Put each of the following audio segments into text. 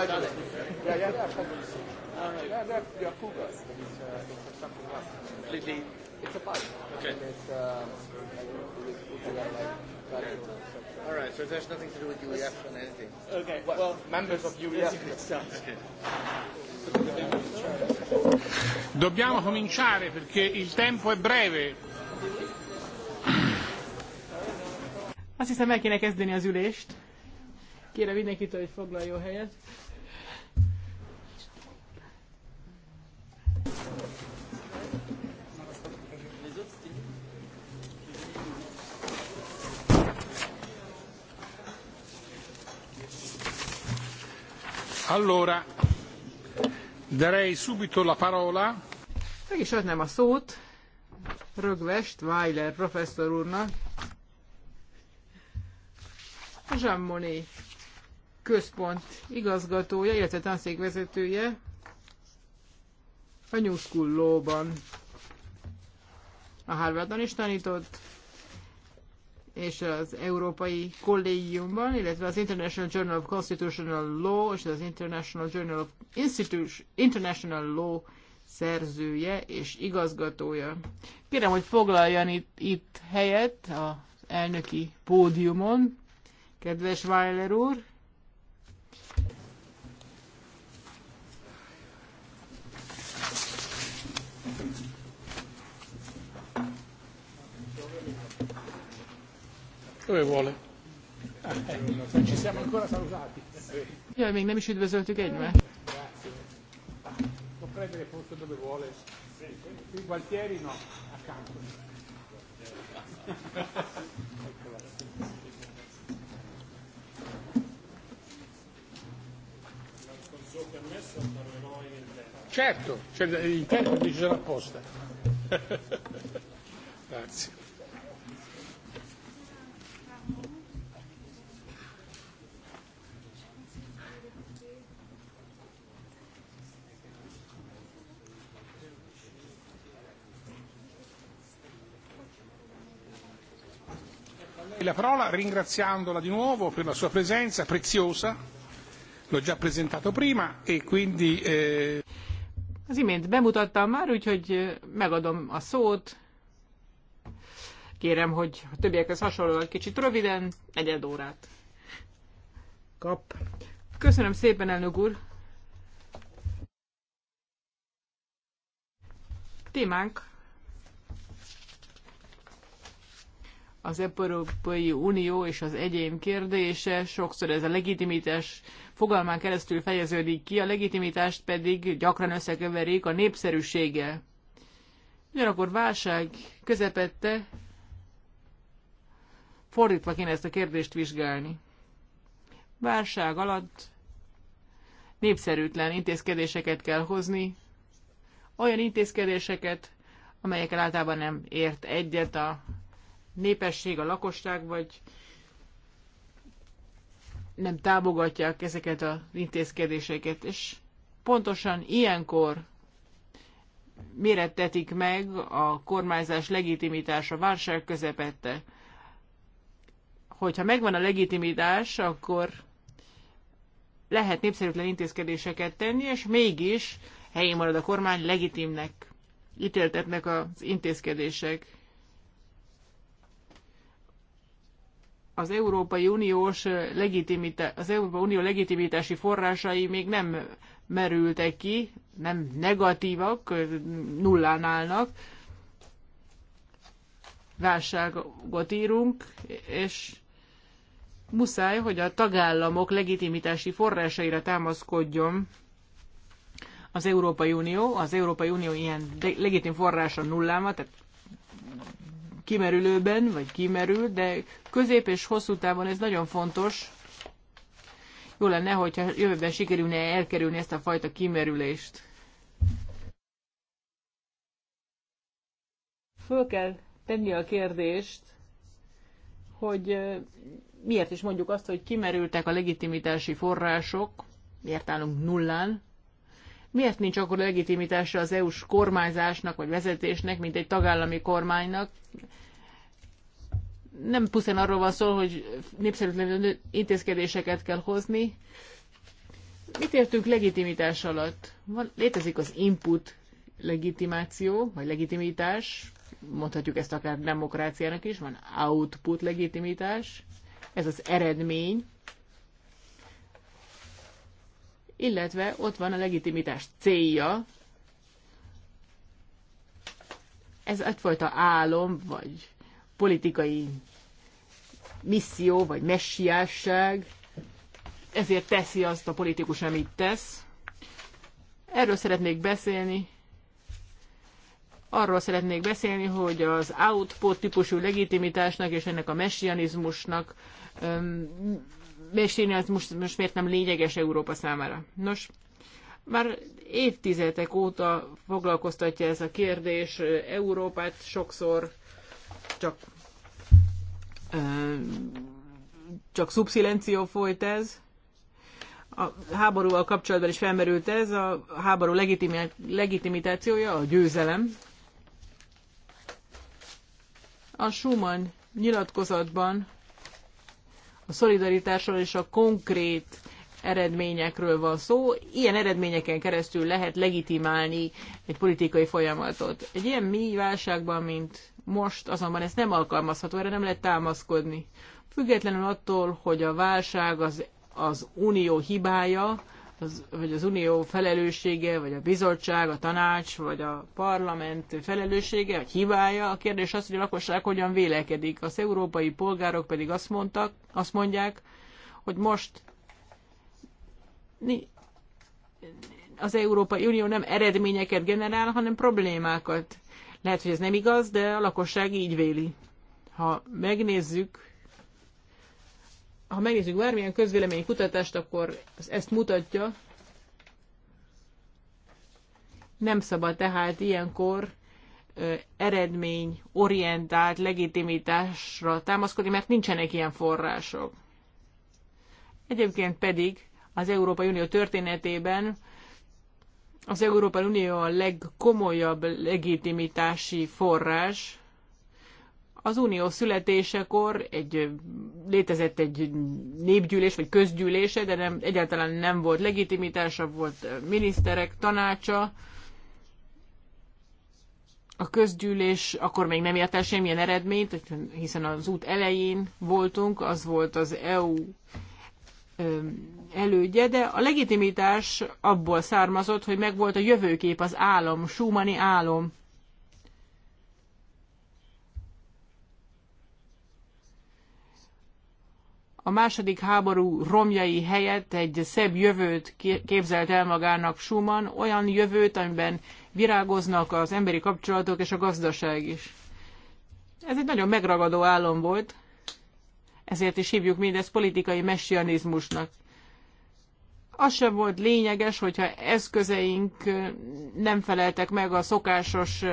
It's, a Okay. All right, so there's nothing to do with UEF anything. Okay, well, members of UEF Dobbiamo cominciare perché il tempo è breve. Azt hiszem el kéne kezdeni az ülést. Kérem mindenkitől, hogy foglaljon helyet. Allora, darei subito la parola. Meg is adnám a szót Rögvest Weiler professzor úrnak. Jean Monnet központ igazgatója, illetve tanszékvezetője a New School Law-ban. A Harvardon is tanított, és az Európai Kollégiumban, illetve az International Journal of Constitutional Law és az International Journal of Institution, International Law szerzője és igazgatója. Kérem, hogy foglaljon itt, itt helyet az elnöki pódiumon, kedves Weiler úr. Dove vuole? Ci siamo ancora salutati. Jaj, még nem is üdvözöltük egymást. Grazie. Può prendere posto dove vuole. Qui Gualtieri no, accanto. Eccola. permesso parlerò in interno. Certo, apposta. Grazie. E la parola ringraziandola di nuovo per la sua presenza preziosa. L'ho già presentato prima e quindi... Eh... Az imént bemutattam már, úgyhogy eh, megadom a szót. Kérem, hogy a többiekhez hasonlóan kicsit röviden, egyed órát kap. Köszönöm szépen, elnök úr! Témánk az Európai Unió és az egyén kérdése, sokszor ez a legitimitás fogalmán keresztül fejeződik ki, a legitimitást pedig gyakran összekeverik a népszerűséggel. Ugyanakkor válság közepette fordítva kéne ezt a kérdést vizsgálni. Válság alatt népszerűtlen intézkedéseket kell hozni, olyan intézkedéseket, amelyekkel általában nem ért egyet a népesség, a lakosság, vagy nem támogatják ezeket az intézkedéseket. És pontosan ilyenkor mérettetik meg a kormányzás legitimitása válság közepette. Hogyha megvan a legitimitás, akkor lehet népszerűtlen intézkedéseket tenni, és mégis helyén marad a kormány legitimnek ítéltetnek az intézkedések. az Európai Uniós legitimita- az Európai Unió legitimitási forrásai még nem merültek ki, nem negatívak, nullán állnak. Válságot írunk, és muszáj, hogy a tagállamok legitimitási forrásaira támaszkodjon az Európai Unió. Az Európai Unió ilyen legitim forrása nullámat. tehát kimerülőben, vagy kimerül, de közép és hosszú távon ez nagyon fontos. Jó lenne, hogyha jövőben sikerülne elkerülni ezt a fajta kimerülést. Föl kell tenni a kérdést, hogy miért is mondjuk azt, hogy kimerültek a legitimitási források, miért állunk nullán, Miért nincs akkor legitimitása az EU-s kormányzásnak vagy vezetésnek, mint egy tagállami kormánynak? Nem pusztán arról van szó, hogy népszerűtlenül intézkedéseket kell hozni. Mit értünk legitimitás alatt? Van, létezik az input legitimáció, vagy legitimitás, mondhatjuk ezt akár demokráciának is, van output legitimitás, ez az eredmény, illetve ott van a legitimitás célja, ez egyfajta álom, vagy politikai misszió, vagy messiásság, ezért teszi azt a politikus, amit tesz. Erről szeretnék beszélni, arról szeretnék beszélni, hogy az output típusú legitimitásnak és ennek a messianizmusnak és én ez most, most miért nem lényeges Európa számára. Nos, már évtizedek óta foglalkoztatja ez a kérdés Európát, sokszor csak csak szubszilenció folyt ez. A háborúval kapcsolatban is felmerült ez, a háború legitimi- legitimitációja a győzelem. A Schumann nyilatkozatban a szolidaritásról és a konkrét eredményekről van szó. Ilyen eredményeken keresztül lehet legitimálni egy politikai folyamatot. Egy ilyen mély válságban, mint most, azonban ez nem alkalmazható, erre nem lehet támaszkodni. Függetlenül attól, hogy a válság az, az unió hibája, az, vagy az unió felelőssége, vagy a bizottság, a tanács, vagy a parlament felelőssége, vagy hibája. A kérdés az, hogy a lakosság hogyan vélekedik. Az európai polgárok pedig azt, mondtak, azt mondják, hogy most az Európai Unió nem eredményeket generál, hanem problémákat. Lehet, hogy ez nem igaz, de a lakosság így véli. Ha megnézzük ha megnézzük bármilyen közvélemény kutatást, akkor ezt mutatja. Nem szabad tehát ilyenkor eredmény orientált legitimitásra támaszkodni, mert nincsenek ilyen források. Egyébként pedig az Európai Unió történetében az Európai Unió a legkomolyabb legitimitási forrás, az unió születésekor egy, létezett egy népgyűlés vagy közgyűlése, de nem, egyáltalán nem volt legitimitása, volt miniszterek tanácsa. A közgyűlés akkor még nem ért el semmilyen eredményt, hiszen az út elején voltunk, az volt az EU elődje, de a legitimitás abból származott, hogy megvolt a jövőkép, az álom, Schumanni álom. a második háború romjai helyett egy szebb jövőt képzelt el magának Schumann, olyan jövőt, amiben virágoznak az emberi kapcsolatok és a gazdaság is. Ez egy nagyon megragadó álom volt, ezért is hívjuk mindezt politikai messianizmusnak. Az sem volt lényeges, hogyha eszközeink nem feleltek meg a szokásos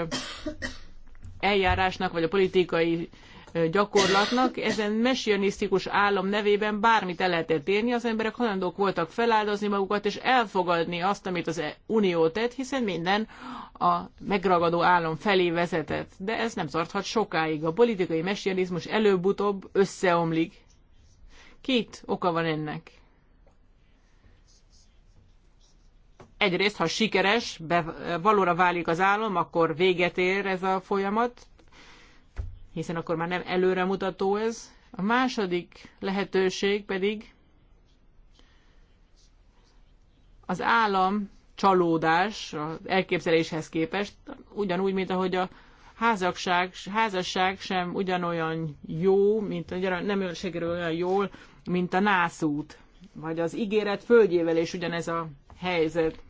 eljárásnak, vagy a politikai gyakorlatnak, ezen messianisztikus állam nevében bármit el lehetett érni, az emberek hajlandók voltak feláldozni magukat és elfogadni azt, amit az Unió tett, hiszen minden a megragadó állam felé vezetett. De ez nem tarthat sokáig. A politikai messianizmus előbb-utóbb összeomlik. Két oka van ennek. egyrészt, ha sikeres, be, valóra válik az állam, akkor véget ér ez a folyamat, hiszen akkor már nem előremutató ez. A második lehetőség pedig az állam csalódás az elképzeléshez képest, ugyanúgy, mint ahogy a házasság, házasság sem ugyanolyan jó, mint a nem sikerül olyan jól, mint a nászút, vagy az ígéret földjével is ugyanez a helyzet.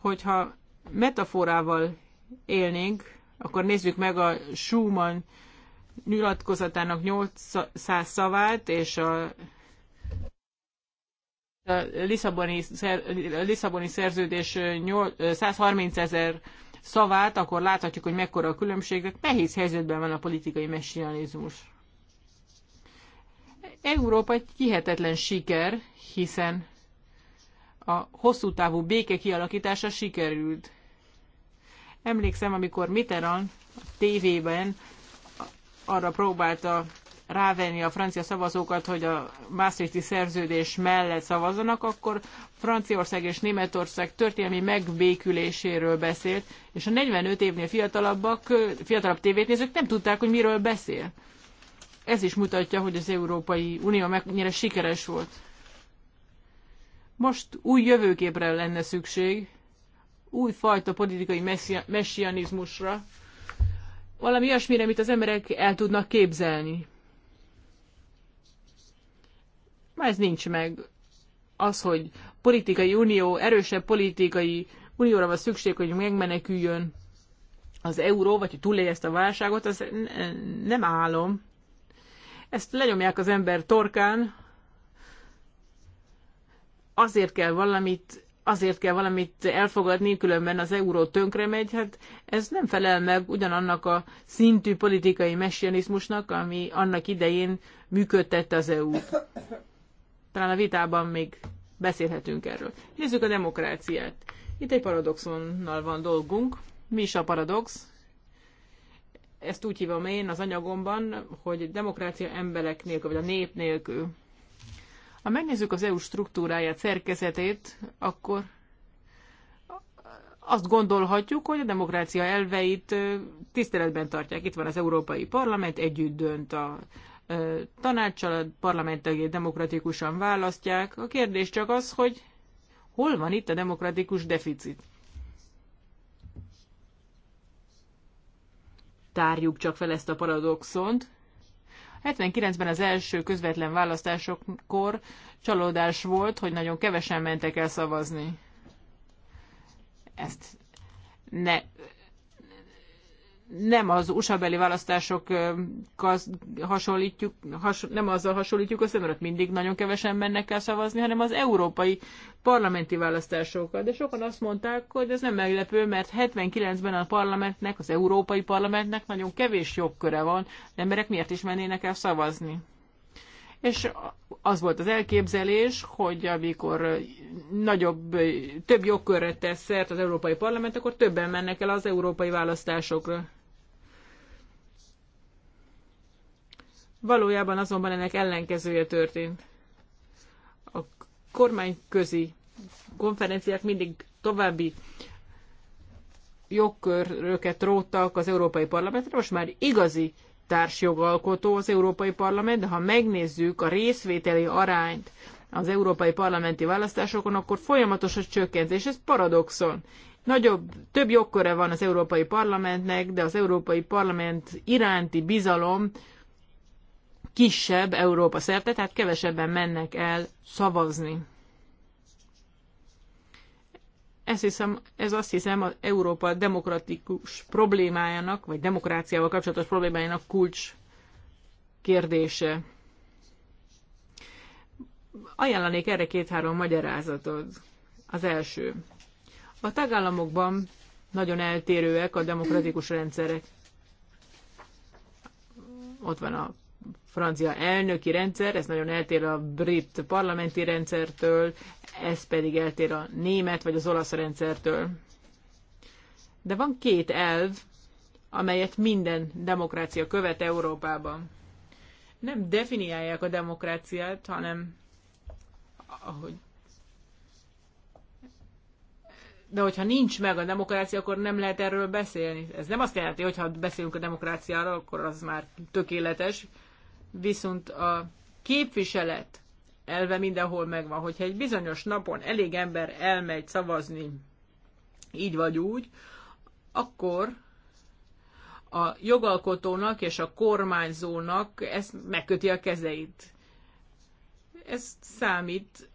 Hogyha metaforával élnénk, akkor nézzük meg a Schumann nyilatkozatának 800 szavát, és a a Lisszaboni, a Lisszaboni szerződés 130 ezer szavát, akkor láthatjuk, hogy mekkora a különbség. Nehéz helyzetben van a politikai messianizmus. Európa egy hihetetlen siker, hiszen a hosszú távú béke kialakítása sikerült. Emlékszem, amikor Mitterrand a tévében arra próbálta rávenni a francia szavazókat, hogy a Maastrichti szerződés mellett szavazzanak, akkor Franciaország és Németország történelmi megbéküléséről beszélt, és a 45 évnél fiatalabbak, fiatalabb nézők nem tudták, hogy miről beszél. Ez is mutatja, hogy az Európai Unió mennyire sikeres volt. Most új jövőképre lenne szükség, újfajta politikai messianizmusra, valami olyasmire, amit az emberek el tudnak képzelni. Már ez nincs meg. Az, hogy politikai unió, erősebb politikai unióra van szükség, hogy megmeneküljön az euró, vagy hogy túlélje ezt a válságot, az nem álom. Ezt lenyomják az ember torkán, azért kell valamit azért kell valamit elfogadni, különben az euró tönkre megy, hát ez nem felel meg ugyanannak a szintű politikai messianizmusnak, ami annak idején működtette az EU-t. Talán a vitában még beszélhetünk erről. Nézzük a demokráciát. Itt egy paradoxonnal van dolgunk. Mi is a paradox? Ezt úgy hívom én az anyagomban, hogy demokrácia emberek nélkül, vagy a nép nélkül. Ha megnézzük az EU struktúráját, szerkezetét, akkor azt gondolhatjuk, hogy a demokrácia elveit tiszteletben tartják. Itt van az Európai Parlament, együtt dönt a tanácssal, a parlamenttagjait demokratikusan választják. A kérdés csak az, hogy hol van itt a demokratikus deficit? Tárjuk csak fel ezt a paradoxont, 79-ben az első közvetlen választásokkor csalódás volt, hogy nagyon kevesen mentek el szavazni. Ezt ne nem az USA-beli választások hasonlítjuk, has, nem azzal hasonlítjuk össze, mert ott mindig nagyon kevesen mennek el szavazni, hanem az európai parlamenti választásokkal. De sokan azt mondták, hogy ez nem meglepő, mert 79-ben a parlamentnek, az európai parlamentnek nagyon kevés jogköre van, de emberek miért is mennének el szavazni. És az volt az elképzelés, hogy amikor nagyobb, több jogkörre tesz szert az Európai Parlament, akkor többen mennek el az európai választásokra. Valójában azonban ennek ellenkezője történt. A kormányközi konferenciák mindig további jogköröket róttak az Európai Parlamentre, most már igazi társjogalkotó az Európai Parlament, de ha megnézzük a részvételi arányt az európai parlamenti választásokon, akkor folyamatos a csökkentés. Ez paradoxon. Nagyobb, több jogköre van az Európai Parlamentnek, de az Európai Parlament iránti bizalom kisebb Európa szerte, tehát kevesebben mennek el szavazni. Ez, hiszem, ez azt hiszem az Európa demokratikus problémájának, vagy demokráciával kapcsolatos problémájának kulcs kérdése. Ajánlanék erre két-három magyarázatot. Az első. A tagállamokban nagyon eltérőek a demokratikus rendszerek. Ott van a francia elnöki rendszer, ez nagyon eltér a brit parlamenti rendszertől, ez pedig eltér a német vagy az olasz rendszertől. De van két elv, amelyet minden demokrácia követ Európában. Nem definiálják a demokráciát, hanem ahogy de hogyha nincs meg a demokrácia, akkor nem lehet erről beszélni. Ez nem azt jelenti, hogy ha beszélünk a demokráciáról, akkor az már tökéletes, viszont a képviselet elve mindenhol megvan. Hogyha egy bizonyos napon elég ember elmegy szavazni így vagy úgy, akkor a jogalkotónak és a kormányzónak ezt megköti a kezeit. Ez számít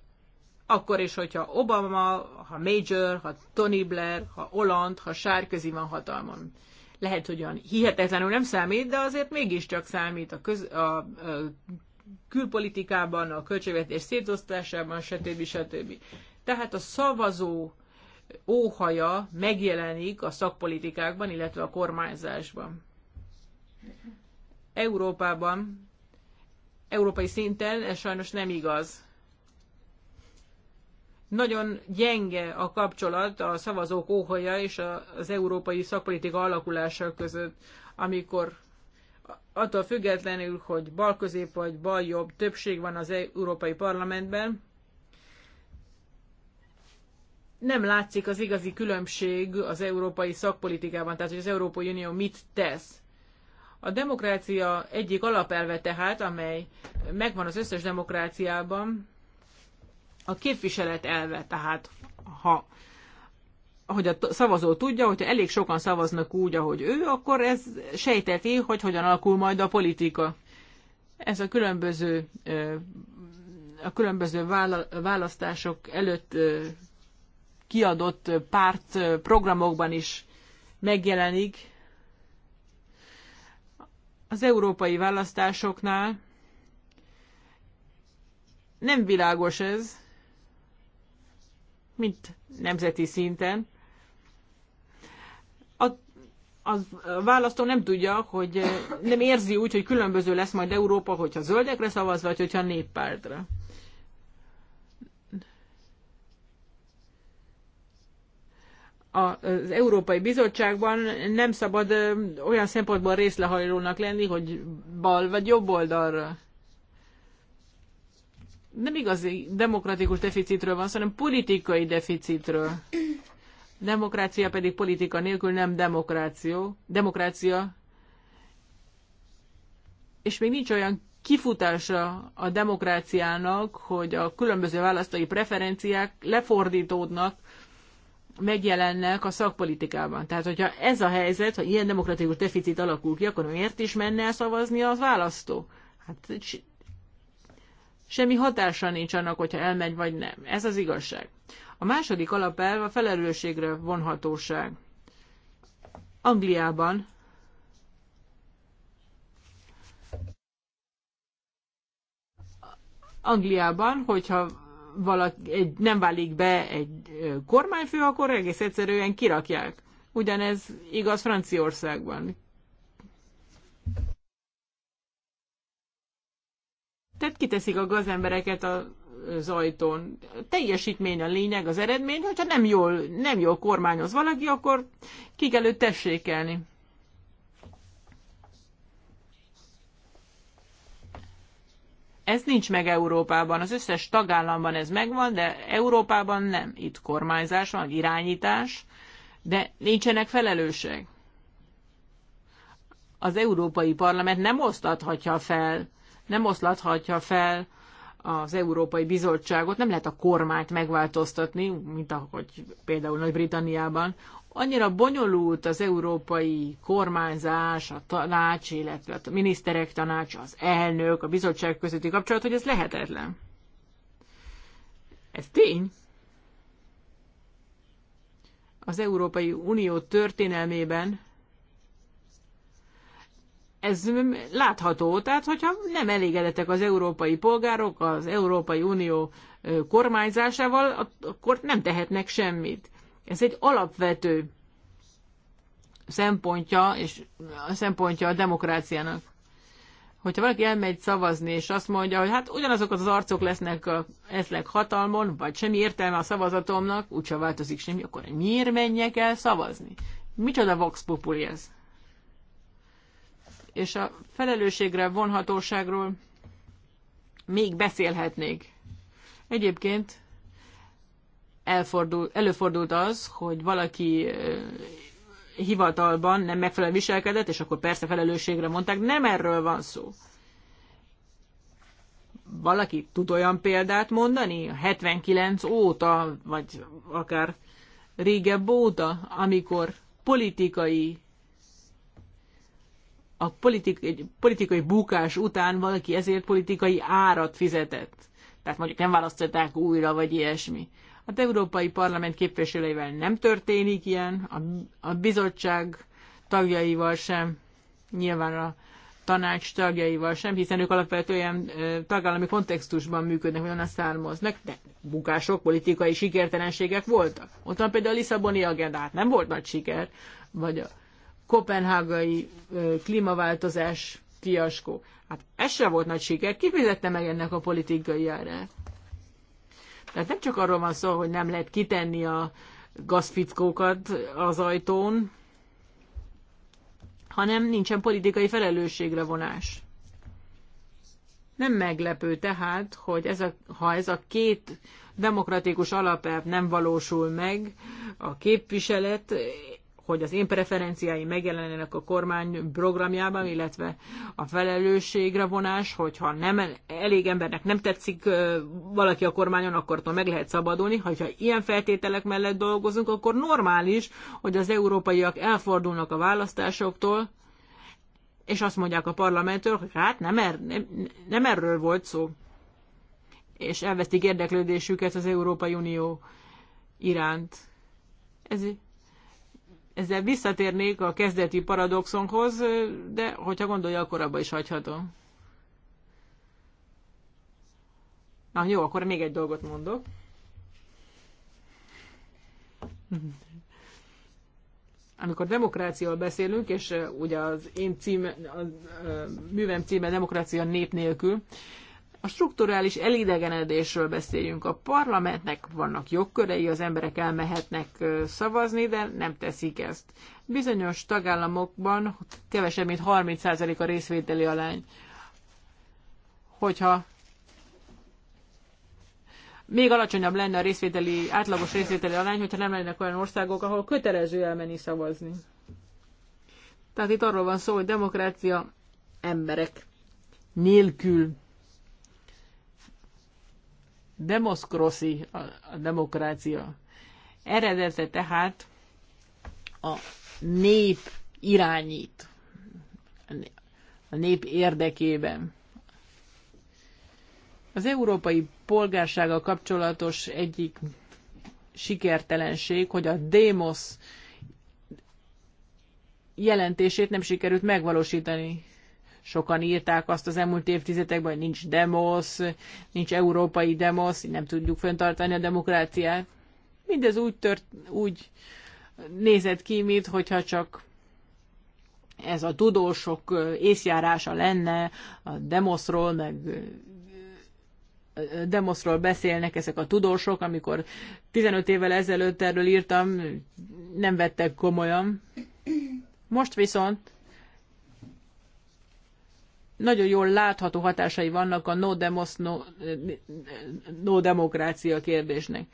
akkor is, hogyha Obama, ha Major, ha Tony Blair, ha Oland, ha Sárközi van hatalmon lehet, hogy olyan hihetetlenül nem számít, de azért mégiscsak számít a, köz, a, a külpolitikában, a költségvetés szétosztásában, stb. stb. Tehát a szavazó óhaja megjelenik a szakpolitikákban, illetve a kormányzásban. Európában, európai szinten ez sajnos nem igaz. Nagyon gyenge a kapcsolat a szavazók óhaja és az európai szakpolitika alakulása között, amikor attól függetlenül, hogy bal-közép vagy bal-jobb többség van az Európai Parlamentben, nem látszik az igazi különbség az európai szakpolitikában, tehát hogy az Európai Unió mit tesz. A demokrácia egyik alapelve tehát, amely megvan az összes demokráciában, a képviselet elve, tehát ha hogy a szavazó tudja, hogyha elég sokan szavaznak úgy, ahogy ő, akkor ez sejteti, hogy hogyan alakul majd a politika. Ez a különböző, a különböző választások előtt kiadott párt programokban is megjelenik. Az európai választásoknál nem világos ez, mint nemzeti szinten. A, az a választó nem tudja, hogy nem érzi úgy, hogy különböző lesz majd Európa, hogyha zöldekre szavaz, vagy hogyha néppártra. az Európai Bizottságban nem szabad olyan szempontból részlehajlónak lenni, hogy bal vagy jobb oldalra nem igazi demokratikus deficitről van, hanem politikai deficitről. Demokrácia pedig politika nélkül nem demokráció, demokrácia. És még nincs olyan kifutása a demokráciának, hogy a különböző választói preferenciák lefordítódnak, megjelennek a szakpolitikában. Tehát, hogyha ez a helyzet, ha ilyen demokratikus deficit alakul ki, akkor miért is menne el szavazni az választó? Hát semmi hatása nincs annak, hogyha elmegy vagy nem. Ez az igazság. A második alapelv a felelősségre vonhatóság. Angliában Angliában, hogyha valaki egy, nem válik be egy kormányfő, akkor egész egyszerűen kirakják. Ugyanez igaz Franciaországban. Tehát kiteszik a gazembereket a az ajtón. Teljesítmény a lényeg, az eredmény, hogyha nem jól, nem jól kormányoz valaki, akkor ki kell őt tessékelni. Ez nincs meg Európában. Az összes tagállamban ez megvan, de Európában nem. Itt kormányzás van, irányítás, de nincsenek felelősek. Az Európai Parlament nem osztathatja fel nem oszlathatja fel az Európai Bizottságot, nem lehet a kormányt megváltoztatni, mint ahogy például Nagy-Britanniában. Annyira bonyolult az európai kormányzás, a tanács, illetve a miniszterek tanács, az elnök, a bizottság közötti kapcsolat, hogy ez lehetetlen. Ez tény. Az Európai Unió történelmében ez látható, tehát hogyha nem elégedettek az európai polgárok az Európai Unió kormányzásával, akkor nem tehetnek semmit. Ez egy alapvető szempontja, és a szempontja a demokráciának. Hogyha valaki elmegy szavazni, és azt mondja, hogy hát ugyanazok az arcok lesznek, a, lesznek hatalmon, vagy semmi értelme a szavazatomnak, úgyse változik semmi, akkor miért menjek el szavazni? Micsoda vox populi ez? és a felelősségre vonhatóságról még beszélhetnék. Egyébként elfordul, előfordult az, hogy valaki hivatalban nem megfelelően viselkedett, és akkor persze felelősségre mondták, nem erről van szó. Valaki tud olyan példát mondani, 79 óta, vagy akár régebb óta, amikor politikai a politik, politikai bukás után valaki ezért politikai árat fizetett. Tehát mondjuk nem választották újra, vagy ilyesmi. Az hát Európai Parlament képviselőivel nem történik ilyen, a, a bizottság tagjaival sem, nyilván a tanács tagjaival sem, hiszen ők alapvetően tagállami kontextusban működnek, hogy onnan származnak, de bukások, politikai sikertelenségek voltak. Ott van például a Lisszaboni agendát, nem volt nagy siker, vagy a kopenhágai klímaváltozás fiaskó. Hát ez sem volt nagy siker. Ki fizette meg ennek a politikai árát? Tehát nem csak arról van szó, hogy nem lehet kitenni a gazfickókat az ajtón, hanem nincsen politikai felelősségre vonás. Nem meglepő tehát, hogy ez a, ha ez a két demokratikus alapelv nem valósul meg, a képviselet hogy az én preferenciái megjelenjenek a kormány programjában, illetve a felelősségre vonás, hogyha nem, elég embernek nem tetszik valaki a kormányon, akkor meg lehet szabadulni. Ha ilyen feltételek mellett dolgozunk, akkor normális, hogy az európaiak elfordulnak a választásoktól, és azt mondják a parlamentől, hogy hát nem, er, nem, nem erről volt szó. És elvesztik érdeklődésüket az Európai Unió iránt. Ez ezzel visszatérnék a kezdeti paradoxonhoz, de hogyha gondolja, akkor abba is hagyhatom. Na jó, akkor még egy dolgot mondok. Amikor demokráciáról beszélünk, és uh, ugye az én címe, a uh, művem címe Demokrácia nép nélkül, a strukturális elidegenedésről beszéljünk. A parlamentnek vannak jogkörei, az emberek elmehetnek szavazni, de nem teszik ezt. Bizonyos tagállamokban kevesebb, mint 30% a részvételi alány. Hogyha még alacsonyabb lenne a részvételi, átlagos részvételi alány, hogyha nem lennének olyan országok, ahol kötelező elmenni szavazni. Tehát itt arról van szó, hogy demokrácia emberek nélkül demoskroszi a, a demokrácia eredete tehát a nép irányít, a nép érdekében. Az európai polgársága kapcsolatos egyik sikertelenség, hogy a démosz jelentését nem sikerült megvalósítani sokan írták azt az elmúlt évtizedekben, hogy nincs demosz, nincs európai demosz, nem tudjuk fenntartani a demokráciát. Mindez úgy, tört, úgy nézett ki, mint hogyha csak ez a tudósok észjárása lenne, a demoszról, meg demoszról beszélnek ezek a tudósok, amikor 15 évvel ezelőtt erről írtam, nem vettek komolyan. Most viszont nagyon jól látható hatásai vannak a no demos, no, no demokrácia kérdésnek.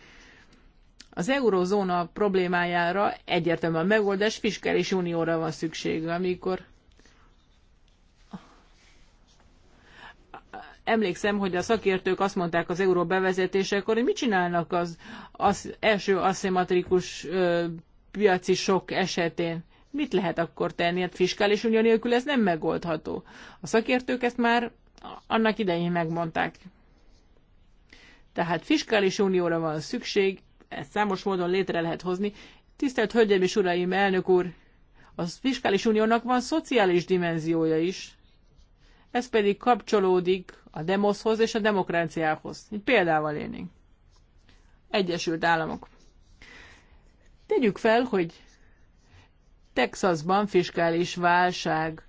Az eurozóna problémájára egyértelmű a megoldás, fiskális unióra van szükség, amikor emlékszem, hogy a szakértők azt mondták az euró bevezetésekor, hogy mit csinálnak az, az első aszimmetrikus piaci sok esetén mit lehet akkor tenni? Hát fiskális unió nélkül ez nem megoldható. A szakértők ezt már annak idején megmondták. Tehát fiskális unióra van szükség, ezt számos módon létre lehet hozni. Tisztelt Hölgyeim és Uraim, elnök úr, a fiskális uniónak van szociális dimenziója is, ez pedig kapcsolódik a demoszhoz és a demokráciához. Így példával élnénk. Egyesült Államok. Tegyük fel, hogy Texasban fiskális válság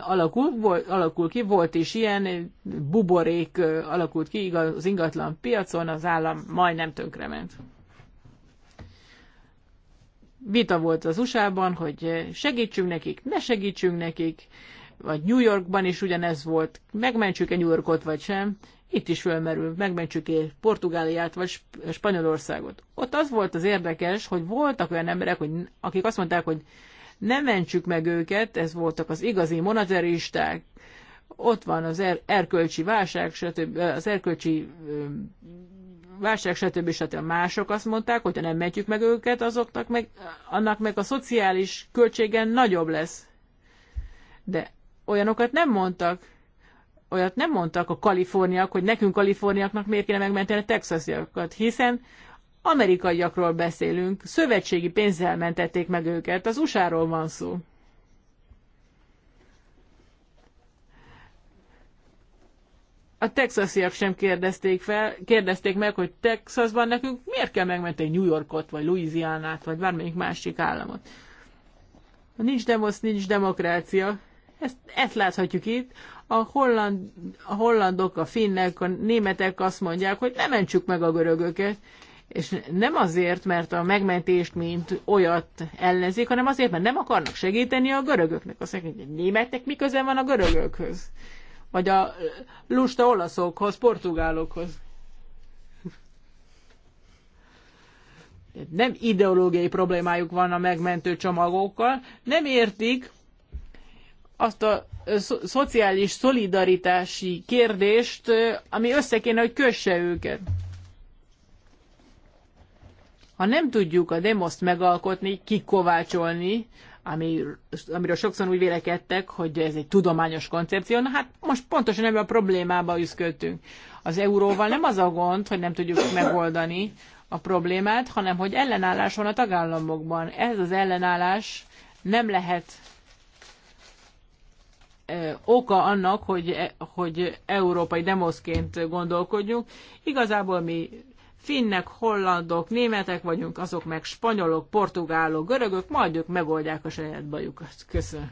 alakul, alakul ki, volt is ilyen, buborék alakult ki igaz, az ingatlan piacon, az állam majdnem tönkrement. Vita volt az USA-ban, hogy segítsünk nekik, ne segítsünk nekik, vagy New Yorkban is ugyanez volt, megmentsük-e New Yorkot vagy sem, itt is fölmerül, megmentsük -e Portugáliát vagy Spanyolországot. Ott az volt az érdekes, hogy voltak olyan emberek, hogy, akik azt mondták, hogy ne mentsük meg őket, ez voltak az igazi moneteristák, ott van az er, erkölcsi válság, stb., az erkölcsi válság, stb. stb. Mások azt mondták, hogy ha nem mentjük meg őket, azoknak meg, annak meg a szociális költségen nagyobb lesz. De olyanokat nem mondtak olyat nem mondtak a kaliforniak, hogy nekünk kaliforniaknak miért kéne megmenteni a texasiakat, hiszen amerikaiakról beszélünk, szövetségi pénzzel mentették meg őket, az usa van szó. A texasiak sem kérdezték, fel, kérdezték meg, hogy Texasban nekünk miért kell megmenteni New Yorkot, vagy Louisianát, vagy bármelyik másik államot. Ha nincs demosz, nincs demokrácia. Ezt, ezt láthatjuk itt. A, holland, a hollandok, a finnek, a németek azt mondják, hogy ne mentsük meg a görögöket, és nem azért, mert a megmentést mint olyat ellenzik, hanem azért, mert nem akarnak segíteni a görögöknek. Azt mondják, hogy a németek miközben van a görögökhöz? Vagy a lusta olaszokhoz, portugálokhoz. Nem ideológiai problémájuk van a megmentő csomagokkal, nem értik, azt a szo- szociális szolidaritási kérdést, ami össze kéne, hogy kösse őket. Ha nem tudjuk a demoszt megalkotni, kikovácsolni, ami, amiről sokszor úgy vélekedtek, hogy ez egy tudományos koncepció, na hát most pontosan ebben a problémába üszköltünk. Az euróval nem az a gond, hogy nem tudjuk megoldani a problémát, hanem hogy ellenállás van a tagállamokban. Ez az ellenállás nem lehet oka annak, hogy, e, hogy európai demoszként gondolkodjunk. Igazából mi finnek, hollandok, németek vagyunk, azok meg spanyolok, portugálok, görögök, majd ők megoldják a saját bajukat. Köszönöm.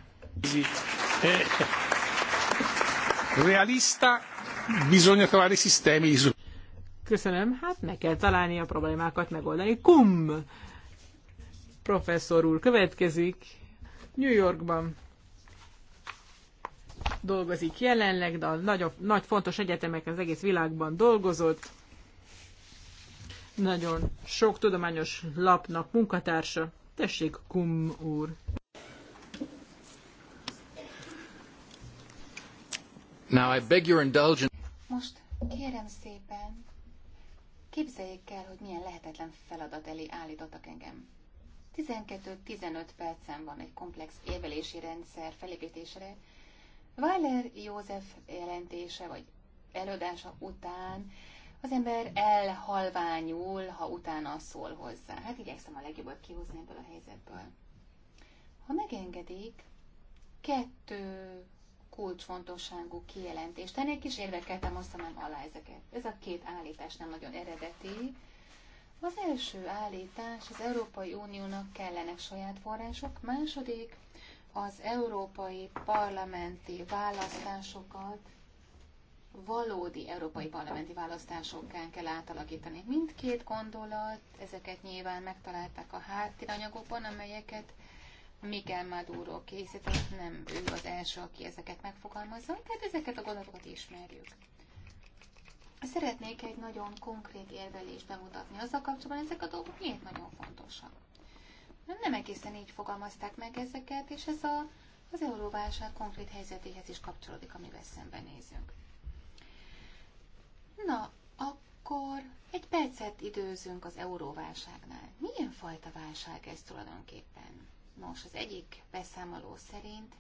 Eh, realista, bisogna trovare Köszönöm, hát meg kell találni a problémákat, megoldani. Kum! Professzor úr következik New Yorkban dolgozik jelenleg, de a nagyobb, nagy fontos egyetemek az egész világban dolgozott. Nagyon sok tudományos lapnak munkatársa. Tessék, Kum úr! Now I beg your indulgence. Most kérem szépen, képzeljék el, hogy milyen lehetetlen feladat elé állítottak engem. 12-15 percen van egy komplex érvelési rendszer felépítésre, Weiler József jelentése vagy előadása után az ember elhalványul, ha utána szól hozzá. Hát igyekszem a legjobbat kihozni ebből a helyzetből. Ha megengedik, kettő kulcsfontosságú kijelentést kis és azt mondom alá ezeket. Ez a két állítás nem nagyon eredeti. Az első állítás, az Európai Uniónak kellenek saját források, második, az európai parlamenti választásokat valódi európai parlamenti választásokkán kell átalakítani. Mindkét gondolat, ezeket nyilván megtalálták a háttéranyagokban, amelyeket Miguel Maduro készített, nem ő az első, aki ezeket megfogalmazza, tehát ezeket a gondolatokat ismerjük. Szeretnék egy nagyon konkrét érvelést bemutatni azzal kapcsolatban, ezek a dolgok miért nagyon fontosak nem egészen így fogalmazták meg ezeket, és ez a, az euróválság konkrét helyzetéhez is kapcsolódik, amivel szembenézünk. Na, akkor egy percet időzünk az euróválságnál. Milyen fajta válság ez tulajdonképpen? Nos, az egyik beszámoló szerint,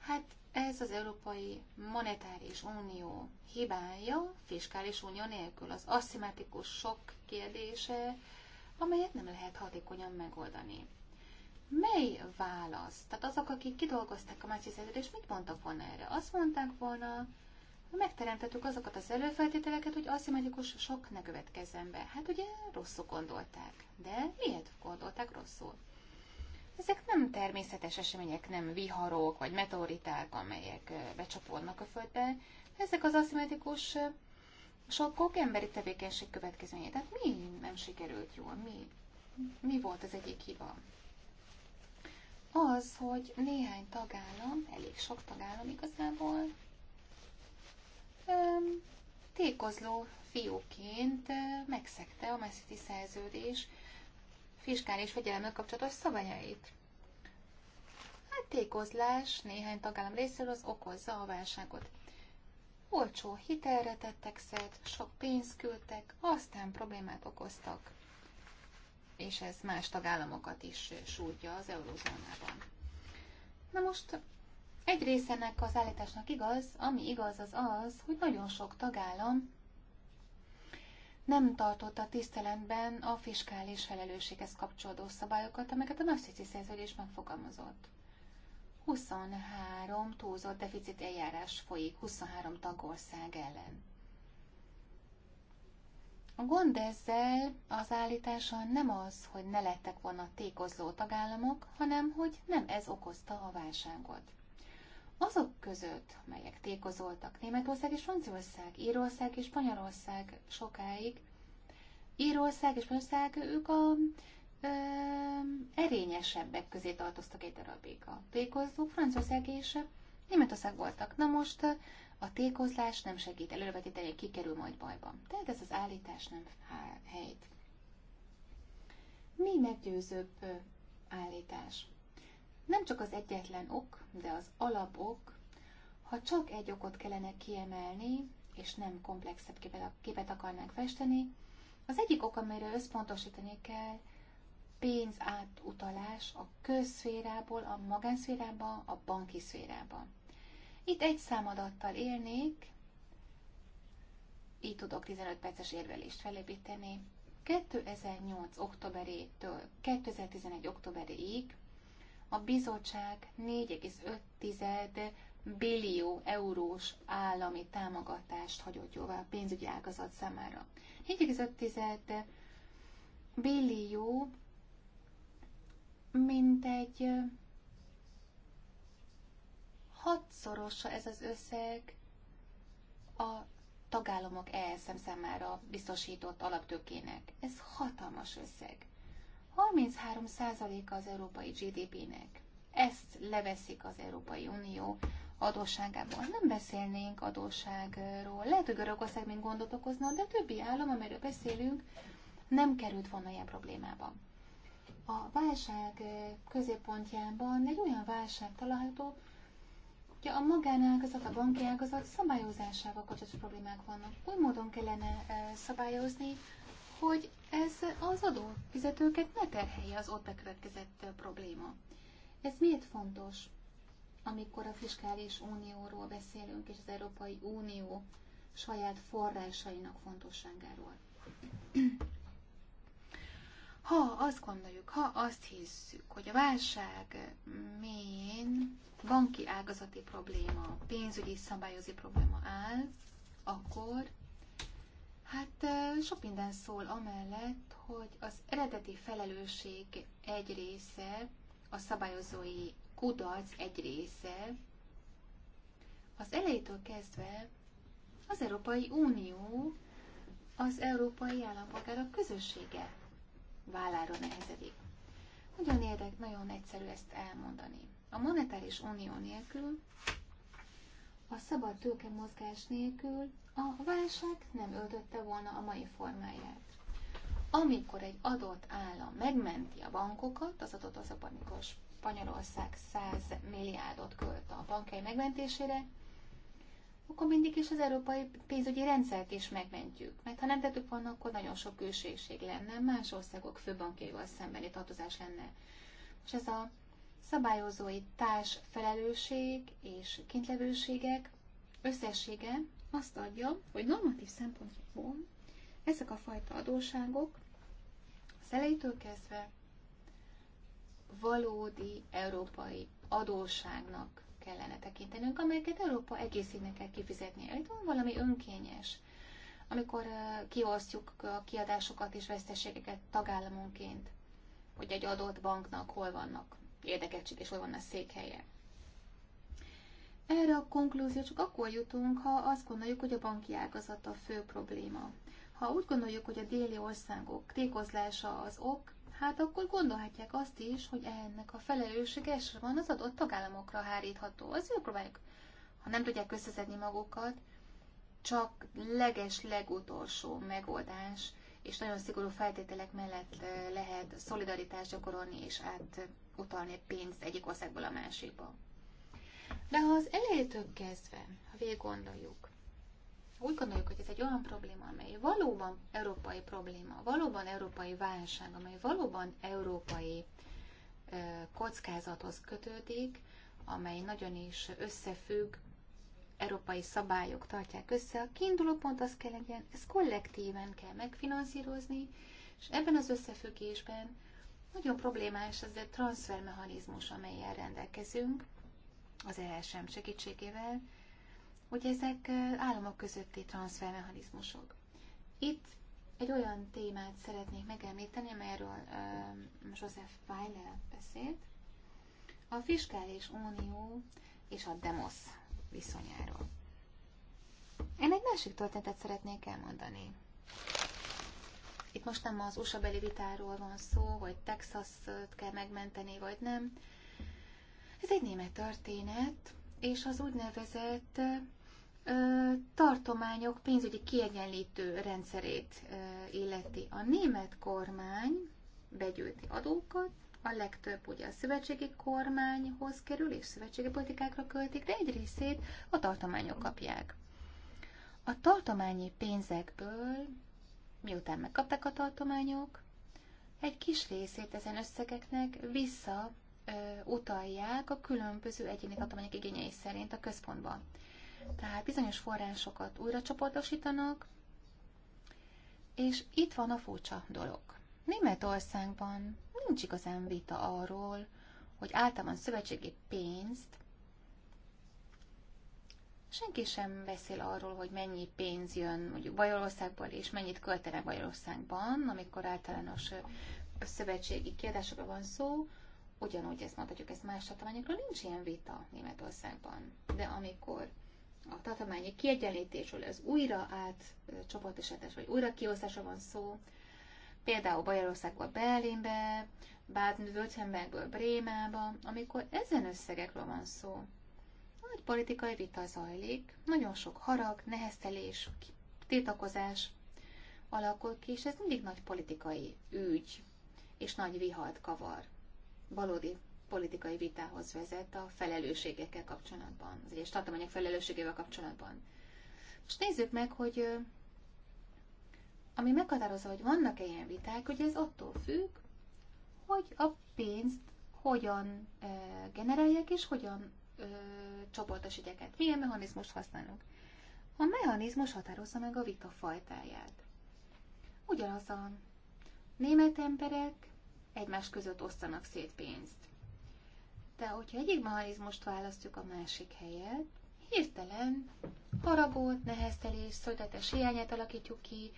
hát ez az Európai Monetáris Unió hibája, fiskális unió nélkül az aszimatikus sok kérdése, amelyet nem lehet hatékonyan megoldani. Mely válasz? Tehát azok, akik kidolgozták a másik szerződést, mit mondtak volna erre? Azt mondták volna, megteremtettük azokat az előfeltételeket, hogy aszimetrikus sok ne következzen be. Hát ugye rosszul gondolták. De miért gondolták rosszul? Ezek nem természetes események, nem viharok vagy meteoriták, amelyek becsapódnak a földbe. Ezek az aszimetrikus sok emberi tevékenység következménye. Tehát mi nem sikerült jól? Mi? Mi volt az egyik hiba? Az, hogy néhány tagállam, elég sok tagállam igazából, um, tékozló fióként megszegte a Maastrichti szerződés fiskális fegyelemmel kapcsolatos szabályait. Hát tékozlás néhány tagállam részéről az okozza a válságot. Olcsó hitelre tettek szert, sok pénzt küldtek, aztán problémát okoztak, és ez más tagállamokat is sújtja az eurózónában. Na most egy része ennek az állításnak igaz, ami igaz az az, hogy nagyon sok tagállam nem tartotta tiszteletben a fiskális felelősséghez kapcsolódó szabályokat, amelyeket a Maastrichti szerződés megfogalmazott. 23 túlzott deficit eljárás folyik 23 tagország ellen. A gond ezzel az állítása nem az, hogy ne lettek volna tékozló tagállamok, hanem hogy nem ez okozta a válságot. Azok között, melyek tékozoltak Németország és Franciaország, Írország és Spanyolország sokáig, Írország és Spanyolország, ők a erényesebbek közé tartoztak egy darabig. A tékozók Franciaország és Németország voltak. Na most a tékozlás nem segít előrevetíteni, kikerül majd bajba. Tehát ez az állítás nem helyt. Mi meggyőzőbb állítás? Nem csak az egyetlen ok, de az alapok, ha csak egy okot kellene kiemelni, és nem komplexebb képet akarnánk festeni, az egyik ok, amelyre összpontosítani kell, pénz átutalás a közszférából a magánszférába, a banki szférába. Itt egy számadattal élnék, így tudok 15 perces érvelést felépíteni. 2008. októberétől 2011. októberéig a bizottság 4,5 billió eurós állami támogatást hagyott jóvá a pénzügyi ágazat számára. 4,5 billió mint egy hatszorosa ez az összeg a tagállamok ESM számára biztosított alaptőkének. Ez hatalmas összeg. 33%-a az európai GDP-nek. Ezt leveszik az Európai Unió adósságából. Nem beszélnénk adósságról. Lehet, hogy Görögország még gondot okozna, de többi állam, amiről beszélünk, nem került volna ilyen problémába a válság eh, középpontjában egy olyan válság található, hogy a magánágazat, a banki ágazat szabályozásával kapcsolatos problémák vannak. Új módon kellene eh, szabályozni, hogy ez az adófizetőket ne terhelje az ott bekövetkezett eh, probléma. Ez miért fontos, amikor a fiskális unióról beszélünk, és az Európai Unió saját forrásainak fontosságáról? Ha azt gondoljuk, ha azt hisszük, hogy a válság mélyén banki ágazati probléma, pénzügyi szabályozási probléma áll, akkor hát sok minden szól amellett, hogy az eredeti felelősség egy része, a szabályozói kudarc egy része, az elejétől kezdve az Európai Unió az európai állampolgárok közössége vállára nehezedik. Nagyon, érdek, nagyon egyszerű ezt elmondani. A monetáris unió nélkül, a szabad tőke mozgás nélkül a válság nem öltötte volna a mai formáját. Amikor egy adott állam megmenti a bankokat, az adott az a panikos Spanyolország 100 milliárdot költ a bankai megmentésére, akkor mindig is az európai pénzügyi rendszert is megmentjük. Mert ha nem tettük volna, akkor nagyon sok külsőség lenne, más országok főbankjaival szembeni tartozás lenne. És ez a szabályozói társ felelősség és kintlevőségek összessége azt adja, hogy normatív szempontjából ezek a fajta adóságok az elejétől kezdve valódi európai adósságnak kellene tekintenünk, amelyeket Európa egészének kell kifizetni. Itt van valami önkényes, amikor kiosztjuk a kiadásokat és veszteségeket tagállamonként, hogy egy adott banknak hol vannak érdekeltség és hol van a székhelye. Erre a konklúzió csak akkor jutunk, ha azt gondoljuk, hogy a banki ágazat a fő probléma. Ha úgy gondoljuk, hogy a déli országok tékozlása az ok, hát akkor gondolhatják azt is, hogy ennek a felelősség elsősorban az adott tagállamokra hárítható. Az ők próbáljuk, ha nem tudják összeszedni magukat, csak leges legutolsó megoldás és nagyon szigorú feltételek mellett eh, lehet szolidaritást gyakorolni és átutalni pénzt egyik országból a másikba. De ha az elejétől kezdve, ha végig gondoljuk, úgy gondoljuk, hogy ez egy olyan probléma, amely valóban európai probléma, valóban európai válság, amely valóban európai kockázathoz kötődik, amely nagyon is összefügg, európai szabályok tartják össze. A kiinduló pont az kell legyen, ezt kollektíven kell megfinanszírozni, és ebben az összefüggésben nagyon problémás az a transfermechanizmus, amelyel rendelkezünk, az ESM segítségével, hogy ezek államok közötti transfermechanizmusok. Itt egy olyan témát szeretnék megemlíteni, amelyről uh, Joseph Weiler beszélt, a fiskális unió és a demosz viszonyáról. Én egy másik történetet szeretnék elmondani. Itt most nem az USA beli vitáról van szó, hogy texas t kell megmenteni, vagy nem. Ez egy német történet, és az úgynevezett tartományok pénzügyi kiegyenlítő rendszerét illeti. A német kormány begyűjti adókat, a legtöbb ugye a szövetségi kormányhoz kerül, és szövetségi politikákra költik, de egy részét a tartományok kapják. A tartományi pénzekből, miután megkapták a tartományok, egy kis részét ezen összegeknek vissza utalják a különböző egyéni tartományok igényei szerint a központba. Tehát bizonyos forrásokat újra csoportosítanak, és itt van a furcsa dolog. Németországban nincs igazán vita arról, hogy általában szövetségi pénzt senki sem beszél arról, hogy mennyi pénz jön mondjuk Bajorországból, és mennyit költenek Bajorországban, amikor általános szövetségi kiadásokra van szó, ugyanúgy ezt mondhatjuk, ezt más tartományokról, nincs ilyen vita Németországban. De amikor a tartományi kiegyenlítésről, az újra át csoportosítás vagy újra kiosztása van szó, például Bajorországból Berlinbe, Baden-Württembergből Brémába, amikor ezen összegekről van szó. Nagy politikai vita zajlik, nagyon sok harag, neheztelés, tiltakozás alakul ki, és ez mindig nagy politikai ügy, és nagy vihart kavar. Valódi politikai vitához vezet a felelősségekkel kapcsolatban, az egyes tartományok felelősségével kapcsolatban. Most nézzük meg, hogy ami meghatározza, hogy vannak-e ilyen viták, hogy ez attól függ, hogy a pénzt hogyan generálják és hogyan csoportosítják át. Milyen mechanizmust használnak? A mechanizmus határozza meg a vita fajtáját. Ugyanaz a német emberek egymás között osztanak szét pénzt. De hogyha egyik mechanizmust választjuk a másik helyet, hirtelen haragot, neheztelés, szolidaritási hiányát alakítjuk ki,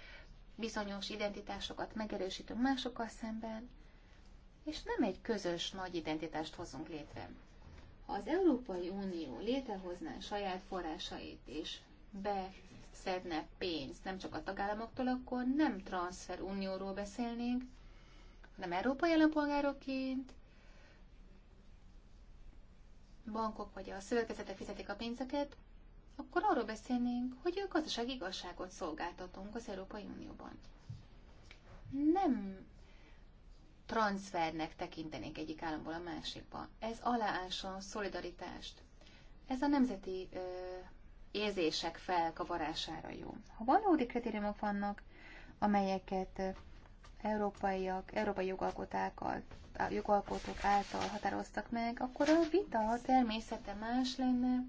bizonyos identitásokat megerősítünk másokkal szemben, és nem egy közös nagy identitást hozunk létre. Ha az Európai Unió létrehozná saját forrásait és beszedne pénzt nem csak a tagállamoktól, akkor nem transfer Unióról beszélnénk, hanem európai állampolgároként bankok vagy a szövetkezetek fizetik a pénzeket, akkor arról beszélnénk, hogy a gazdaság igazságot szolgáltatunk az Európai Unióban. Nem transfernek tekintenénk egyik államból a másikba. Ez aláássa a szolidaritást. Ez a nemzeti ö, érzések felkavarására jó. Ha valódi kritériumok vannak, amelyeket európaiak, európai jogalkotákkal, jogalkotók által határoztak meg, akkor a vita természete más lenne,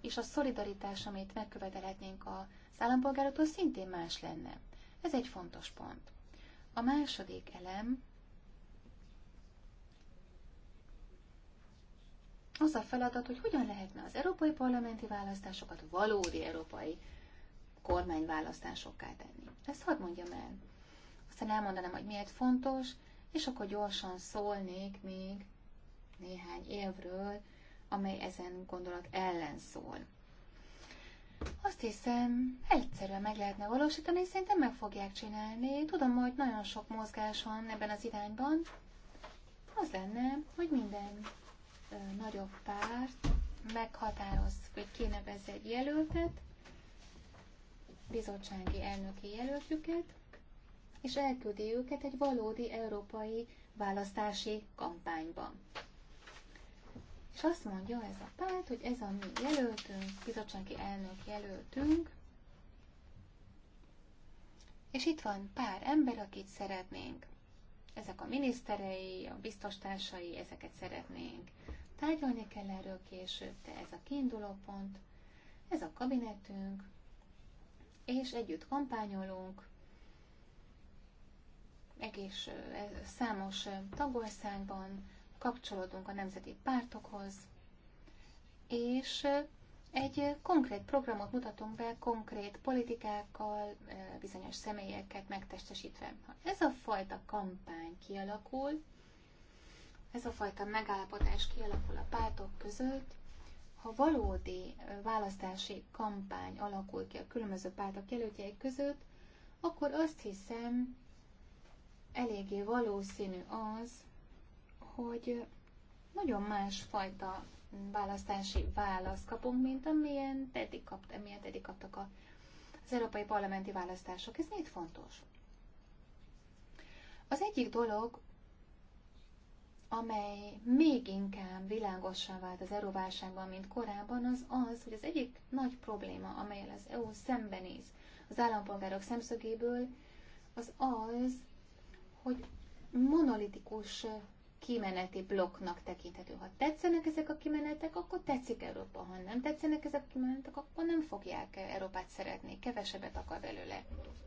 és a szolidaritás, amit megkövetelhetnénk az állampolgároktól, szintén más lenne. Ez egy fontos pont. A második elem az a feladat, hogy hogyan lehetne az európai parlamenti választásokat valódi európai kormányválasztásokká tenni. Ezt hadd mondjam el aztán elmondanám, hogy miért fontos, és akkor gyorsan szólnék még néhány évről, amely ezen gondolat ellen szól. Azt hiszem, egyszerűen meg lehetne valósítani, és szerintem meg fogják csinálni. Tudom, hogy nagyon sok mozgás van ebben az irányban. Az lenne, hogy minden ö, nagyobb párt meghatároz, hogy kinevez egy jelöltet, bizottsági elnöki jelöltjüket, és elküldi őket egy valódi európai választási kampányba. És azt mondja ez a párt, hogy ez a mi jelöltünk, bizottsági elnök jelöltünk, és itt van pár ember, akit szeretnénk. Ezek a miniszterei, a biztostársai, ezeket szeretnénk. Tárgyalni kell erről később, de ez a kiinduló pont, ez a kabinetünk, és együtt kampányolunk, egész számos tagországban kapcsolódunk a nemzeti pártokhoz, és egy konkrét programot mutatunk be, konkrét politikákkal, bizonyos személyeket megtestesítve. Ha ez a fajta kampány kialakul, ez a fajta megállapodás kialakul a pártok között, ha valódi választási kampány alakul ki a különböző pártok jelöltjei között, akkor azt hiszem, eléggé valószínű az, hogy nagyon más fajta választási választ kapunk, mint amilyen eddig, kapt, amilyen eddig kaptak a, az európai parlamenti választások. Ez miért fontos? Az egyik dolog, amely még inkább világossá vált az euróválságban, mint korábban, az az, hogy az egyik nagy probléma, amelyel az EU szembenéz az állampolgárok szemszögéből, az az, hogy monolitikus kimeneti blokknak tekinthető. Ha tetszenek ezek a kimenetek, akkor tetszik Európa. Ha nem tetszenek ezek a kimenetek, akkor nem fogják Európát szeretni, kevesebbet akar belőle.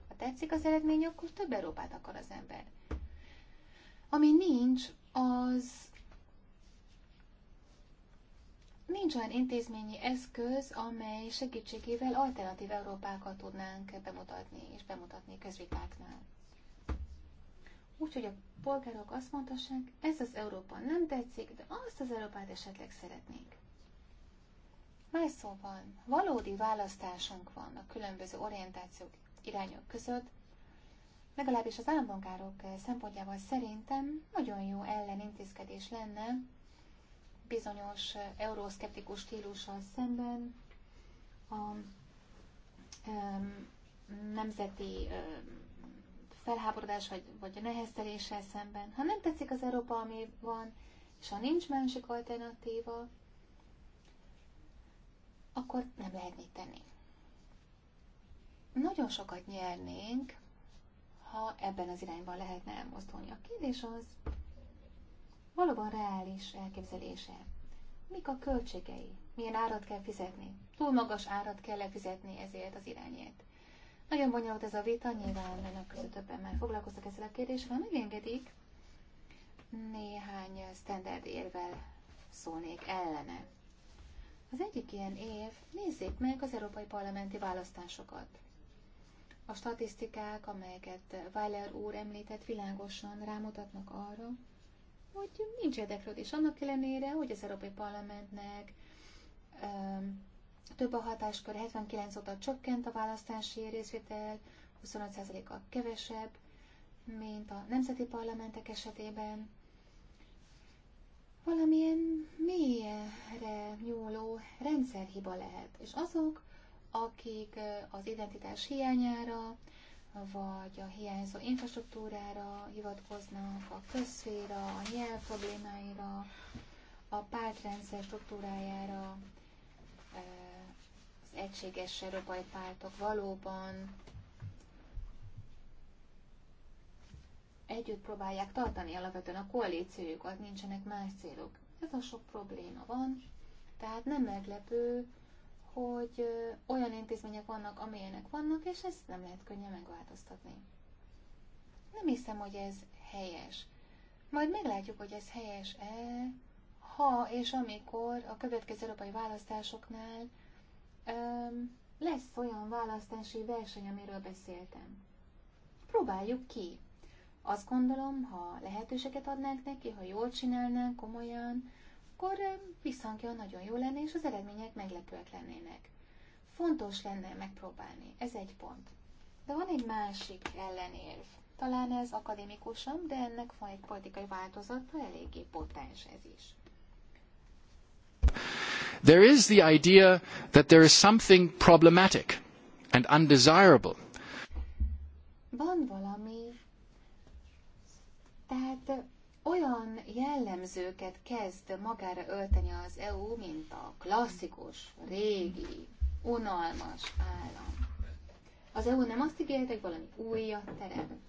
Ha tetszik az eredmény, akkor több Európát akar az ember. Ami nincs, az nincs olyan intézményi eszköz, amely segítségével alternatív Európákat tudnánk bemutatni és bemutatni közvitáknál. Úgyhogy a polgárok azt mondhassák, ez az Európa nem tetszik, de azt az Európát esetleg szeretnénk. Más szóval, valódi választásunk van a különböző orientációk irányok között, legalábbis az állampolgárok szempontjával szerintem nagyon jó ellenintézkedés lenne bizonyos euroszkeptikus stílussal szemben a nemzeti felháborodás vagy, vagy a nehezteléssel szemben. Ha nem tetszik az Európa, ami van, és ha nincs másik alternatíva, akkor nem lehet mit tenni. Nagyon sokat nyernénk, ha ebben az irányban lehetne elmozdulni. A kérdés az, valóban reális elképzelése. Mik a költségei? Milyen árat kell fizetni? Túl magas árat kell fizetni ezért az irányért. Nagyon bonyolult ez a vita, nyilván önök között többen már foglalkoztak ezzel a kérdéssel, megengedik, néhány standard érvel szólnék ellene. Az egyik ilyen év, nézzék meg az európai parlamenti választásokat. A statisztikák, amelyeket Weiler úr említett, világosan rámutatnak arra, hogy nincs érdeklődés annak ellenére, hogy az Európai Parlamentnek több a hatáskör, 79 óta csökkent a választási részvétel, 25%-kal kevesebb, mint a nemzeti parlamentek esetében. Valamilyen mélyre nyúló rendszerhiba lehet, és azok, akik eh, az identitás hiányára, vagy a hiányzó infrastruktúrára hivatkoznak, a közszféra, a nyelv problémáira, a pártrendszer struktúrájára, egységes európai pártok valóban együtt próbálják tartani alapvetően a koalíciójukat, nincsenek más célok. Ez a sok probléma van, tehát nem meglepő, hogy olyan intézmények vannak, amilyenek vannak, és ezt nem lehet könnyen megváltoztatni. Nem hiszem, hogy ez helyes. Majd meglátjuk, hogy ez helyes-e, ha és amikor a következő európai választásoknál lesz olyan választási verseny, amiről beszéltem. Próbáljuk ki. Azt gondolom, ha lehetőséget adnánk neki, ha jól csinálnánk, komolyan, akkor visszhangja nagyon jó lenne, és az eredmények meglepőek lennének. Fontos lenne megpróbálni, ez egy pont. De van egy másik ellenérv. Talán ez akadémikusabb, de ennek van egy politikai változata, eléggé potens ez is there is the idea that there is something problematic and undesirable. Van valami, tehát olyan jellemzőket kezd magára ölteni az EU, mint a klasszikus, régi, unalmas állam. Az EU nem azt ígértek, valami újat teremt.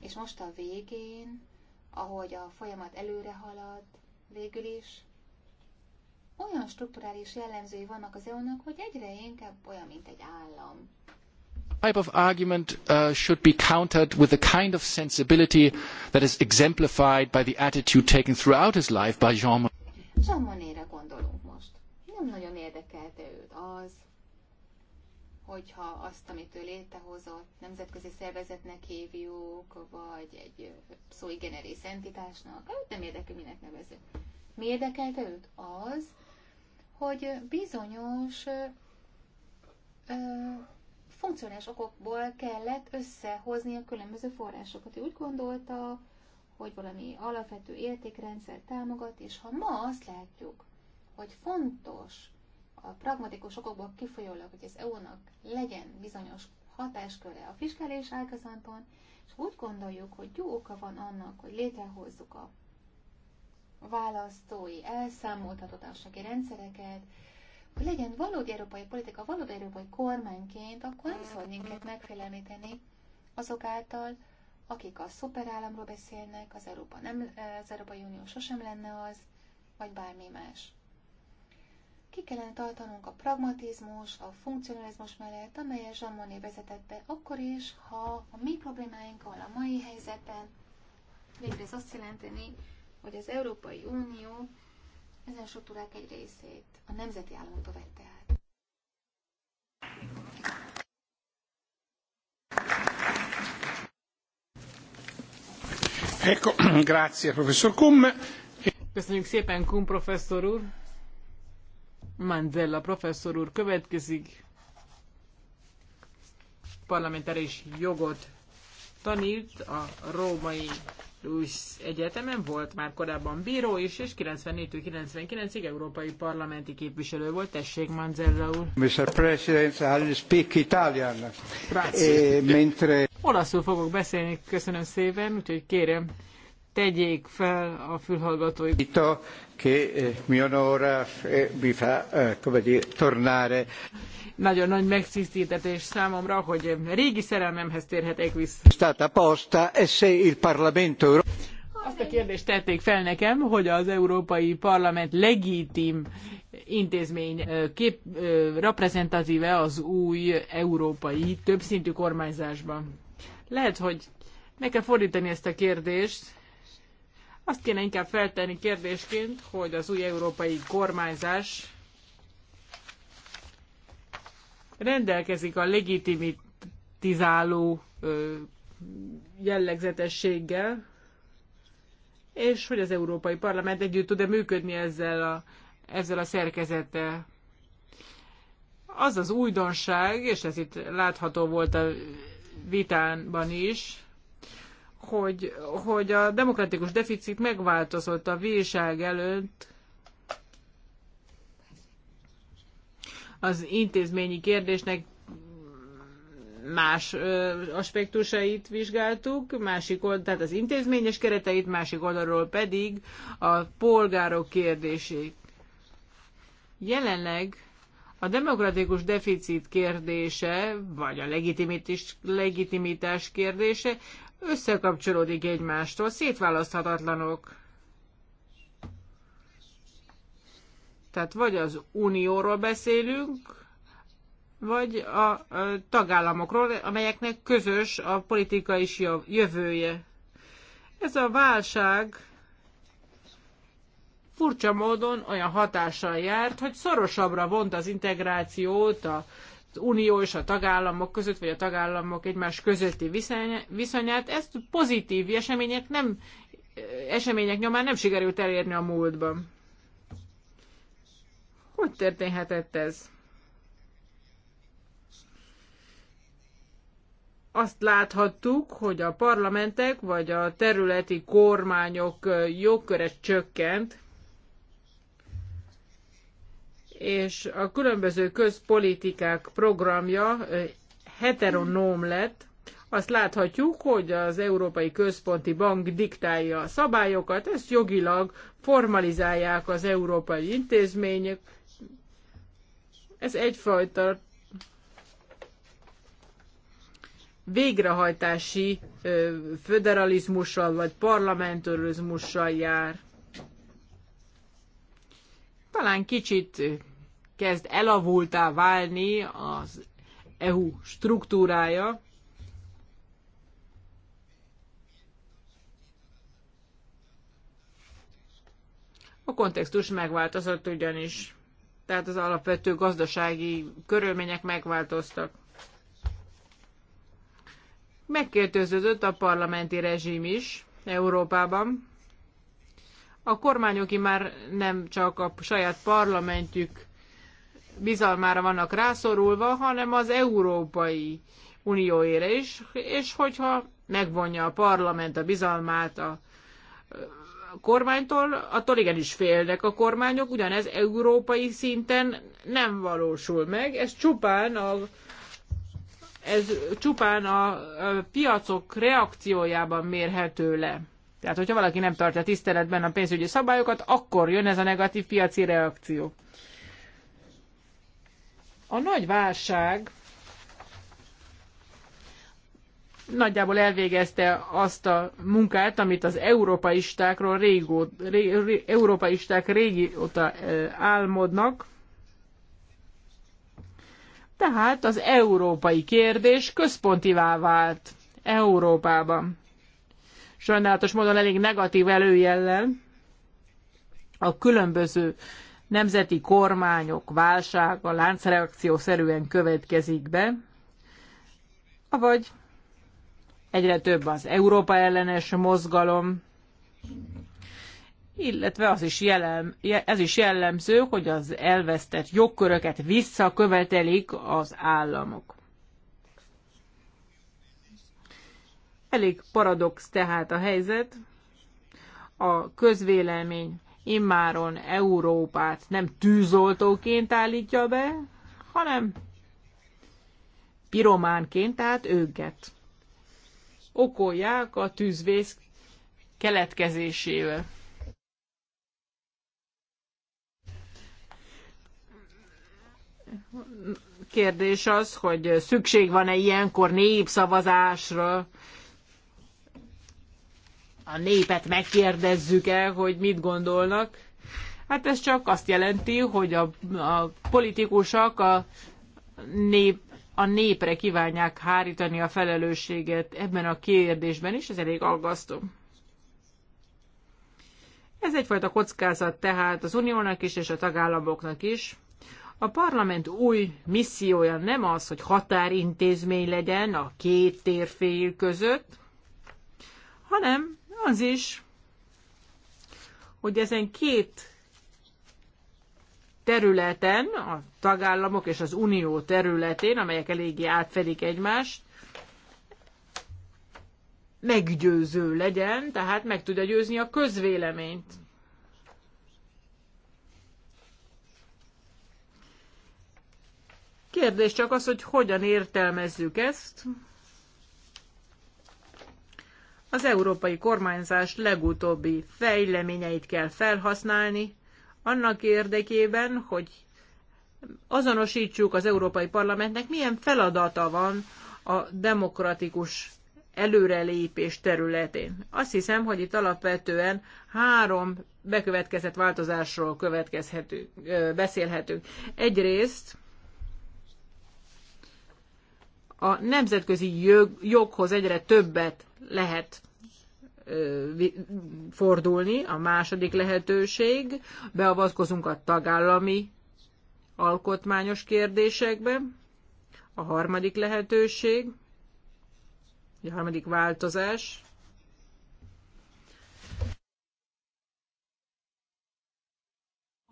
És most a végén, ahogy a folyamat előre halad, végül is olyan strukturális jellemzői vannak az EU-nak, hogy egyre inkább olyan, mint egy állam. Type of argument uh, should be countered with the kind of sensibility that is exemplified by the attitude taken throughout his life by Jean Monnet. Jean Monnetre gondolunk most. Nem nagyon érdekelte őt az, hogyha azt, amit ő létrehozott, nemzetközi szervezetnek hívjuk, vagy egy szói generész entitásnak, őt hát nem érdekel, minek nevező. Mi érdekelte őt? Az, hogy bizonyos ö, funkcionális okokból kellett összehozni a különböző forrásokat. Ő úgy gondolta, hogy valami alapvető értékrendszer támogat, és ha ma azt látjuk, hogy fontos a pragmatikus okokból kifolyólag, hogy az EU-nak legyen bizonyos hatásköre a fiskális ágazaton, és úgy gondoljuk, hogy jó oka van annak, hogy létrehozzuk a választói elszámoltatotási rendszereket, hogy legyen valódi európai politika, valódi európai kormányként, akkor nem szabad minket megfélemlíteni azok által, akik a szuperállamról beszélnek, az, Európa nem, az Európai Unió sosem lenne az, vagy bármi más. Ki kellene tartanunk a pragmatizmus, a funkcionalizmus mellett, amelyet Jean Monnet vezetett be, akkor is, ha a mi problémáinkkal, a mai helyzetben végre ez azt jelenteni, hogy az Európai Unió ezen struktúrák egy részét a nemzeti államokba vette át. Ecco, grazie professor Kum. Köszönjük szépen Kum professzor úr. Manzella professzor úr következik. Parlamentáris jogot tanít a római Louis Egyetemen volt már korábban bíró is, és 94-99-ig európai parlamenti képviselő volt. Tessék, Manzella úr. Mr. President, I'll speak Italian. Grazie. E, mentre... Olaszul fogok beszélni, köszönöm szépen, úgyhogy kérem, tegyék fel a fülhallgatóik. Itt che eh, mi onora eh, vi fa, eh, come dire, tornare. Nagyon nagy megtisztítetés számomra, hogy régi szerelmemhez térhetek vissza. Stata posta e se il Parlamento azt a kérdést tették fel nekem, hogy az Európai Parlament legitim intézmény kép, reprezentatíve az új európai többszintű kormányzásban. Lehet, hogy meg kell fordítani ezt a kérdést, azt kéne inkább feltenni kérdésként, hogy az új európai kormányzás rendelkezik a legitimitizáló jellegzetességgel, és hogy az Európai Parlament együtt tud-e működni ezzel a, ezzel a szerkezettel. Az az újdonság, és ez itt látható volt a vitánban is, hogy, hogy a demokratikus deficit megváltozott a vírság előtt az intézményi kérdésnek más ö, aspektusait vizsgáltuk, másik old, tehát az intézményes kereteit, másik oldalról pedig a polgárok kérdését. Jelenleg a demokratikus deficit kérdése, vagy a legitimitás kérdése összekapcsolódik egymástól, szétválaszthatatlanok. Tehát vagy az unióról beszélünk, vagy a, a tagállamokról, amelyeknek közös a politikai is jövője. Ez a válság furcsa módon olyan hatással járt, hogy szorosabbra vont az integrációt, a unió és a tagállamok között, vagy a tagállamok egymás közötti viszonyát, ezt pozitív események, nem, események nyomán nem sikerült elérni a múltban. Hogy történhetett ez? Azt láthattuk, hogy a parlamentek vagy a területi kormányok jogköre csökkent, és a különböző közpolitikák programja heteronóm lett, azt láthatjuk, hogy az Európai Központi Bank diktálja a szabályokat, ezt jogilag formalizálják az európai intézmények. Ez egyfajta végrehajtási föderalizmussal vagy parlamentarizmussal jár. Talán kicsit kezd elavultá válni az EU struktúrája, A kontextus megváltozott ugyanis, tehát az alapvető gazdasági körülmények megváltoztak. Megkértőződött a parlamenti rezsim is Európában. A kormányok már nem csak a saját parlamentjük bizalmára vannak rászorulva, hanem az Európai Unióére is, és hogyha megvonja a parlament a bizalmát a kormánytól, attól igenis félnek a kormányok, ugyanez európai szinten nem valósul meg, ez csupán a, ez csupán a piacok reakciójában mérhető le. Tehát, hogyha valaki nem tartja tiszteletben a pénzügyi szabályokat, akkor jön ez a negatív piaci reakció. A nagy válság nagyjából elvégezte azt a munkát, amit az európaistákról régó, ré, ré, európaisták régóta e, álmodnak. Tehát az európai kérdés központivá vált Európában. Sajnálatos módon elég negatív előjellel a különböző nemzeti kormányok válsága láncreakció szerűen következik be, avagy egyre több az Európa ellenes mozgalom, illetve az is jellem, ez is jellemző, hogy az elvesztett jogköröket visszakövetelik az államok. Elég paradox tehát a helyzet. A közvélemény immáron Európát nem tűzoltóként állítja be, hanem pirománként, tehát őket okolják a tűzvész keletkezésével. Kérdés az, hogy szükség van-e ilyenkor népszavazásra, a népet megkérdezzük el, hogy mit gondolnak. Hát ez csak azt jelenti, hogy a, a politikusok a, nép, a népre kívánják hárítani a felelősséget ebben a kérdésben is, ez elég aggasztó. Ez egyfajta kockázat tehát az uniónak is és a tagállamoknak is. A parlament új missziója nem az, hogy határintézmény legyen a két térfél között, hanem az is, hogy ezen két területen, a tagállamok és az unió területén, amelyek eléggé átfedik egymást, meggyőző legyen, tehát meg tudja győzni a közvéleményt. Kérdés csak az, hogy hogyan értelmezzük ezt. Az európai kormányzás legutóbbi fejleményeit kell felhasználni, annak érdekében, hogy azonosítsuk az Európai Parlamentnek, milyen feladata van a demokratikus előrelépés területén. Azt hiszem, hogy itt alapvetően három bekövetkezett változásról következhetünk, beszélhetünk. Egyrészt a nemzetközi joghoz egyre többet lehet fordulni. A második lehetőség, beavatkozunk a tagállami alkotmányos kérdésekbe. A harmadik lehetőség, a harmadik változás,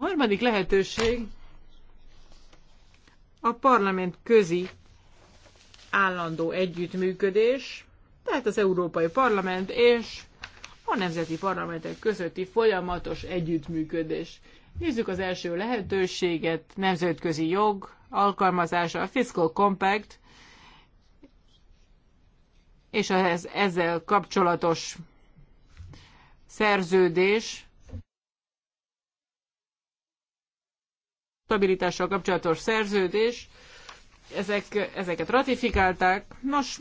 A harmadik lehetőség a parlament közi állandó együttműködés, tehát az Európai Parlament és a nemzeti parlamentek közötti folyamatos együttműködés. Nézzük az első lehetőséget, nemzetközi jog alkalmazása, a Fiscal Compact, és az ezzel kapcsolatos szerződés, stabilitással kapcsolatos szerződés, ezek, ezeket ratifikálták. Nos,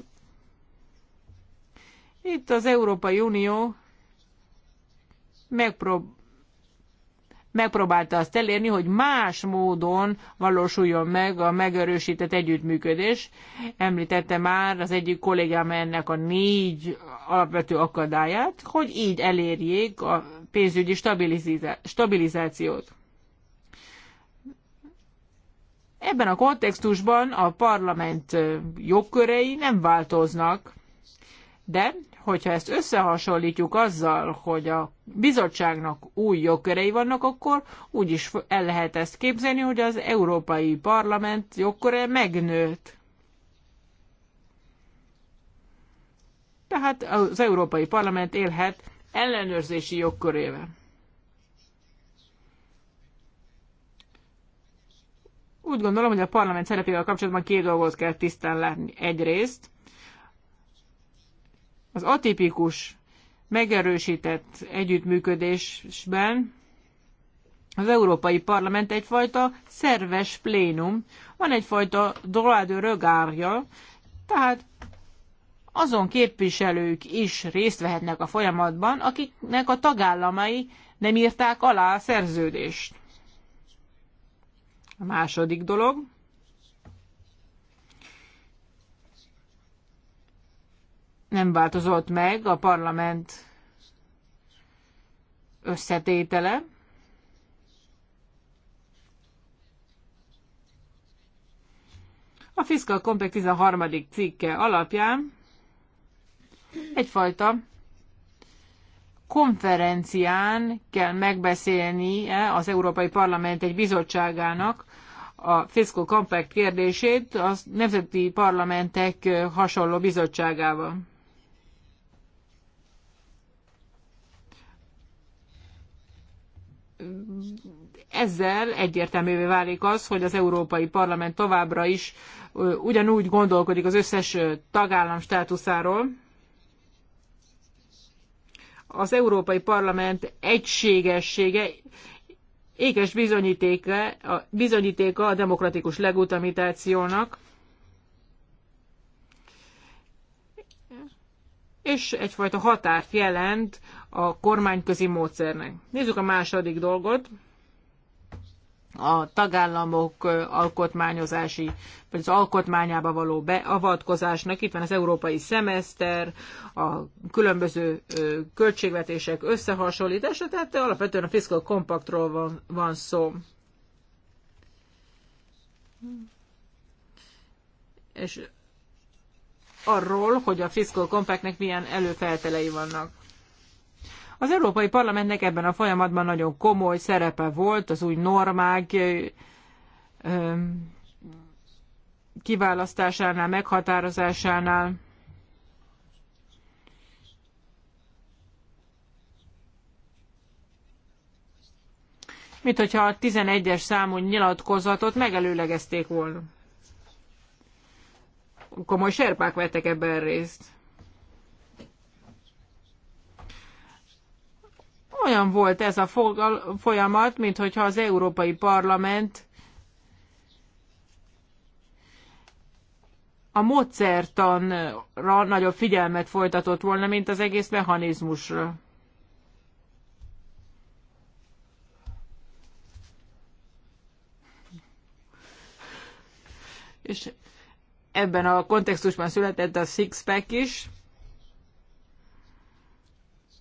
itt az Európai Unió megprób megpróbálta azt elérni, hogy más módon valósuljon meg a megerősített együttműködés. Említette már az egyik kollégám ennek a négy alapvető akadályát, hogy így elérjék a pénzügyi stabilizációt. Ebben a kontextusban a parlament jogkörei nem változnak, de hogyha ezt összehasonlítjuk azzal, hogy a bizottságnak új jogkörei vannak, akkor úgy is el lehet ezt képzelni, hogy az Európai Parlament jogköre megnőtt. Tehát az Európai Parlament élhet ellenőrzési jogkörével. Úgy gondolom, hogy a parlament szerepével kapcsolatban két dolgot kell tisztán látni. Egyrészt az atipikus megerősített együttműködésben az Európai Parlament egyfajta szerves plénum, van egyfajta droit de regardja, tehát azon képviselők is részt vehetnek a folyamatban, akiknek a tagállamai nem írták alá a szerződést. A második dolog, nem változott meg a parlament összetétele. A Fiscal Compact 13. cikke alapján egyfajta konferencián kell megbeszélni az Európai Parlament egy bizottságának a Fiscal Compact kérdését a nemzeti parlamentek hasonló bizottságával. ezzel egyértelművé válik az, hogy az Európai Parlament továbbra is ugyanúgy gondolkodik az összes tagállam státuszáról. Az Európai Parlament egységessége ékes bizonyítéka, bizonyítéka a demokratikus legutamitációnak, és egyfajta határt jelent a kormányközi módszernek. Nézzük a második dolgot, a tagállamok alkotmányozási, vagy az alkotmányába való beavatkozásnak. Itt van az európai szemeszter, a különböző költségvetések összehasonlítása, tehát alapvetően a fiscal kompaktról van, van szó. És arról, hogy a fiscal compactnek milyen előfeltelei vannak. Az Európai Parlamentnek ebben a folyamatban nagyon komoly szerepe volt az új normák kiválasztásánál, meghatározásánál. mint hogyha a 11-es számú nyilatkozatot megelőlegezték volna. Komoly serpák vettek ebben részt. olyan volt ez a folyamat, mint hogyha az Európai Parlament a módszertanra nagyobb figyelmet folytatott volna, mint az egész mechanizmusra. És ebben a kontextusban született a six-pack is,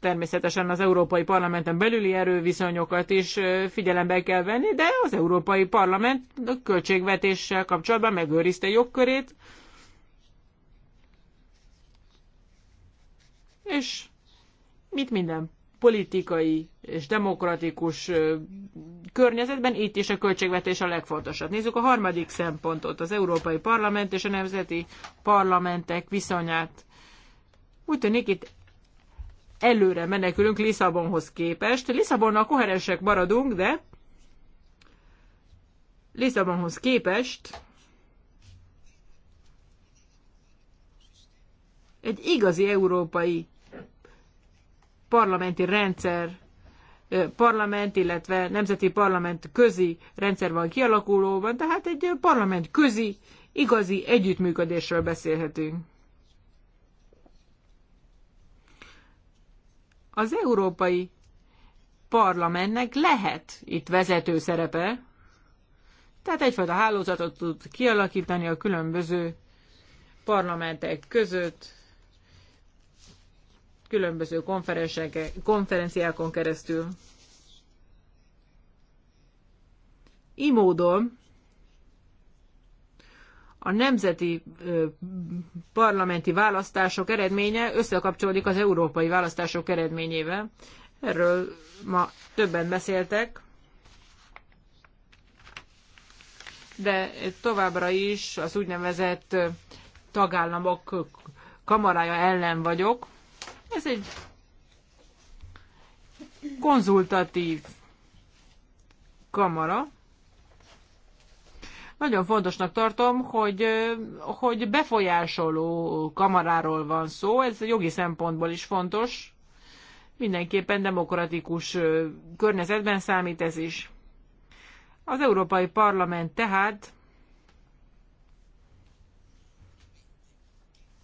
természetesen az Európai Parlamenten belüli erőviszonyokat is figyelembe kell venni, de az Európai Parlament a költségvetéssel kapcsolatban megőrizte jogkörét, és mit minden politikai és demokratikus környezetben itt is a költségvetés a legfontosabb. Nézzük a harmadik szempontot, az Európai Parlament és a nemzeti parlamentek viszonyát. Úgy tűnik, itt előre menekülünk Lisszabonhoz képest. Lisszabonnal koherensek maradunk, de Lisszabonhoz képest egy igazi európai parlamenti rendszer, parlament, illetve nemzeti parlament közi rendszer van kialakulóban, tehát egy parlament közi igazi együttműködésről beszélhetünk. Az Európai Parlamentnek lehet itt vezető szerepe, tehát egyfajta hálózatot tud kialakítani a különböző parlamentek között, különböző konferenciákon keresztül. Így módon a nemzeti parlamenti választások eredménye összekapcsolódik az európai választások eredményével. Erről ma többen beszéltek, de továbbra is az úgynevezett tagállamok kamarája ellen vagyok. Ez egy konzultatív kamara, nagyon fontosnak tartom, hogy, hogy befolyásoló kamaráról van szó, ez jogi szempontból is fontos. Mindenképpen demokratikus környezetben számít ez is. Az Európai Parlament tehát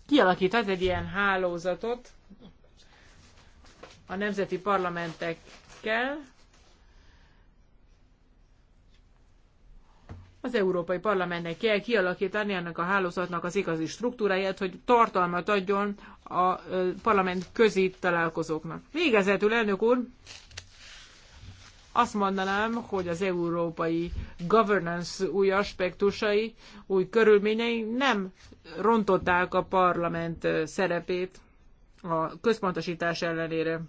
kialakíthat egy ilyen hálózatot a nemzeti parlamentekkel, Az Európai Parlamentnek kell kialakítani ennek a hálózatnak az igazi struktúráját, hogy tartalmat adjon a parlament közi találkozóknak. Végezetül, elnök úr, azt mondanám, hogy az európai governance új aspektusai, új körülményei nem rontották a parlament szerepét a központosítás ellenére.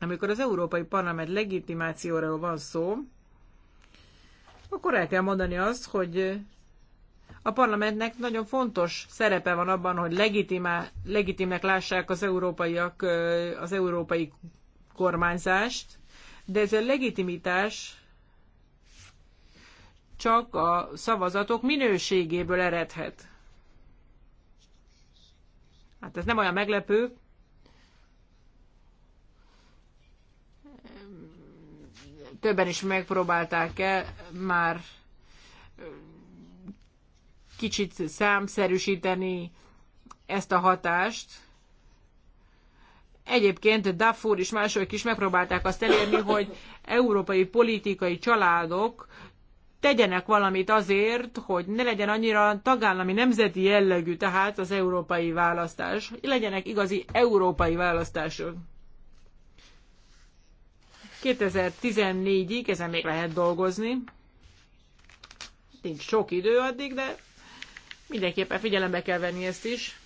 Amikor az Európai Parlament legitimációról van szó, akkor el kell mondani azt, hogy a parlamentnek nagyon fontos szerepe van abban, hogy legitimá, legitimnek lássák az európaiak az európai kormányzást, de ez a legitimitás csak a szavazatok minőségéből eredhet. Hát ez nem olyan meglepő, többen is megpróbálták el, már kicsit számszerűsíteni ezt a hatást. Egyébként Duffur és mások is megpróbálták azt elérni, hogy európai politikai családok tegyenek valamit azért, hogy ne legyen annyira tagállami nemzeti jellegű, tehát az európai választás, legyenek igazi európai választások. 2014-ig ezen még lehet dolgozni. Nincs sok idő addig, de mindenképpen figyelembe kell venni ezt is.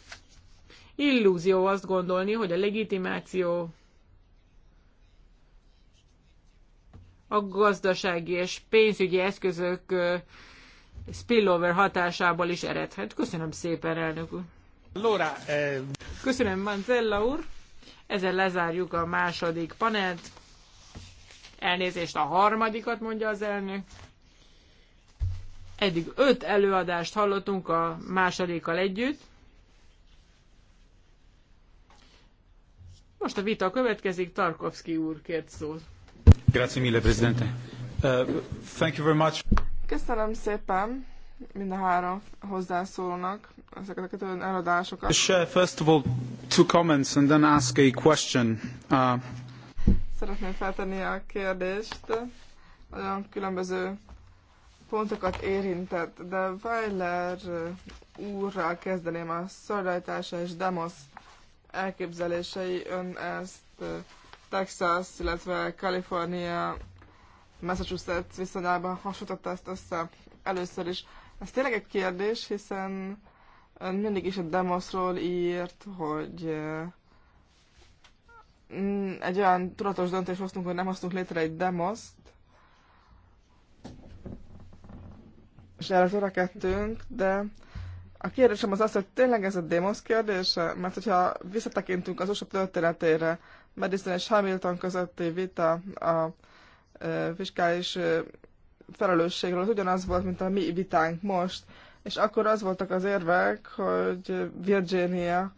Illúzió azt gondolni, hogy a legitimáció a gazdasági és pénzügyi eszközök spillover hatásából is eredhet. Köszönöm szépen, elnök úr. Laura, eh... Köszönöm, Manzella úr. Ezzel lezárjuk a második panelt. Elnézést a harmadikat, mondja az elnök. Eddig öt előadást hallottunk a másodikkal együtt. Most a vita következik, Tarkovsky úr kért szót. Grazie mille, Presidente. Uh, thank you very much. Köszönöm szépen mind a három hozzászólónak ezeket a előadásokat. First of all, two comments and then ask a question. Uh, szeretném feltenni a kérdést. Nagyon különböző pontokat érintett, de Weiler úrral kezdeném a szolidaritása és Demos elképzelései. Ön ezt Texas, illetve Kalifornia, Massachusetts viszonyában hasonlította ezt össze először is. Ez tényleg egy kérdés, hiszen ön mindig is a Demosról írt, hogy Mm, egy olyan tudatos döntést hoztunk, hogy nem hoztunk létre egy demoszt, és erre törekedtünk, de a kérdésem az az, hogy tényleg ez a demos kérdése? Mert hogyha visszatekintünk az USA történetére, Madison és Hamilton közötti vita a fiskális felelősségről, az ugyanaz volt, mint a mi vitánk most, és akkor az voltak az érvek, hogy Virginia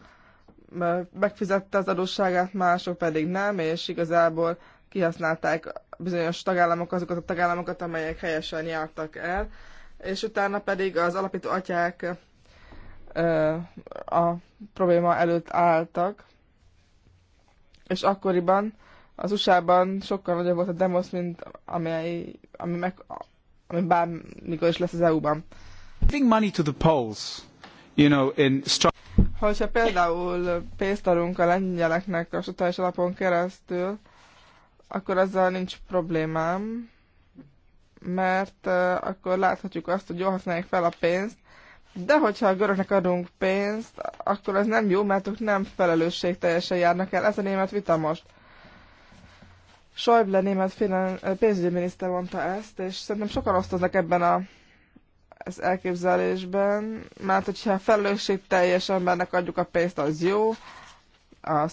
megfizette az adósságát, mások pedig nem, és igazából kihasználták bizonyos tagállamok azokat a tagállamokat, amelyek helyesen jártak el, és utána pedig az alapító atyák a probléma előtt álltak, és akkoriban az USA-ban sokkal nagyobb volt a demosz, mint amely, ami, meg, ami bármikor is lesz az EU-ban. Giving money to the polls, you know, in hogyha például pénzt adunk a lengyeleknek a struktúrális alapon keresztül, akkor azzal nincs problémám, mert akkor láthatjuk azt, hogy jól használják fel a pénzt, de hogyha a görögnek adunk pénzt, akkor ez nem jó, mert ők nem teljesen járnak el. Ez a német vita most. Schäuble német finan- pénzügyi miniszter mondta ezt, és szerintem sokan osztoznak ebben a az elképzelésben, mert hogyha teljes embernek adjuk a pénzt, az jó, a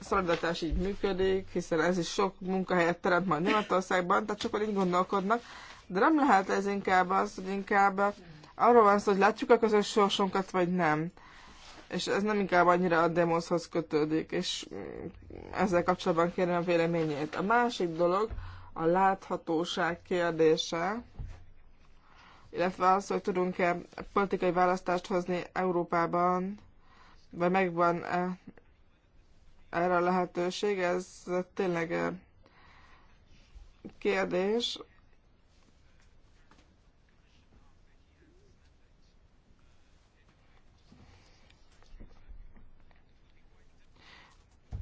szolidaritás így működik, hiszen ez is sok munkahelyet teremt majd Németországban, tehát sokan így gondolkodnak, de nem lehet ez inkább az, hogy inkább arról van szó, hogy látjuk a közös sorsunkat, vagy nem. És ez nem inkább annyira a demoszhoz kötődik, és ezzel kapcsolatban kérem a véleményét. A másik dolog a láthatóság kérdése illetve az, hogy tudunk-e politikai választást hozni Európában, vagy megvan -e erre a lehetőség, ez tényleg eh, kérdés.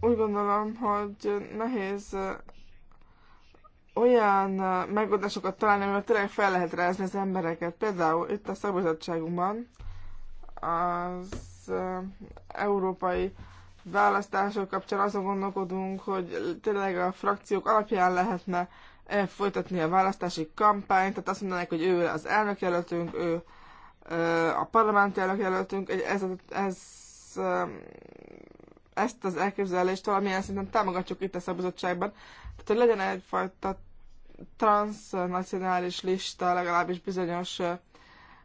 Úgy gondolom, hogy nehéz eh, olyan megoldásokat találni, amivel tényleg fel lehet rázni az embereket. Például itt a szabadságunkban az európai választások kapcsán azon gondolkodunk, hogy tényleg a frakciók alapján lehetne folytatni a választási kampányt, tehát azt mondanák, hogy ő az elnökjelöltünk, ő a parlamenti elnökjelöltünk, ez, ez, ezt az elképzelést valamilyen szinten támogatjuk itt a szabadságban, tehát hogy legyen egyfajta transnacionális lista legalábbis bizonyos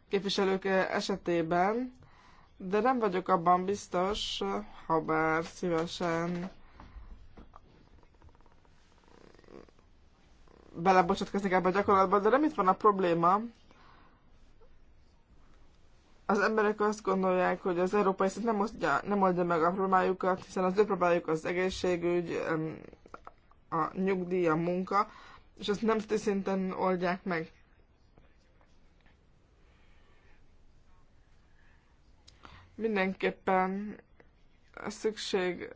képviselők esetében, de nem vagyok abban biztos, ha bár szívesen belebocsatkoznék ebbe a gyakorlatba, de nem itt van a probléma. Az emberek azt gondolják, hogy az európai szint nem, osztja, nem oldja meg a problémájukat, hiszen az ő problémájuk az egészségügy, a nyugdíj, a munka, és azt nem szinten oldják meg. Mindenképpen szükség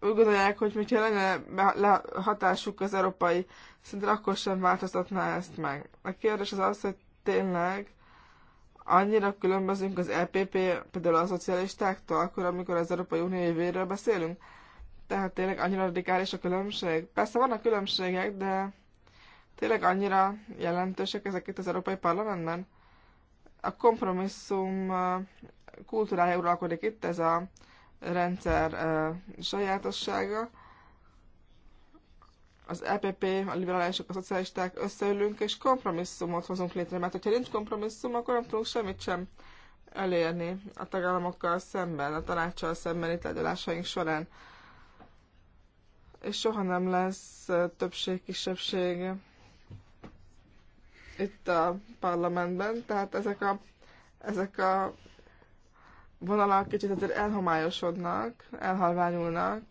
úgy gondolják, hogy mit lenne hatásuk az európai szinten, akkor sem változtatná ezt meg. A kérdés az az, hogy tényleg annyira különbözünk az EPP, például a szocialistáktól, akkor amikor az Európai Unió jövőről beszélünk? Tehát tényleg annyira radikális a különbség? Persze vannak különbségek, de tényleg annyira jelentősek ezek itt az Európai Parlamentben? A kompromisszum kultúrája uralkodik itt, ez a rendszer sajátossága. Az EPP, a liberálisok, a szocialisták összeülünk, és kompromisszumot hozunk létre, mert ha nincs kompromisszum, akkor nem tudunk semmit sem elérni a tagállamokkal szemben, a tanácssal szemben itt során és soha nem lesz többség-kisebbség itt a parlamentben, tehát ezek a, ezek a vonalak kicsit azért elhomályosodnak, elhalványulnak.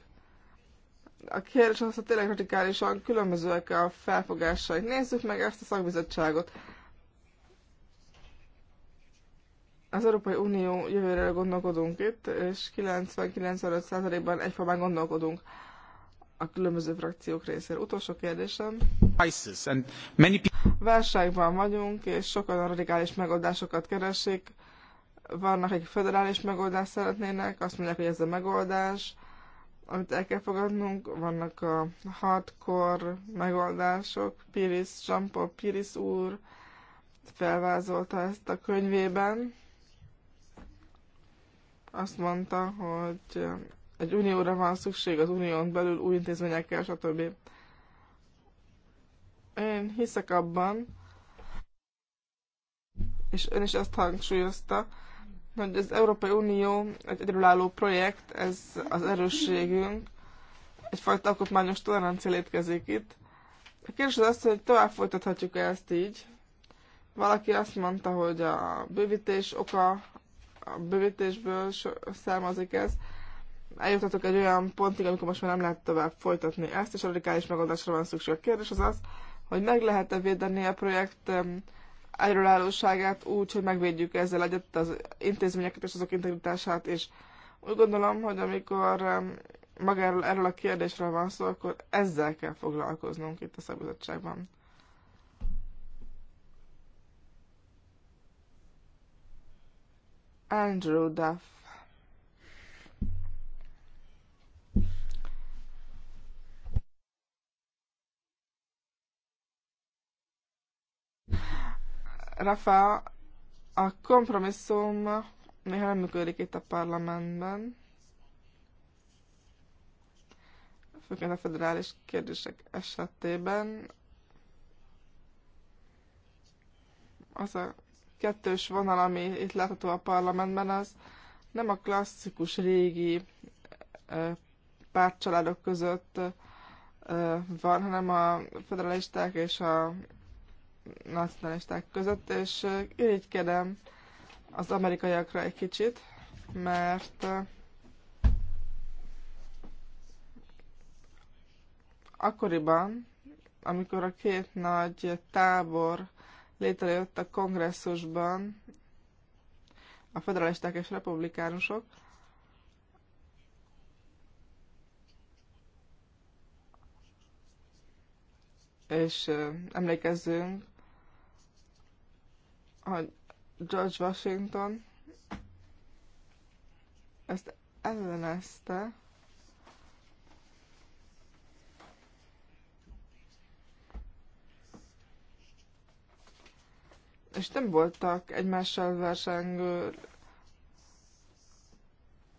A kérdés az, hogy tényleg radikálisan különbözőek a felfogásaik. Nézzük meg ezt a szakbizottságot. Az Európai Unió jövőre gondolkodunk itt, és 99 ban egyformán gondolkodunk a különböző frakciók részéről. Utolsó kérdésem. Válságban vagyunk, és sokan a radikális megoldásokat keresik. Vannak, akik föderális megoldást szeretnének, azt mondják, hogy ez a megoldás, amit el kell fogadnunk. Vannak a hardcore megoldások. Piris, Jean-Paul Piris úr felvázolta ezt a könyvében. Azt mondta, hogy egy unióra van szükség az unión belül, új intézményekkel, stb. Én hiszek abban, és ön is ezt hangsúlyozta, hogy az Európai Unió egy egyedülálló projekt, ez az erősségünk, egyfajta alkotmányos tolerancia létkezik itt. A kérdés az az, hogy tovább folytathatjuk -e ezt így. Valaki azt mondta, hogy a bővítés oka, a bővítésből származik ez eljutottak egy olyan pontig, amikor most már nem lehet tovább folytatni ezt, és a radikális megoldásra van szükség. A kérdés az az, hogy meg lehet-e védeni a projekt egyrolállóságát úgy, hogy megvédjük ezzel egyet az intézményeket és azok integritását is. Úgy gondolom, hogy amikor magáról erről a kérdésről van szó, akkor ezzel kell foglalkoznunk itt a szakbizottságban. Andrew Duff Rafa, a kompromisszum néha nem működik itt a parlamentben. Főként a federális kérdések esetében. Az a kettős vonal, ami itt látható a parlamentben, az nem a klasszikus régi pártcsaládok között van, hanem a federalisták és a nacionalisták között, és irigykedem az amerikaiakra egy kicsit, mert akkoriban, amikor a két nagy tábor létrejött a kongresszusban, a federalisták és republikánusok, és emlékezzünk a George Washington ezt ellenezte, és nem voltak egymással versengő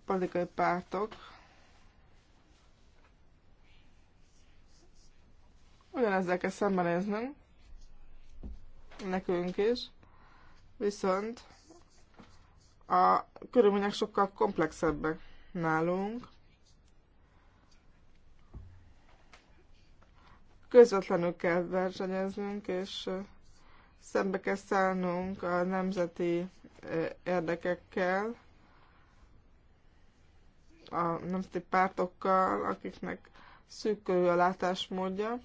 politikai pártok. Ugyanezzel kell szembenéznünk, nekünk is viszont a körülmények sokkal komplexebbek nálunk. Közvetlenül kell versenyeznünk, és szembe kell szállnunk a nemzeti érdekekkel, a nemzeti pártokkal, akiknek szűkörű a látásmódja.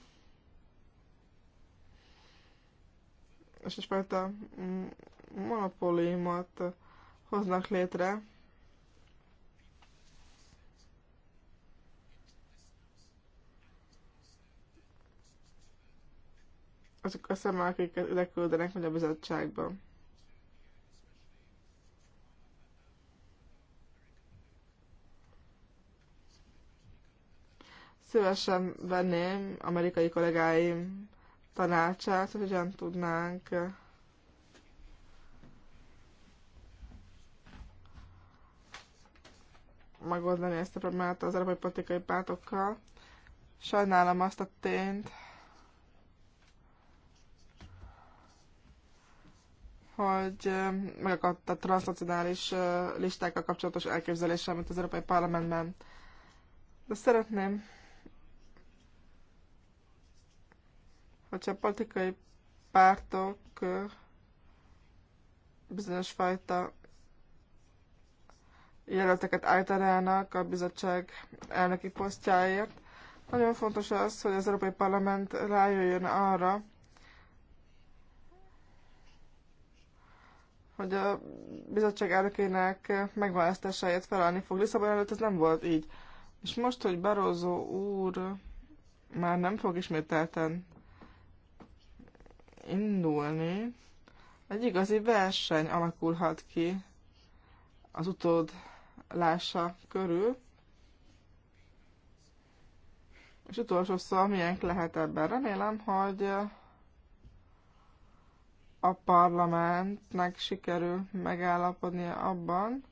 És egyfajta mm, monopóliumot hoznak létre, azok a szemek, akiket ide küldenek a bizottságban. Szívesen venném amerikai kollégáim tanácsát, hogy hogyan tudnánk megoldani ezt a problémát az európai politikai pártokkal. Sajnálom azt a tényt, hogy megakadt a transnacionális listákkal kapcsolatos elképzelése, amit az Európai Parlamentben. De szeretném, hogyha a politikai pártok bizonyos fajta jelölteket állítanának a bizottság elnöki posztjáért. Nagyon fontos az, hogy az Európai Parlament rájöjjön arra, hogy a bizottság elnökének megválasztásáért felállni fog. Lisszabon előtt ez nem volt így. És most, hogy Barózó úr már nem fog ismételten indulni, egy igazi verseny alakulhat ki az utód lássa körül. És utolsó szó, milyen lehet ebben. Remélem, hogy a parlamentnek sikerül megállapodnia abban,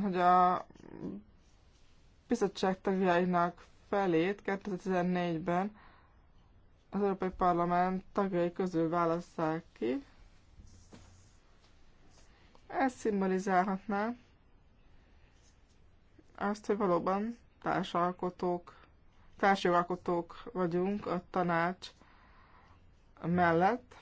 hogy a bizottság tagjainak felét 2014-ben az Európai Parlament tagjai közül válasszák ki, ez szimbolizálhatná azt, hogy valóban társalkotók, társjogalkotók vagyunk a tanács mellett.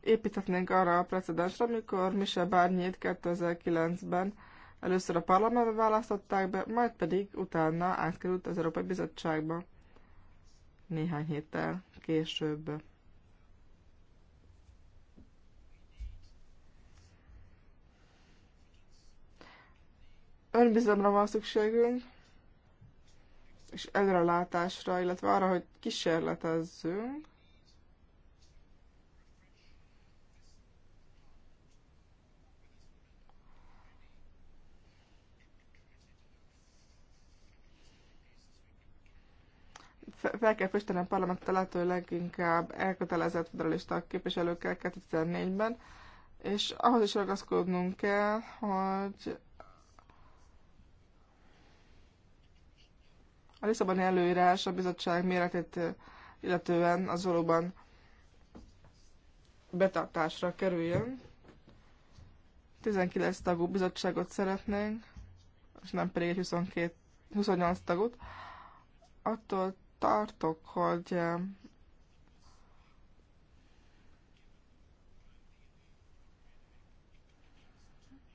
Építhetnénk arra a precedensre, amikor Michel Barnier 2009-ben először a parlamentbe választották be, majd pedig utána átkerült az Európai Bizottságba néhány héttel később. Önbizalomra van szükségünk, és előrelátásra, illetve arra, hogy kísérletezzünk, fel kell a parlament a lehető leginkább elkötelezett federalista képviselőkkel 2004-ben, és ahhoz is ragaszkodnunk kell, hogy a Lisszaboni előírás a bizottság méretét illetően az valóban betartásra kerüljön. 19 tagú bizottságot szeretnénk, és nem pedig egy 22, 28 tagot. Attól tartok, hogy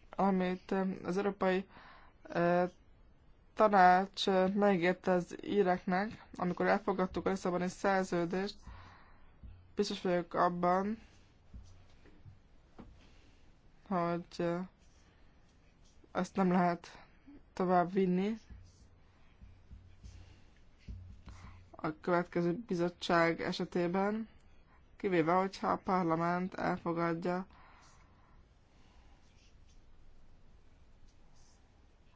amit az Európai Tanács megígérte az íreknek, amikor elfogadtuk a Lisszaboni szerződést, biztos vagyok abban, hogy ezt nem lehet tovább vinni, a következő bizottság esetében, kivéve, hogyha a parlament elfogadja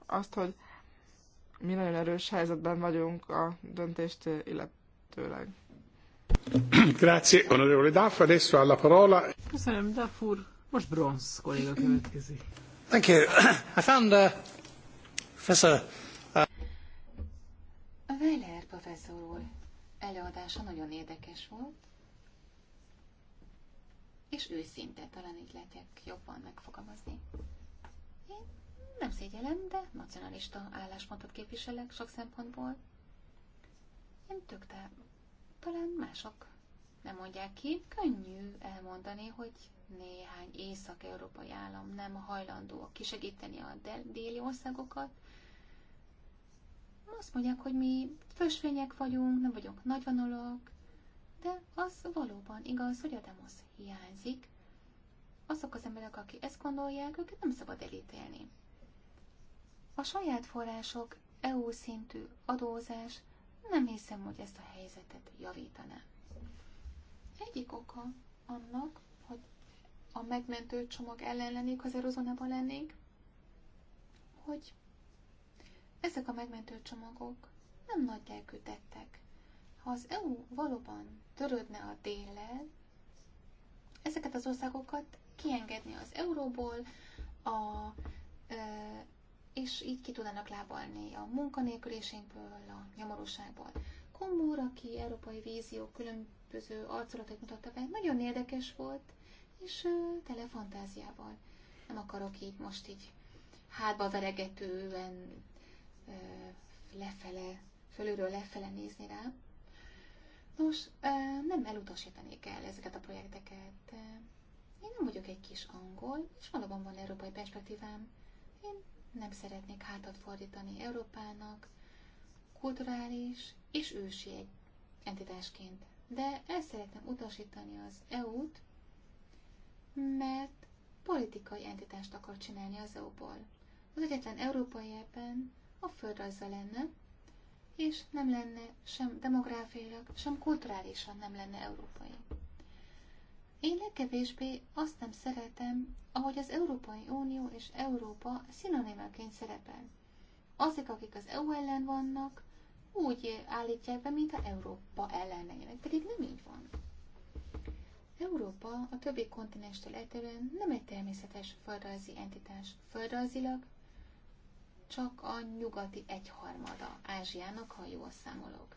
azt, hogy mi nagyon erős helyzetben vagyunk a döntést illetőleg. Grazie, onorevole Daff. Adesso alla parola. Köszönöm, Daff úr. Most Bronz kolléga következik. Thank you. I found uh, Professor professzor úr előadása nagyon érdekes volt, és őszinte, talán így lehetek jobban megfogalmazni. Én nem szégyelem, de nacionalista álláspontot képviselek sok szempontból. Én tök, de talán mások nem mondják ki. Könnyű elmondani, hogy néhány észak-európai állam nem hajlandó kisegíteni a déli országokat, azt mondják, hogy mi fösvények vagyunk, nem vagyunk nagyvonalak, de az valóban igaz, hogy a demosz hiányzik. Azok az emberek, akik ezt gondolják, őket nem szabad elítélni. A saját források, EU szintű adózás, nem hiszem, hogy ezt a helyzetet javítaná. Egyik oka annak, hogy a megmentő csomag ellen lennék, az lennék, hogy ezek a megmentő csomagok nem nagy lelkű tettek. Ha az EU valóban törődne a déllel, ezeket az országokat kiengedni az euróból, a, e, és így ki tudnának lábalni a munkanélküliségből, a nyomorúságból. Komúr, aki európai vízió különböző arculatait mutatta be, nagyon érdekes volt, és e, tele fantáziával. Nem akarok így most így hátba veregetően lefele, fölülről lefele nézni rá. Nos, nem elutasítani kell ezeket a projekteket. Én nem vagyok egy kis angol, és valóban van európai perspektívám. Én nem szeretnék hátat fordítani Európának, kulturális és ősi egy entitásként. De el szeretném utasítani az EU-t, mert politikai entitást akar csinálni az EU-ból. Az egyetlen európai ebben a földrajza lenne, és nem lenne sem demográfiailag, sem kulturálisan nem lenne európai. Én legkevésbé azt nem szeretem, ahogy az Európai Unió és Európa szinonimaként szerepel. Azok, akik az EU ellen vannak, úgy állítják be, a Európa ellen lennének, pedig nem így van. Európa a többi kontinenstől eltérően nem egy természetes földrajzi entitás. Földrajzilag csak a nyugati egyharmada Ázsiának, ha jól számolok.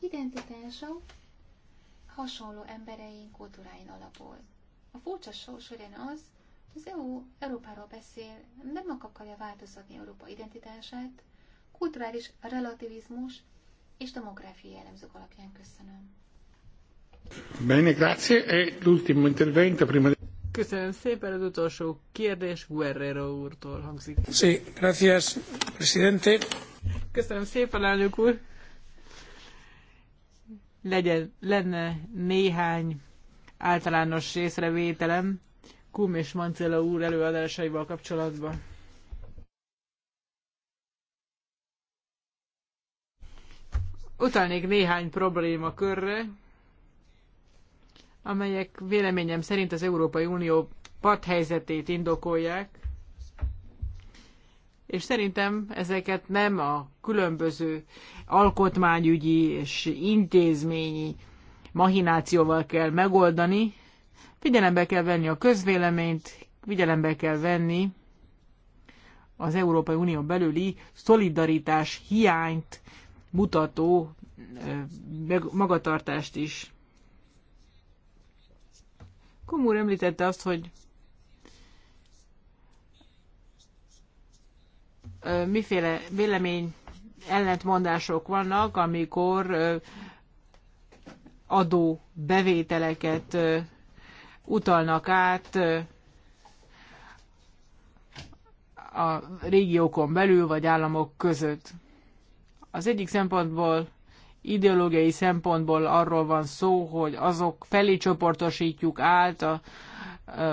Identitása hasonló embereink kultúráin alapul. A furcsa sorsorén az, az EU Európáról beszél, nem akarja változtatni Európa identitását, kulturális relativizmus és demográfiai jellemzők alapján köszönöm. Bene, grazie. E l'ultimo intervento prima Köszönöm szépen, az utolsó kérdés Guerrero úrtól hangzik. Sí, gracias, presidente. Köszönöm szépen, elnök úr. Legyen, lenne néhány általános észrevételem Kum és Mancella úr előadásaival kapcsolatban. Utalnék néhány problémakörre, amelyek véleményem szerint az Európai Unió parthelyzetét indokolják, és szerintem ezeket nem a különböző alkotmányügyi és intézményi mahinációval kell megoldani, figyelembe kell venni a közvéleményt, figyelembe kell venni az Európai Unió belüli szolidaritás hiányt mutató magatartást is. Komúr említette azt, hogy miféle vélemény ellentmondások vannak, amikor adó bevételeket utalnak át a régiókon belül vagy államok között. Az egyik szempontból ideológiai szempontból arról van szó, hogy azok felé csoportosítjuk át a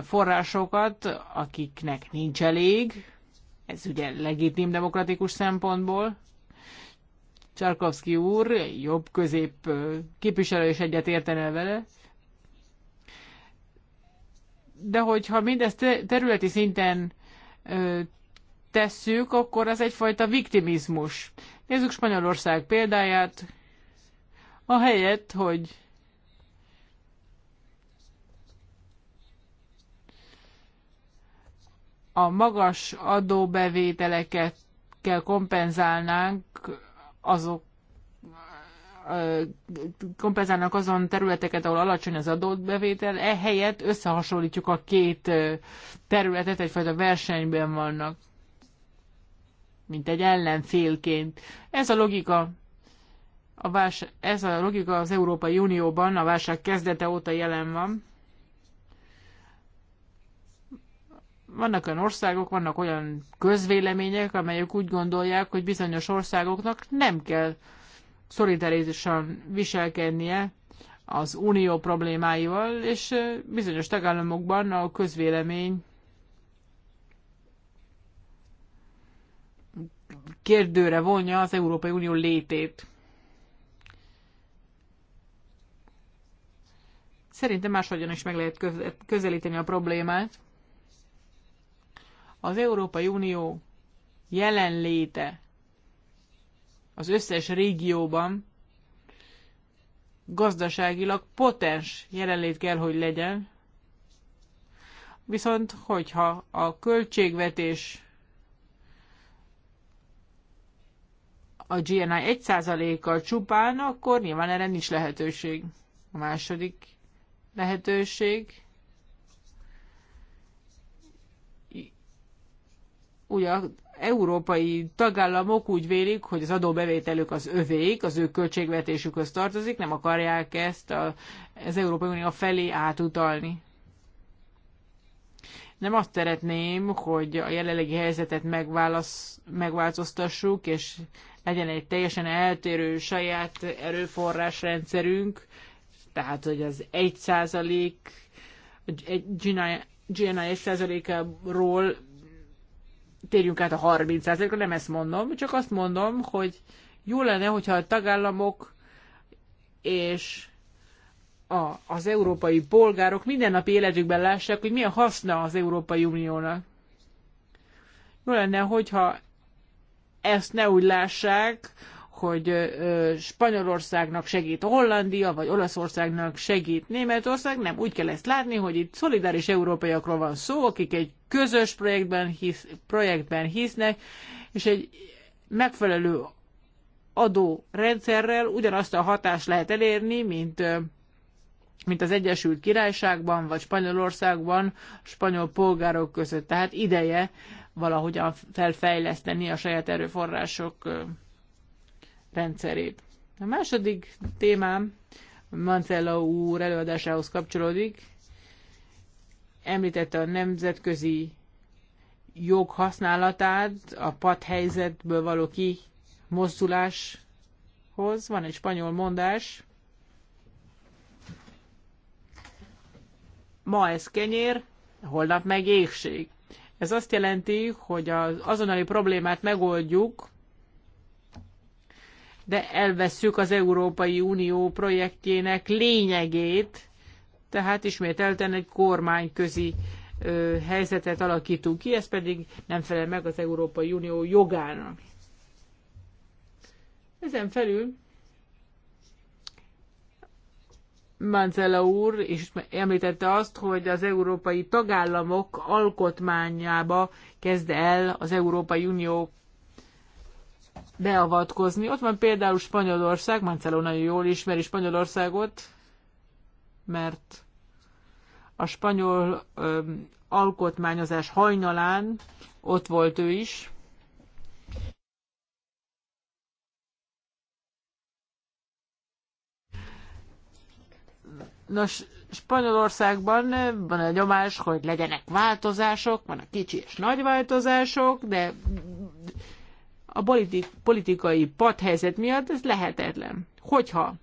forrásokat, akiknek nincs elég, ez ugye legitim demokratikus szempontból. Csarkovszki úr, jobb közép képviselő is egyet értene vele. De hogyha mindezt területi szinten tesszük, akkor ez egyfajta viktimizmus. Nézzük Spanyolország példáját a helyet, hogy a magas adóbevételeket kell kompenzálnánk azok kompenzálnak azon területeket, ahol alacsony az adóbevétel, ehelyett összehasonlítjuk a két területet, egyfajta versenyben vannak, mint egy ellenfélként. Ez a logika a válság, ez a logika az Európai Unióban a válság kezdete óta jelen van. Vannak olyan országok, vannak olyan közvélemények, amelyek úgy gondolják, hogy bizonyos országoknak nem kell szolidaritikusan viselkednie az unió problémáival, és bizonyos tagállamokban a közvélemény kérdőre vonja az Európai Unió létét. Szerintem máshogyan is meg lehet közelíteni a problémát. Az Európai Unió jelenléte az összes régióban gazdaságilag potens jelenlét kell, hogy legyen. Viszont, hogyha a költségvetés a GNI 1%-kal csupán, akkor nyilván erre nincs lehetőség. A második lehetőség. Ugye az európai tagállamok úgy vélik, hogy az adóbevételük az övék, az ő költségvetésükhöz tartozik, nem akarják ezt a, az Európai Unió felé átutalni. Nem azt szeretném, hogy a jelenlegi helyzetet megválasz, megváltoztassuk, és legyen egy teljesen eltérő saját erőforrásrendszerünk, tehát hogy az 1 százalék, GNI 1 százalékáról térjünk át a 30 százalékra, nem ezt mondom, csak azt mondom, hogy jó lenne, hogyha a tagállamok és a, az európai polgárok mindennapi életükben lássák, hogy milyen haszna az Európai Uniónak. Jó lenne, hogyha ezt ne úgy lássák, hogy Spanyolországnak segít Hollandia, vagy Olaszországnak segít Németország, nem úgy kell ezt látni, hogy itt szolidáris európaiakról van szó, akik egy közös projektben, hisz, projektben hisznek, és egy megfelelő adórendszerrel ugyanazt a hatást lehet elérni, mint mint az Egyesült Királyságban vagy Spanyolországban a spanyol polgárok között. Tehát ideje valahogyan felfejleszteni a saját erőforrások rendszerét. A második témám Mancella úr előadásához kapcsolódik. Említette a nemzetközi jog használatát, a padhelyzetből való ki mozduláshoz. Van egy spanyol mondás. Ma ez kenyér, holnap meg égség. Ez azt jelenti, hogy az azonnali problémát megoldjuk, de elvesszük az Európai Unió projektjének lényegét, tehát ismételten egy kormányközi ö, helyzetet alakítunk ki, ez pedig nem felel meg az Európai Unió jogának. Ezen felül Manzella úr is említette azt, hogy az európai tagállamok alkotmányába kezd el az Európai Unió beavatkozni. Ott van például Spanyolország, Marcelo nagyon jól ismeri Spanyolországot, mert a spanyol ö, alkotmányozás hajnalán ott volt ő is. Nos, Spanyolországban van a nyomás, hogy legyenek változások, van a kicsi és nagy változások, de a politik, politikai padhelyzet miatt ez lehetetlen. Hogyha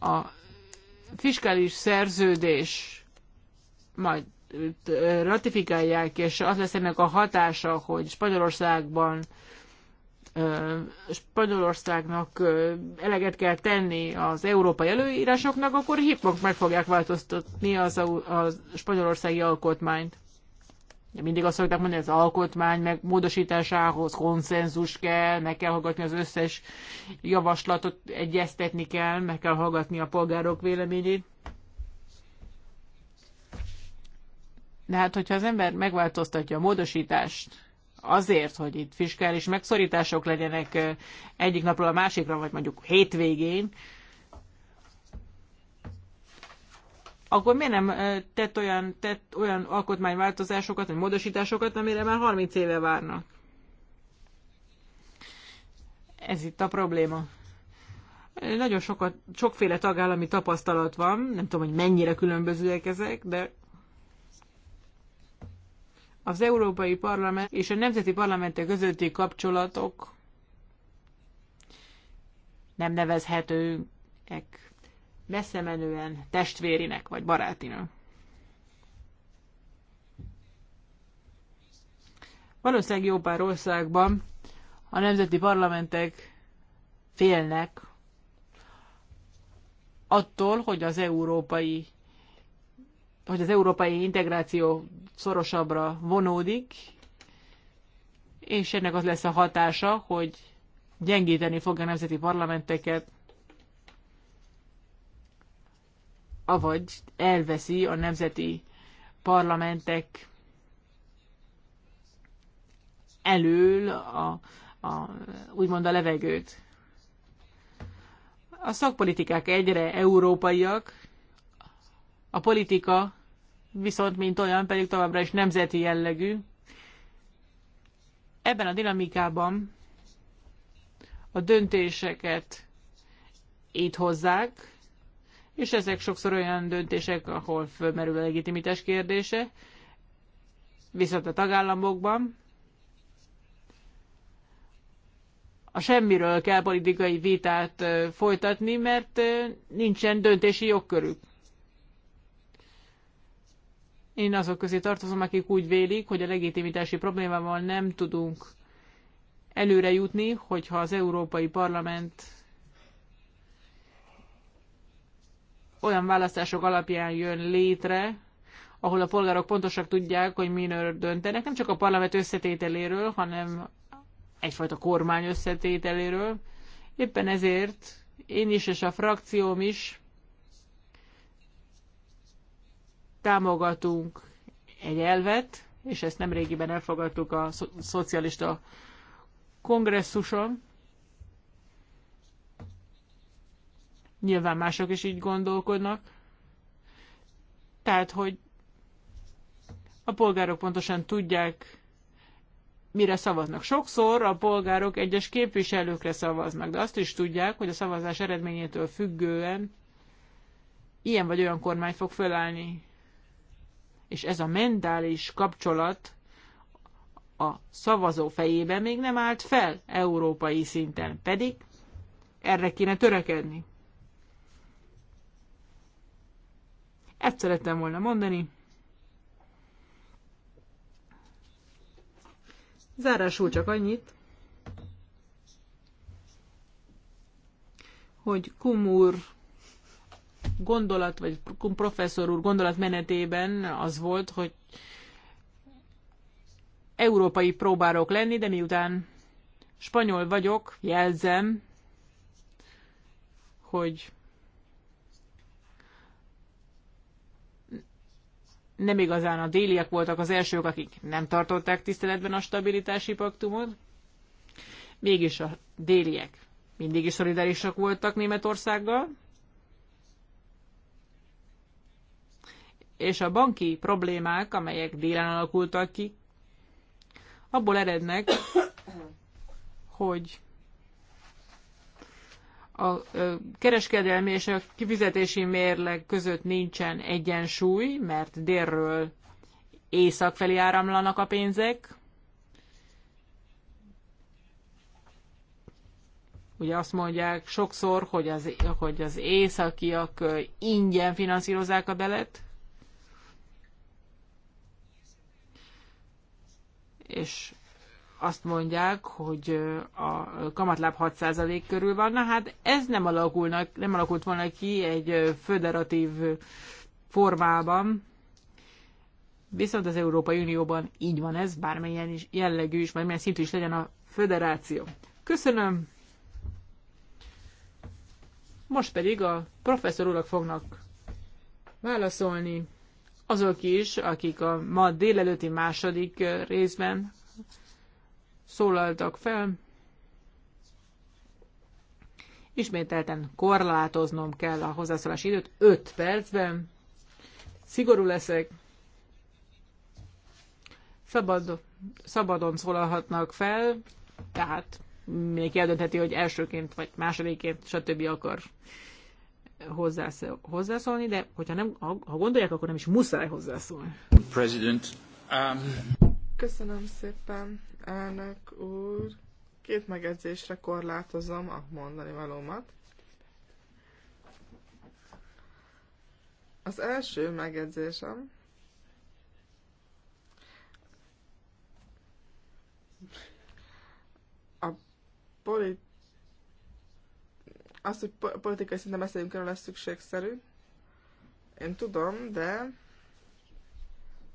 a fiskális szerződés majd ratifikálják, és az lesz ennek a hatása, hogy Spanyolországban Spanyolországnak eleget kell tenni az európai előírásoknak, akkor hipok meg fogják változtatni az a, a spanyolországi alkotmányt mindig azt szokták mondani, hogy az alkotmány meg módosításához konszenzus kell, meg kell hallgatni az összes javaslatot, egyeztetni kell, meg kell hallgatni a polgárok véleményét. De hát, hogyha az ember megváltoztatja a módosítást azért, hogy itt fiskális megszorítások legyenek egyik napról a másikra, vagy mondjuk hétvégén, akkor miért nem tett olyan, tett olyan alkotmányváltozásokat, vagy módosításokat, amire már 30 éve várnak? Ez itt a probléma. Nagyon sokat, sokféle tagállami tapasztalat van, nem tudom, hogy mennyire különbözőek ezek, de az Európai Parlament és a Nemzeti Parlamentek közötti kapcsolatok nem nevezhetőek messze menően testvérinek vagy barátinak. Valószínűleg jó pár országban a nemzeti parlamentek félnek attól, hogy az európai hogy az európai integráció szorosabbra vonódik, és ennek az lesz a hatása, hogy gyengíteni fogja a nemzeti parlamenteket, avagy elveszi a nemzeti parlamentek elől a, a, úgymond a levegőt. A szakpolitikák egyre európaiak, a politika viszont mint olyan pedig továbbra is nemzeti jellegű. Ebben a dinamikában a döntéseket itt hozzák, és ezek sokszor olyan döntések, ahol fölmerül a legitimitás kérdése, viszont a tagállamokban a semmiről kell politikai vitát folytatni, mert nincsen döntési jogkörük. Én azok közé tartozom, akik úgy vélik, hogy a legitimitási problémával nem tudunk előre jutni, hogyha az Európai Parlament olyan választások alapján jön létre, ahol a polgárok pontosak tudják, hogy minőr döntenek, nem csak a parlament összetételéről, hanem egyfajta kormány összetételéről. Éppen ezért én is és a frakcióm is támogatunk egy elvet, és ezt nemrégiben elfogadtuk a szocialista kongresszuson, Nyilván mások is így gondolkodnak. Tehát, hogy a polgárok pontosan tudják, mire szavaznak. Sokszor a polgárok egyes képviselőkre szavaznak, de azt is tudják, hogy a szavazás eredményétől függően ilyen vagy olyan kormány fog felállni. És ez a mentális kapcsolat a szavazó fejében még nem állt fel európai szinten, pedig erre kéne törekedni. Ezt szerettem volna mondani. Zárásul csak annyit, hogy kumur gondolat, vagy Kum professzor úr gondolatmenetében az volt, hogy európai próbárok lenni, de miután spanyol vagyok, jelzem, hogy nem igazán a déliek voltak az elsők, akik nem tartották tiszteletben a stabilitási paktumot, mégis a déliek mindig is szolidárisak voltak Németországgal, és a banki problémák, amelyek délen alakultak ki, abból erednek, hogy a kereskedelmi és a kifizetési mérleg között nincsen egyensúly, mert délről észak felé áramlanak a pénzek. Ugye azt mondják sokszor, hogy az, hogy az északiak ingyen finanszírozzák a belet, és azt mondják, hogy a kamatláb 6% körül van. Na hát ez nem, alakulnak, nem alakult volna ki egy föderatív formában, viszont az Európai Unióban így van ez, bármilyen is jellegű is, milyen szintű is legyen a föderáció. Köszönöm! Most pedig a professzor urak fognak válaszolni azok is, akik a ma délelőtti második részben szólaltak fel. Ismételten korlátoznom kell a hozzászólási időt 5 percben. Szigorú leszek. Szabad, szabadon szólalhatnak fel, tehát még eldöntheti, hogy elsőként vagy másodiként, stb. akar hozzászólni, de hogyha nem, ha, ha gondolják, akkor nem is muszáj hozzászólni. President, um... Köszönöm szépen, elnök úr. Két megjegyzésre korlátozom a mondani valómat. Az első megjegyzésem, a polit... az, hogy politikai szinten beszéljünk erről, lesz szükségszerű. Én tudom, de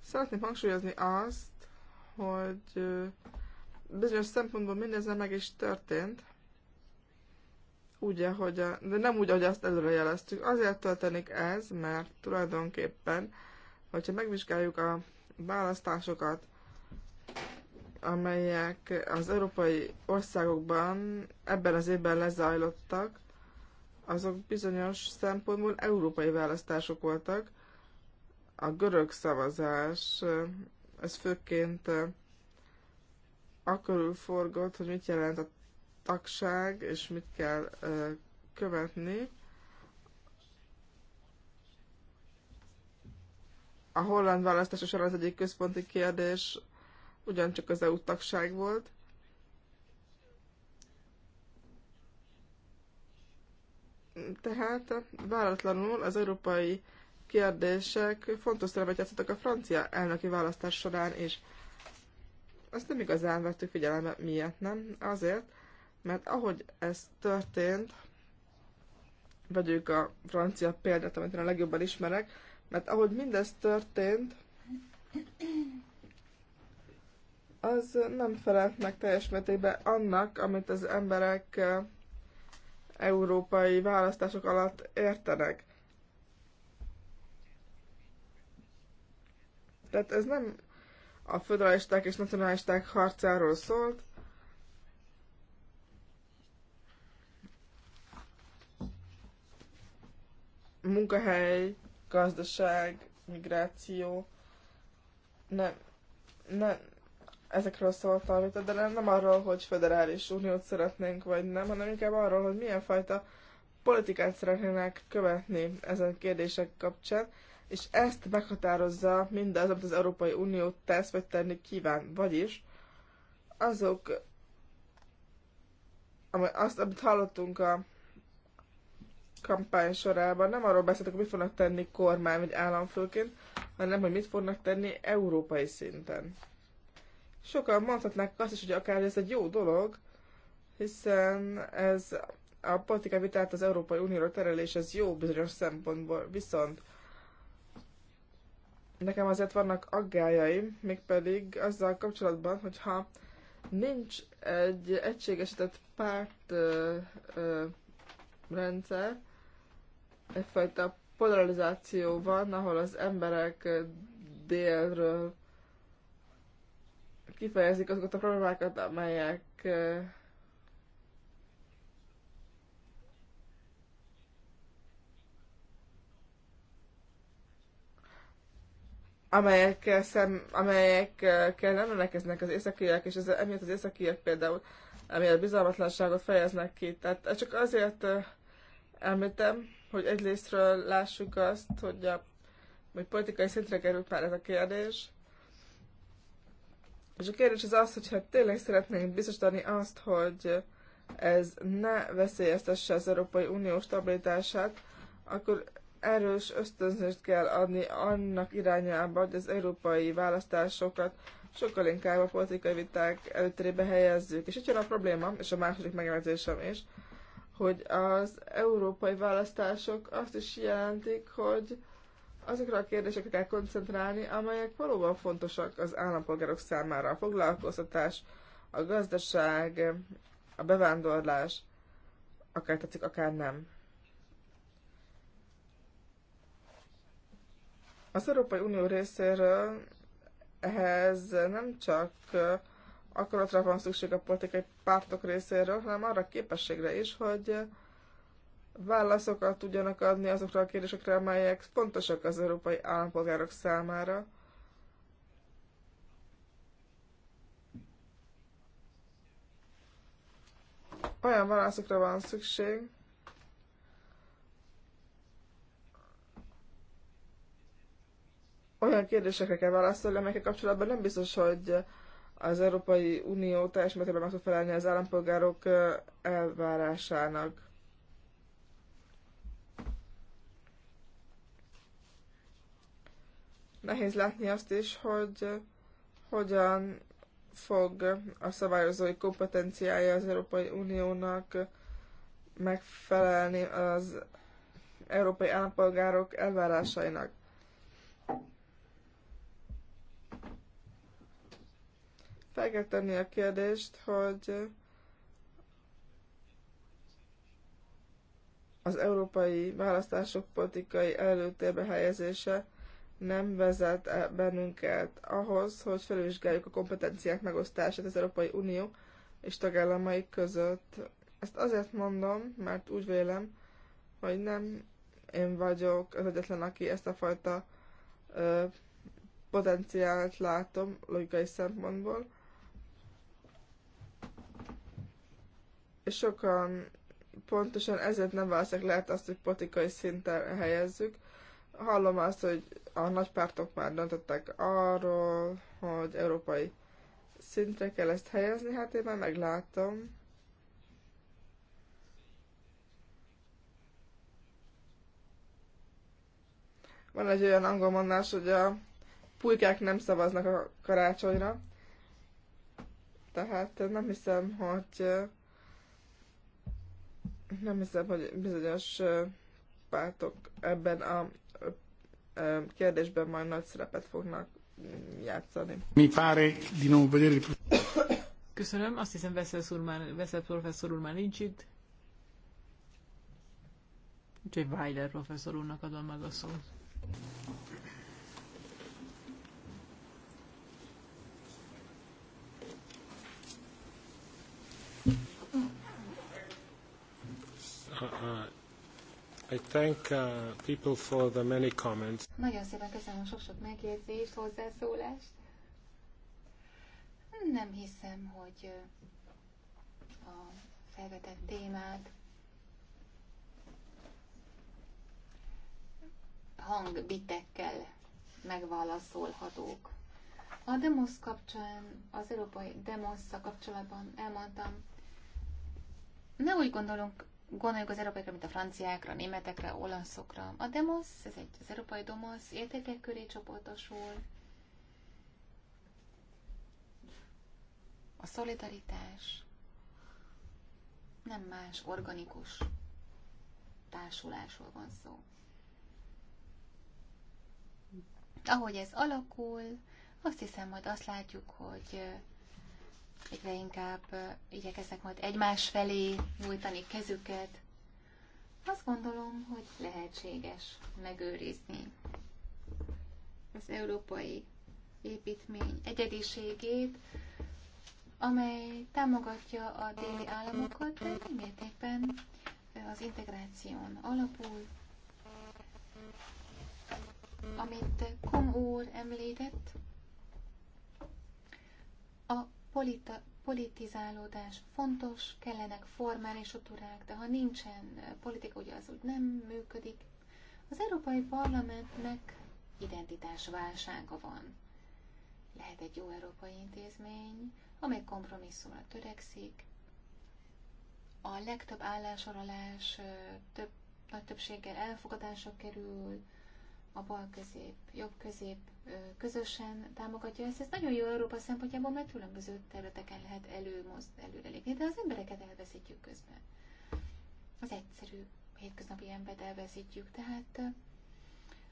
szeretném hangsúlyozni azt, hogy bizonyos szempontból mindezzel meg is történt, úgy, ahogy a, de nem úgy, ahogy azt előre jeleztük. Azért történik ez, mert tulajdonképpen, hogyha megvizsgáljuk a választásokat, amelyek az európai országokban ebben az évben lezajlottak, azok bizonyos szempontból európai választások voltak. A görög szavazás, ez főként akörül forgott, hogy mit jelent a tagság, és mit kell ö, követni. A holland választás során az egyik központi kérdés ugyancsak az EU tagság volt. Tehát váratlanul az európai kérdések fontos szerepet játszottak a francia elnöki választás során is. És ezt nem igazán vettük figyelembe. Miért nem? Azért, mert ahogy ez történt, vegyük a francia példát, amit én a legjobban ismerek, mert ahogy mindez történt, az nem felelt meg teljes mértékben annak, amit az emberek eh, európai választások alatt értenek. Tehát ez nem a föderalisták és nacionalisták harcáról szólt. Munkahely, gazdaság, migráció, nem, nem, ezekről szólt a vita, de nem arról, hogy föderális uniót szeretnénk, vagy nem, hanem inkább arról, hogy milyen fajta politikát szeretnének követni ezen kérdések kapcsán, és ezt meghatározza mindaz, amit az Európai Unió tesz, vagy tenni kíván. Vagyis azok, azt, amit hallottunk a kampány sorában, nem arról beszéltek, hogy mit fognak tenni kormány vagy államfőként, hanem hogy mit fognak tenni európai szinten. Sokan mondhatnák azt is, hogy akár ez egy jó dolog, hiszen ez a politikai vitát az Európai Unióra terelés, ez jó bizonyos szempontból, viszont Nekem azért vannak aggájaim, mégpedig azzal kapcsolatban, hogyha nincs egy egységesített párt ö, ö, rendszer, egyfajta polarizáció van, ahol az emberek délről kifejezik azokat a problémákat, amelyek amelyekkel, szem, amelyekkel nem rendelkeznek az északiak, és ez, emiatt az északiak például emiatt bizalmatlanságot fejeznek ki. Tehát csak azért említem, hogy egyrésztről lássuk azt, hogy, a, hogy politikai szintre került már ez a kérdés. És a kérdés az az, hogyha tényleg szeretnénk biztosítani azt, hogy ez ne veszélyeztesse az Európai Unió stabilitását, akkor erős ösztönzést kell adni annak irányába, hogy az európai választásokat sokkal inkább a politikai viták előtérébe helyezzük. És itt jön a probléma, és a második megjegyzésem is, hogy az európai választások azt is jelentik, hogy azokra a kérdésekre kell koncentrálni, amelyek valóban fontosak az állampolgárok számára. A foglalkoztatás, a gazdaság, a bevándorlás, akár tetszik, akár nem. Az Európai Unió részéről ehhez nem csak akaratra van szükség a politikai pártok részéről, hanem arra képességre is, hogy válaszokat tudjanak adni azokra a kérdésekre, amelyek fontosak az európai állampolgárok számára. Olyan válaszokra van szükség, olyan kérdésekre kell válaszolni, amelyek kapcsolatban nem biztos, hogy az Európai Unió teljes mértékben meg tud felelni az állampolgárok elvárásának. Nehéz látni azt is, hogy hogyan fog a szabályozói kompetenciája az Európai Uniónak megfelelni az európai állampolgárok elvárásainak. fel kell tenni a kérdést, hogy az európai választások politikai előtérbe helyezése nem vezet -e bennünket ahhoz, hogy felvizsgáljuk a kompetenciák megosztását az Európai Unió és tagállamai között. Ezt azért mondom, mert úgy vélem, hogy nem én vagyok az egyetlen, aki ezt a fajta ö, potenciált látom logikai szempontból. és sokan pontosan ezért nem valószínűleg lehet azt, hogy politikai szinten helyezzük. Hallom azt, hogy a nagypártok már döntöttek arról, hogy európai szintre kell ezt helyezni, hát én már meglátom. Van egy olyan angol mondás, hogy a pulykák nem szavaznak a karácsonyra. Tehát nem hiszem, hogy nem hiszem, hogy bizonyos pártok ebben a kérdésben majd nagy szerepet fognak játszani. Mi pare di non vedere Köszönöm, azt hiszem Veszel, Szurmán, Veszel professzor úr már nincs itt. Úgyhogy Weiler professzor úrnak adom meg a szót. thank uh, people for the many comments. Nagyon szépen köszönöm a sok-sok megjegyzést, hozzászólást. Nem hiszem, hogy uh, a felvetett témát hangbitekkel megválaszolhatók. A demosz kapcsán, az európai demosz kapcsolatban elmondtam, ne úgy gondolunk, Gondoljuk az európaiakra, mint a franciákra, a németekre, a olaszokra. A demosz, ez egy az európai domosz, értékek köré csoportosul. A szolidaritás nem más organikus társulásról van szó. Ahogy ez alakul, azt hiszem, majd azt látjuk, hogy egyre inkább igyekeznek majd egymás felé nyújtani kezüket. Azt gondolom, hogy lehetséges megőrizni az európai építmény egyediségét, amely támogatja a déli államokat, de mértékben az integráción alapul, amit Kom úr említett, politizálódás fontos, kellenek formális struktúrák, de ha nincsen politika, ugye az úgy nem működik. Az Európai Parlamentnek identitásválsága van. Lehet egy jó európai intézmény, amely kompromisszumra törekszik. A legtöbb állásorolás több, nagy többséggel elfogadásra kerül, a bal közép, jobb közép közösen támogatja ezt. Ez nagyon jó Európa szempontjából, mert különböző területeken lehet előmozd, előrelépni, de az embereket elveszítjük közben. Az egyszerű hétköznapi embert elveszítjük, tehát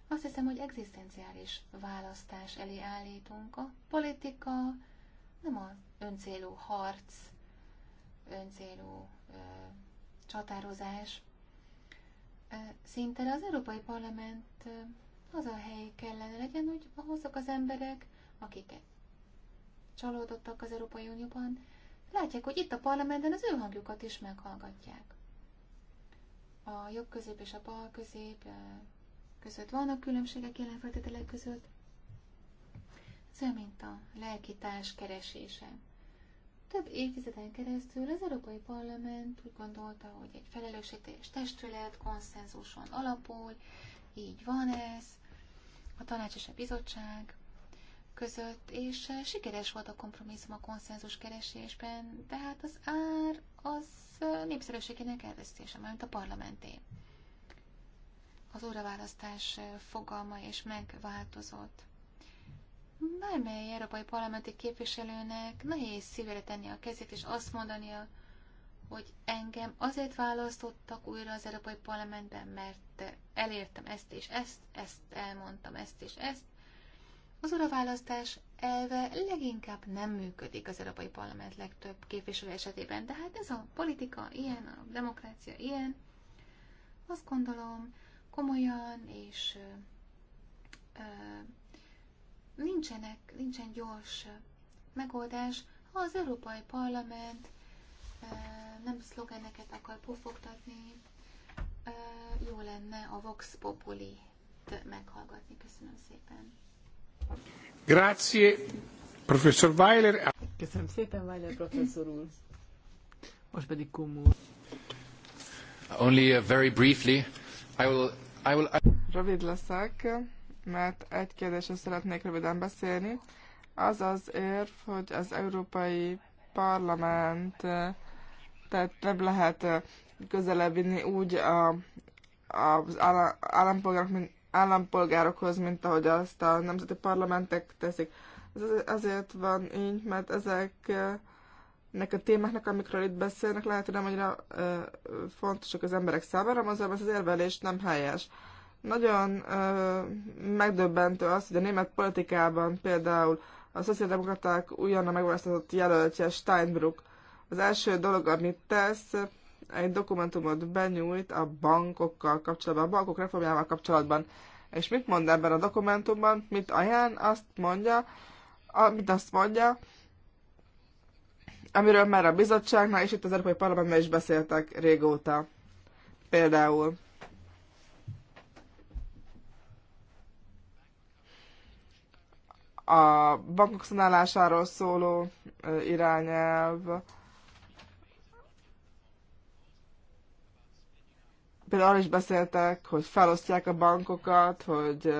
azt hiszem, hogy egzisztenciális választás elé állítunk. A politika nem a öncélú harc, öncélú ö, csatározás. Szinte az Európai Parlament az a hely kellene legyen, hogy azok az emberek, akiket csalódottak az Európai Unióban, látják, hogy itt a parlamentben az ő hangjukat is meghallgatják. A jobb közép és a bal közép között vannak különbségek jelen feltételek között. Ez mint a lelkitárs keresése. Több évtizeden keresztül az Európai Parlament úgy gondolta, hogy egy felelősségteljes testület konszenzuson alapul, így van ez, a tanács és a bizottság között, és eh, sikeres volt a kompromisszum a konszenzus keresésben, tehát az ár az eh, népszerűségének elvesztése, mert a parlamenté. Az óraválasztás eh, fogalma és megváltozott. Bármely európai parlamenti képviselőnek nehéz szívére tenni a kezét, és azt mondania, hogy engem azért választottak újra az Európai Parlamentben, mert elértem ezt és ezt, ezt elmondtam ezt és ezt. Az uraválasztás elve leginkább nem működik az Európai Parlament legtöbb képviselő esetében, de hát ez a politika ilyen, a demokrácia ilyen. Azt gondolom, komolyan és ö, nincsenek, nincsen gyors megoldás, ha az Európai Parlament nem szlogeneket akar pufogtatni. Jó lenne a Vox Populi meghallgatni. Köszönöm szépen. Grazie, Professor Weiler. Köszönöm szépen, Weiler professzor úr. Most pedig Kumó. Only uh, very briefly, I will, I will... Rövid leszek, mert egy kérdésre szeretnék röviden beszélni. Az az érv, hogy az Európai Parlament tehát nem lehet közelebb vinni úgy a, az állampolgárok, mint, állampolgárokhoz, mint ahogy azt a nemzeti parlamentek teszik. Ez azért van így, mert ezek nek a témáknak, amikről itt beszélnek, lehet, hogy nem annyira fontosak az emberek számára, azonban ez az érvelés nem helyes. Nagyon megdöbbentő az, hogy a német politikában például a szociáldemokraták újonnan megválasztott jelöltje Steinbrück az első dolog, amit tesz, egy dokumentumot benyújt a bankokkal kapcsolatban, a bankok reformjával kapcsolatban. És mit mond ebben a dokumentumban? Mit ajánl? Azt mondja, amit azt mondja, amiről már a bizottságnál és itt az Európai Parlamentben is beszéltek régóta. Például. A bankok szanálásáról szóló irányelv, Például arra is beszéltek, hogy felosztják a bankokat, hogy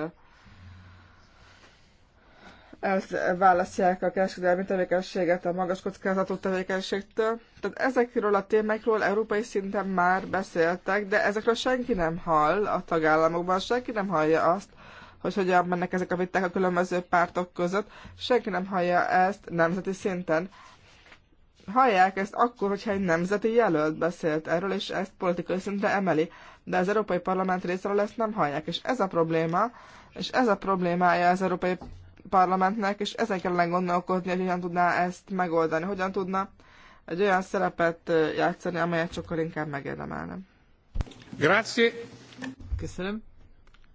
elválasztják a kereskedelmi tevékenységet a magas kockázatú tevékenységtől. Tehát ezekről a témákról európai szinten már beszéltek, de ezekről senki nem hall a tagállamokban, senki nem hallja azt, hogy hogyan mennek ezek a viták a különböző pártok között, senki nem hallja ezt nemzeti szinten hallják ezt akkor, hogyha egy nemzeti jelölt beszélt erről, és ezt politikai szintre emeli, de az Európai Parlament részéről ezt nem hallják, és ez a probléma, és ez a problémája az Európai Parlamentnek, és ezen kellene gondolkodni, hogy hogyan tudná ezt megoldani, hogyan tudna egy olyan szerepet játszani, amelyet sokkal inkább megérdemelne. Grazie. Köszönöm.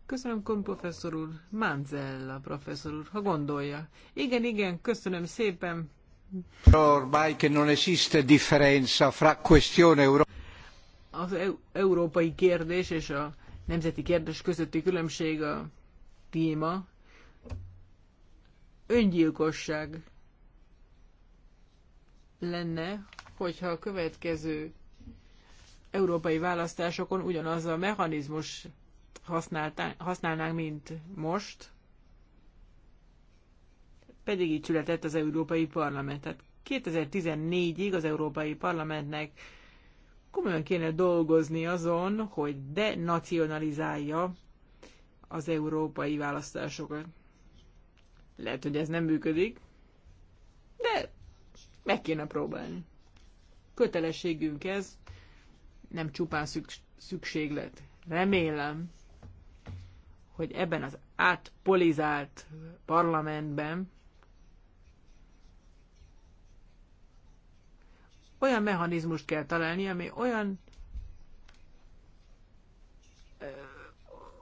Köszönöm, kon professzor úr. Manzella professzor úr, ha gondolja. Igen, igen, köszönöm szépen. Ormai che non esiste differenza fra questione Az európai kérdés és a nemzeti kérdés közötti különbség a téma. Öngyilkosság lenne, hogyha a következő európai választásokon ugyanaz a mechanizmus használnánk, mint most, pedig így született az Európai Parlament. Tehát 2014-ig az Európai Parlamentnek komolyan kéne dolgozni azon, hogy denacionalizálja az európai választásokat. Lehet, hogy ez nem működik, de meg kéne próbálni. Kötelességünk ez, nem csupán szükséglet. Remélem, hogy ebben az átpolizált parlamentben olyan mechanizmust kell találni, ami olyan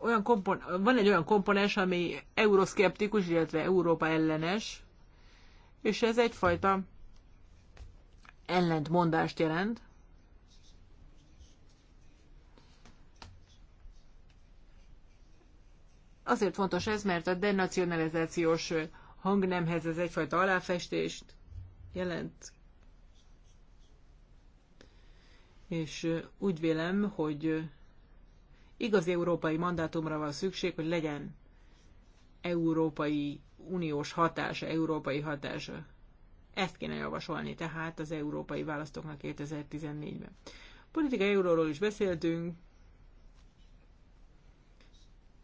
olyan kompon- van egy olyan komponens, ami euroszkeptikus, illetve Európa ellenes, és ez egyfajta ellentmondást jelent. Azért fontos ez, mert a denacionalizációs hangnemhez ez egyfajta aláfestést jelent. és úgy vélem, hogy igazi európai mandátumra van szükség, hogy legyen Európai Uniós hatása, európai hatása. Ezt kéne javasolni tehát az európai választóknak 2014-ben. Politikai euróról is beszéltünk,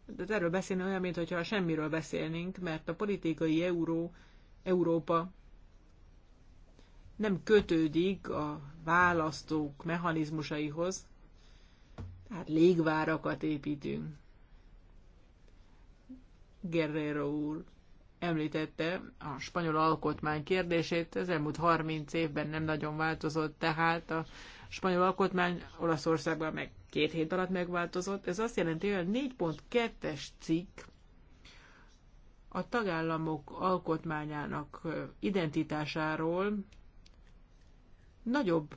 de hát erről beszélni olyan, mintha semmiről beszélnénk, mert a politikai euró, Európa nem kötődik a választók mechanizmusaihoz, tehát légvárakat építünk. Guerrero úr említette a spanyol alkotmány kérdését, az elmúlt 30 évben nem nagyon változott, tehát a spanyol alkotmány Olaszországban meg két hét alatt megváltozott. Ez azt jelenti, hogy a 4.2-es cikk a tagállamok alkotmányának identitásáról nagyobb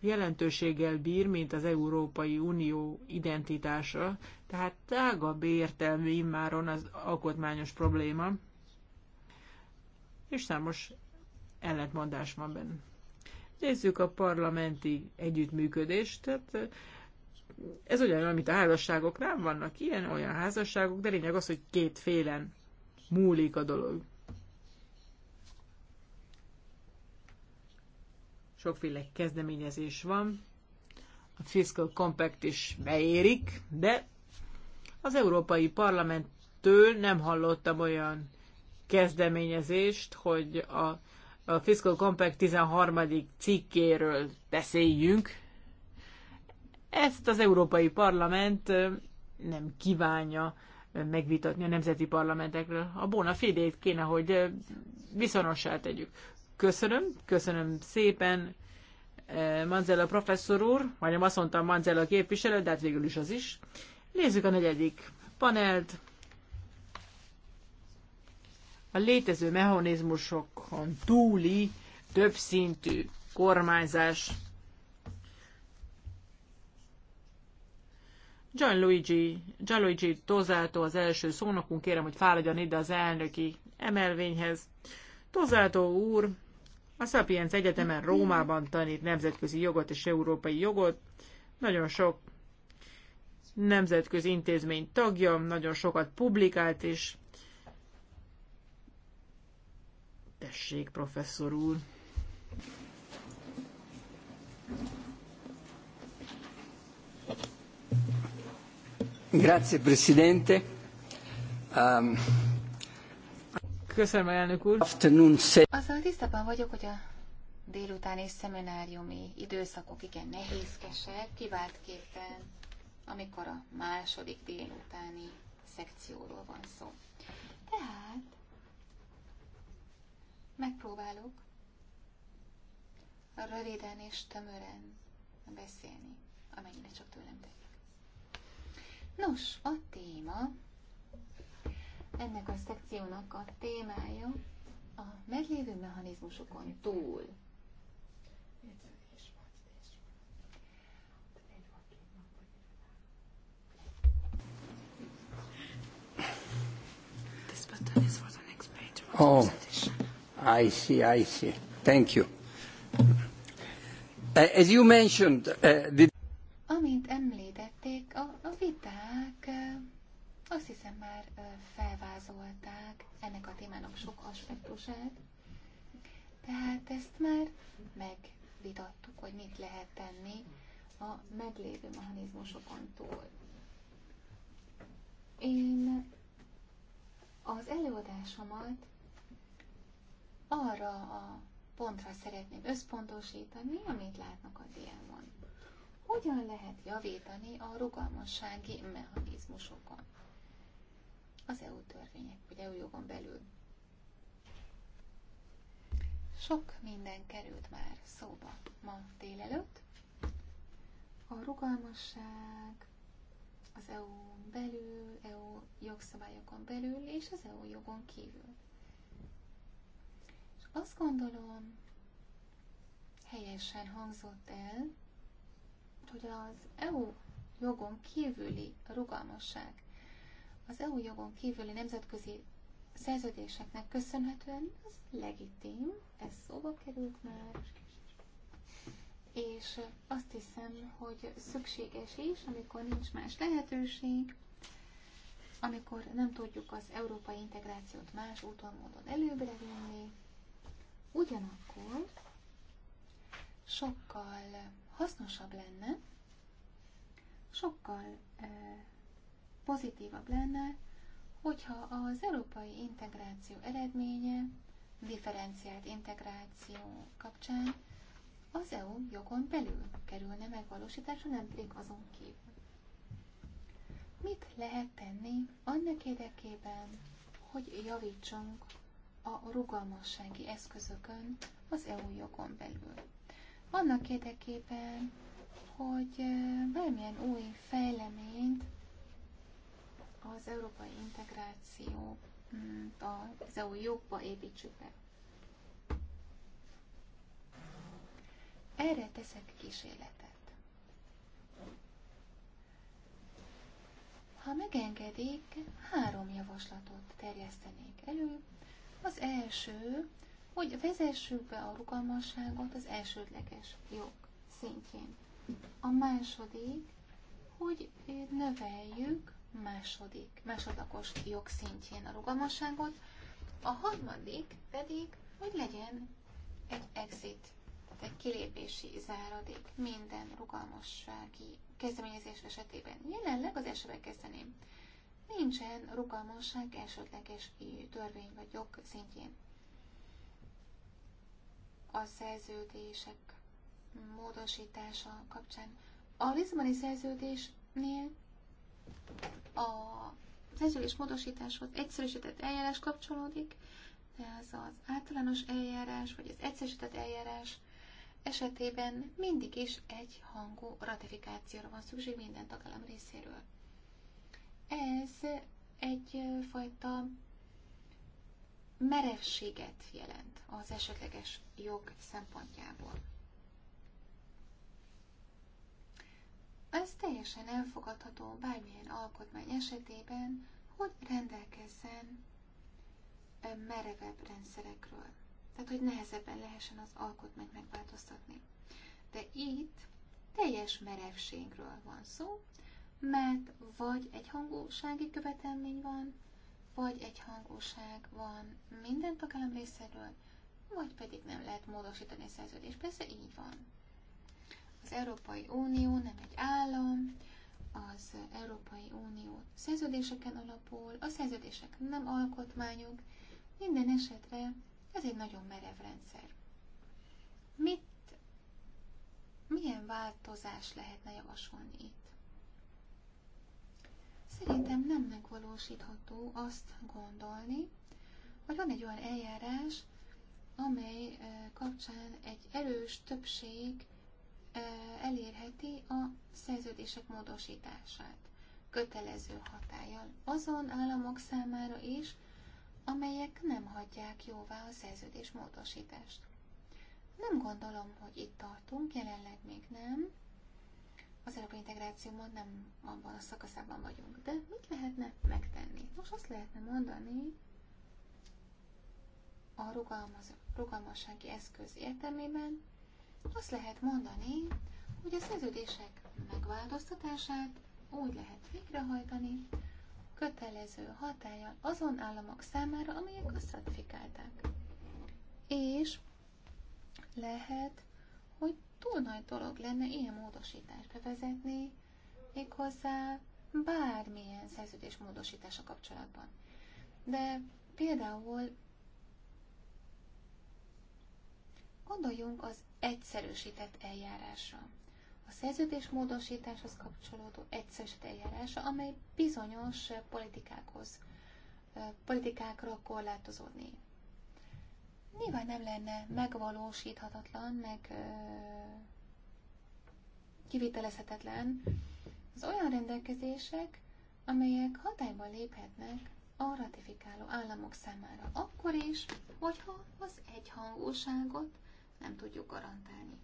jelentőséggel bír, mint az Európai Unió identitása, tehát tágabb értelmű immáron az alkotmányos probléma, és számos ellentmondás van benne. Nézzük a parlamenti együttműködést. Tehát ez olyan, mint a házasságok. Nem vannak ilyen, olyan házasságok, de lényeg az, hogy két félen múlik a dolog. sokféle kezdeményezés van, a Fiscal Compact is beérik, de az Európai Parlamenttől nem hallottam olyan kezdeményezést, hogy a, a Fiscal Compact 13. cikkéről beszéljünk. Ezt az Európai Parlament nem kívánja megvitatni a nemzeti parlamentekről. A bona fidét kéne, hogy viszonossá tegyük. Köszönöm, köszönöm szépen, eh, Manzella professzor úr, majdnem azt mondtam Manzella képviselő, de hát végül is az is. Nézzük a negyedik panelt. A létező mechanizmusokon túli többszintű kormányzás. Gianluigi, Gianluigi Tozzato az első szónokunk, kérem, hogy fáradjon ide az elnöki emelvényhez. Tozzato úr a Sapiens Egyetemen Rómában tanít nemzetközi jogot és európai jogot. Nagyon sok nemzetközi intézmény tagja, nagyon sokat publikált is. Tessék, professzor úr! Grazie Presidente. Um... Köszönöm, elnök úr. Azzal tisztában vagyok, hogy a délutáni szemináriumi időszakok igen nehézkesek, kiváltképpen, amikor a második délutáni szekcióról van szó. Tehát megpróbálok röviden és tömören beszélni, amennyire csak tőlem telik. Nos, a téma ennek a szekciónak a témája a meglévő mechanizmusokon túl. Oh, I see, I see. Thank you. Uh, as you mentioned, uh, the... Amint említették, a, a viták uh, azt hiszem már felvázolták ennek a témának sok aspektusát, tehát ezt már megvitattuk, hogy mit lehet tenni a meglévő mechanizmusokon túl. Én az előadásomat arra a pontra szeretném összpontosítani, amit látnak a diámon. Hogyan lehet javítani a rugalmassági mechanizmusokon? EU törvények, vagy EU jogon belül. Sok minden került már szóba ma délelőtt. A rugalmasság az EU belül, EU jogszabályokon belül és az EU jogon kívül. És azt gondolom, helyesen hangzott el, hogy az EU jogon kívüli rugalmasság az EU jogon kívüli nemzetközi szerződéseknek köszönhetően az legitim, ez szóba került már, és azt hiszem, hogy szükséges is, amikor nincs más lehetőség, amikor nem tudjuk az európai integrációt más úton, módon előbbre vinni, ugyanakkor sokkal hasznosabb lenne, sokkal eh, pozitívabb lenne, hogyha az európai integráció eredménye, differenciált integráció kapcsán az EU jogon belül kerülne megvalósításra, nem pedig azon kívül. Mit lehet tenni annak érdekében, hogy javítsunk a rugalmassági eszközökön az EU jogon belül? Annak érdekében, hogy eh, bármilyen új fejleményt az európai integráció az EU jogba építsük be. Erre teszek kísérletet. Ha megengedik, három javaslatot terjesztenék elő. Az első, hogy vezessük be a rugalmasságot az elsődleges jog szintjén. A második, hogy növeljük második, másodlagos jogszintjén a rugalmasságot, a harmadik pedig, hogy legyen egy exit, egy kilépési záradék minden rugalmassági kezdeményezés esetében. Jelenleg az esetben kezdeném. Nincsen rugalmasság elsődleges törvény vagy jog szintjén. A szerződések módosítása kapcsán a Lisszaboni szerződésnél a szerződés módosításhoz egyszerűsített eljárás kapcsolódik, de az az általános eljárás, vagy az egyszerűsített eljárás esetében mindig is egy hangú ratifikációra van szükség minden tagállam részéről. Ez egyfajta merevséget jelent az esetleges jog szempontjából. Ez teljesen elfogadható bármilyen alkotmány esetében, hogy rendelkezzen merevebb rendszerekről. Tehát, hogy nehezebben lehessen az alkotmányt megváltoztatni. De itt teljes merevségről van szó, mert vagy egy hangósági követelmény van, vagy egy hangóság van minden tagállam részéről, vagy pedig nem lehet módosítani a szerződést. Persze így van. Az Európai Unió nem egy állam, az Európai Unió szerződéseken alapul, a szerződések nem alkotmányok, minden esetre ez egy nagyon merev rendszer. Mit, milyen változás lehetne javasolni itt? Szerintem nem megvalósítható azt gondolni, hogy van egy olyan eljárás, amely eh, kapcsán egy erős többség elérheti a szerződések módosítását kötelező hatállyal azon államok számára is, amelyek nem hagyják jóvá a szerződés módosítást. Nem gondolom, hogy itt tartunk, jelenleg még nem. Az európai integrációban nem abban a szakaszában vagyunk, de mit lehetne megtenni? Most azt lehetne mondani, a rugalmas rugalmassági eszköz értelmében azt lehet mondani, hogy a szerződések megváltoztatását úgy lehet végrehajtani, kötelező hatája azon államok számára, amelyek azt ratifikálták. És lehet, hogy túl nagy dolog lenne ilyen módosítást bevezetni, méghozzá bármilyen szerződés módosítása kapcsolatban. De például Gondoljunk az egyszerűsített eljárásra. A szerződés módosításhoz kapcsolódó egyszerűsített eljárása, amely bizonyos politikákhoz, politikákra korlátozódni. Nyilván nem lenne megvalósíthatatlan, meg kivitelezhetetlen az olyan rendelkezések, amelyek hatályba léphetnek a ratifikáló államok számára akkor is, hogyha az egyhangúságot nem tudjuk garantálni.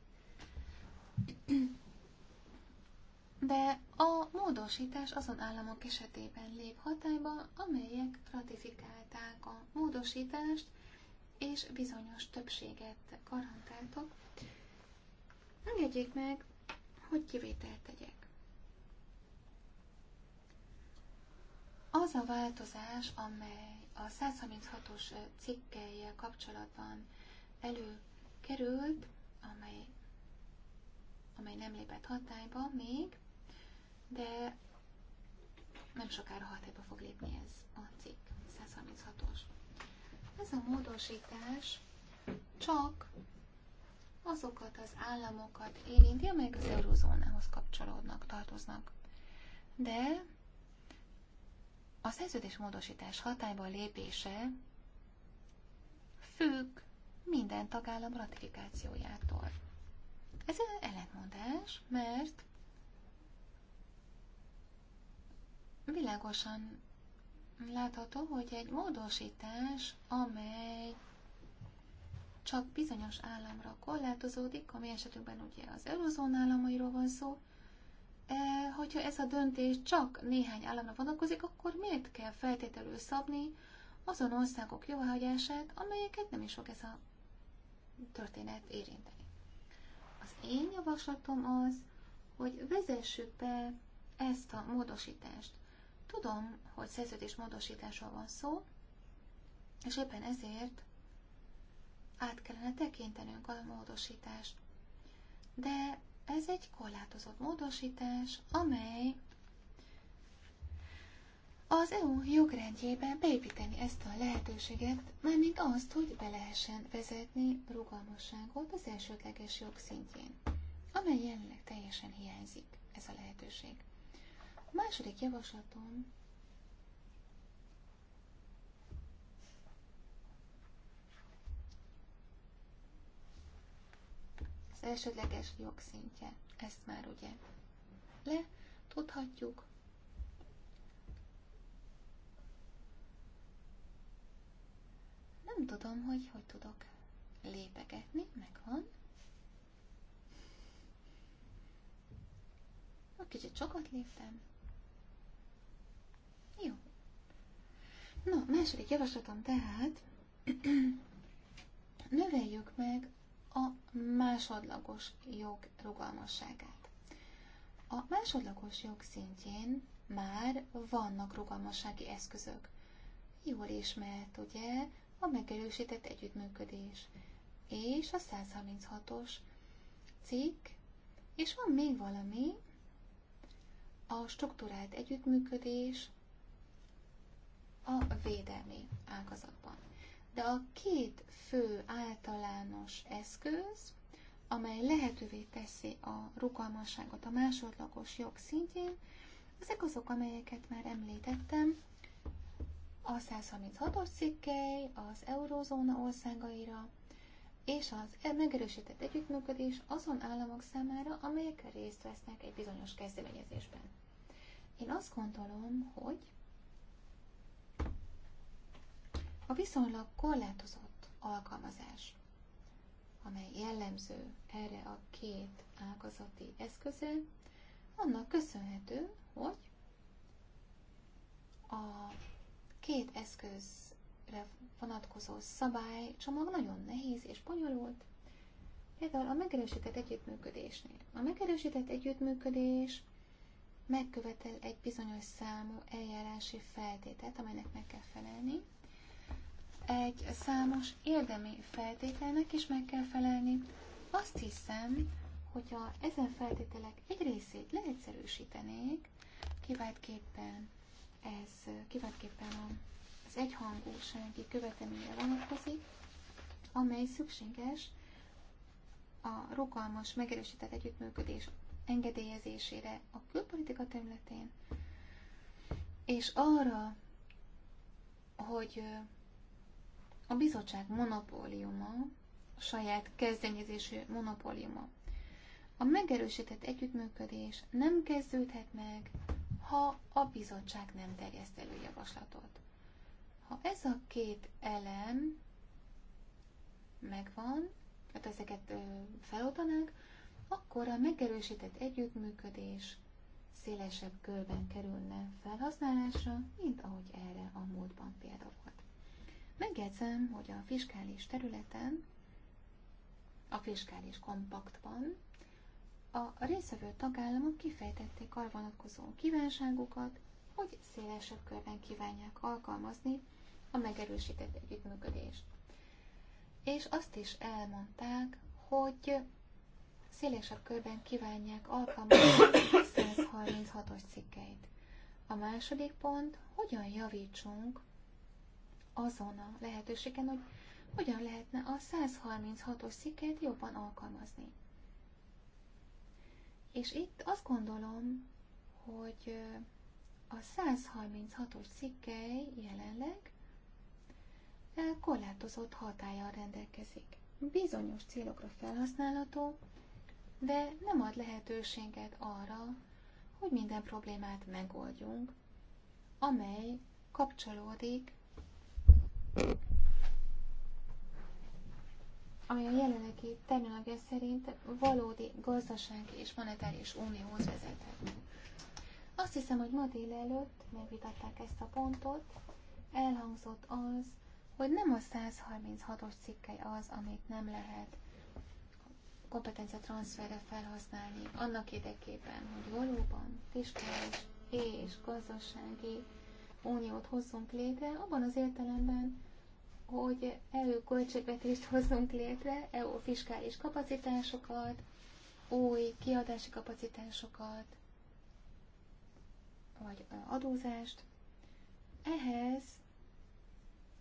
De a módosítás azon államok esetében lép hatályba, amelyek ratifikálták a módosítást, és bizonyos többséget garantáltak. Engedjék meg, hogy kivételt tegyek. Az a változás, amely a 136-os cikkelyel kapcsolatban elő került, amely, amely nem lépett hatályba még, de nem sokára hatályba fog lépni ez a cikk, 136-os. Ez a módosítás csak azokat az államokat érinti, amelyek az eurozónához kapcsolódnak, tartoznak. De a módosítás hatályba lépése függ minden tagállam ratifikációjától. Ez egy ellentmondás, mert világosan látható, hogy egy módosítás, amely csak bizonyos államra korlátozódik, ami esetünkben ugye az eurozón államairól van szó, e, hogyha ez a döntés csak néhány államra vonatkozik, akkor miért kell feltételül szabni azon országok jóhagyását, amelyeket nem is fog ez a történet érinteni. Az én javaslatom az, hogy vezessük be ezt a módosítást. Tudom, hogy szerződés módosításról van szó, és éppen ezért át kellene tekintenünk a módosítást. De ez egy korlátozott módosítás, amely az EU jogrendjében beépíteni ezt a lehetőséget, mármint azt, hogy be lehessen vezetni rugalmasságot az elsődleges jog szintjén, amely jelenleg teljesen hiányzik ez a lehetőség. A második javaslatom az elsődleges jogszintje, ezt már ugye le tudhatjuk, Nem tudom, hogy hogy tudok lépegetni, megvan. A kicsit sokat léptem. Jó. Na, második javaslatom tehát, növeljük meg a másodlagos jog rugalmasságát. A másodlagos jog szintjén már vannak rugalmassági eszközök. Jól ismert, ugye, a megerősített együttműködés, és a 136-os cikk, és van még valami, a struktúrált együttműködés a védelmi ágazatban. De a két fő általános eszköz, amely lehetővé teszi a rugalmasságot a másodlagos jog szintjén, ezek azok, amelyeket már említettem, a 136-os cikkely az eurózóna országaira, és az e- megerősített együttműködés azon államok számára, amelyek részt vesznek egy bizonyos kezdeményezésben. Én azt gondolom, hogy a viszonylag korlátozott alkalmazás, amely jellemző erre a két ágazati eszköze, annak köszönhető, hogy a két eszközre vonatkozó szabálycsomag nagyon nehéz és bonyolult, például a megerősített együttműködésnél. A megerősített együttműködés megkövetel egy bizonyos számú eljárási feltételt, amelynek meg kell felelni. Egy számos érdemi feltételnek is meg kell felelni. Azt hiszem, hogyha ezen feltételek egy részét leegyszerűsítenék, kiváltképpen ez kiváltképpen az egyhangúsági követelményre vonatkozik, amely szükséges a rugalmas, megerősített együttműködés engedélyezésére a külpolitika területén, és arra, hogy a bizottság monopóliuma, a saját kezdeményezésű monopóliuma. A megerősített együttműködés nem kezdődhet meg ha a bizottság nem terjeszt elő javaslatot. Ha ez a két elem megvan, tehát ezeket feloldanánk, akkor a megerősített együttműködés szélesebb körben kerülne felhasználásra, mint ahogy erre a múltban példa volt. Megjegyzem, hogy a fiskális területen, a fiskális kompaktban a részvevő tagállamok kifejtették arra vonatkozó kívánságukat, hogy szélesebb körben kívánják alkalmazni a megerősített együttműködést. És azt is elmondták, hogy szélesebb körben kívánják alkalmazni a 136-os cikkeit. A második pont, hogyan javítsunk azon a lehetőségen, hogy hogyan lehetne a 136-os cikket jobban alkalmazni. És itt azt gondolom, hogy a 136-os cikkely jelenleg korlátozott hatája rendelkezik. Bizonyos célokra felhasználható, de nem ad lehetőséget arra, hogy minden problémát megoldjunk, amely kapcsolódik ami a jelenlegi terminológia szerint valódi gazdasági és monetáris unióhoz vezethet. Azt hiszem, hogy ma délelőtt megvitatták ezt a pontot, elhangzott az, hogy nem a 136-os cikkely az, amit nem lehet kompetencia transferre felhasználni annak érdekében, hogy valóban fiskális és gazdasági uniót hozzunk létre, abban az értelemben, hogy EU költségvetést hozzunk létre, EU fiskális kapacitásokat, új kiadási kapacitásokat, vagy adózást. Ehhez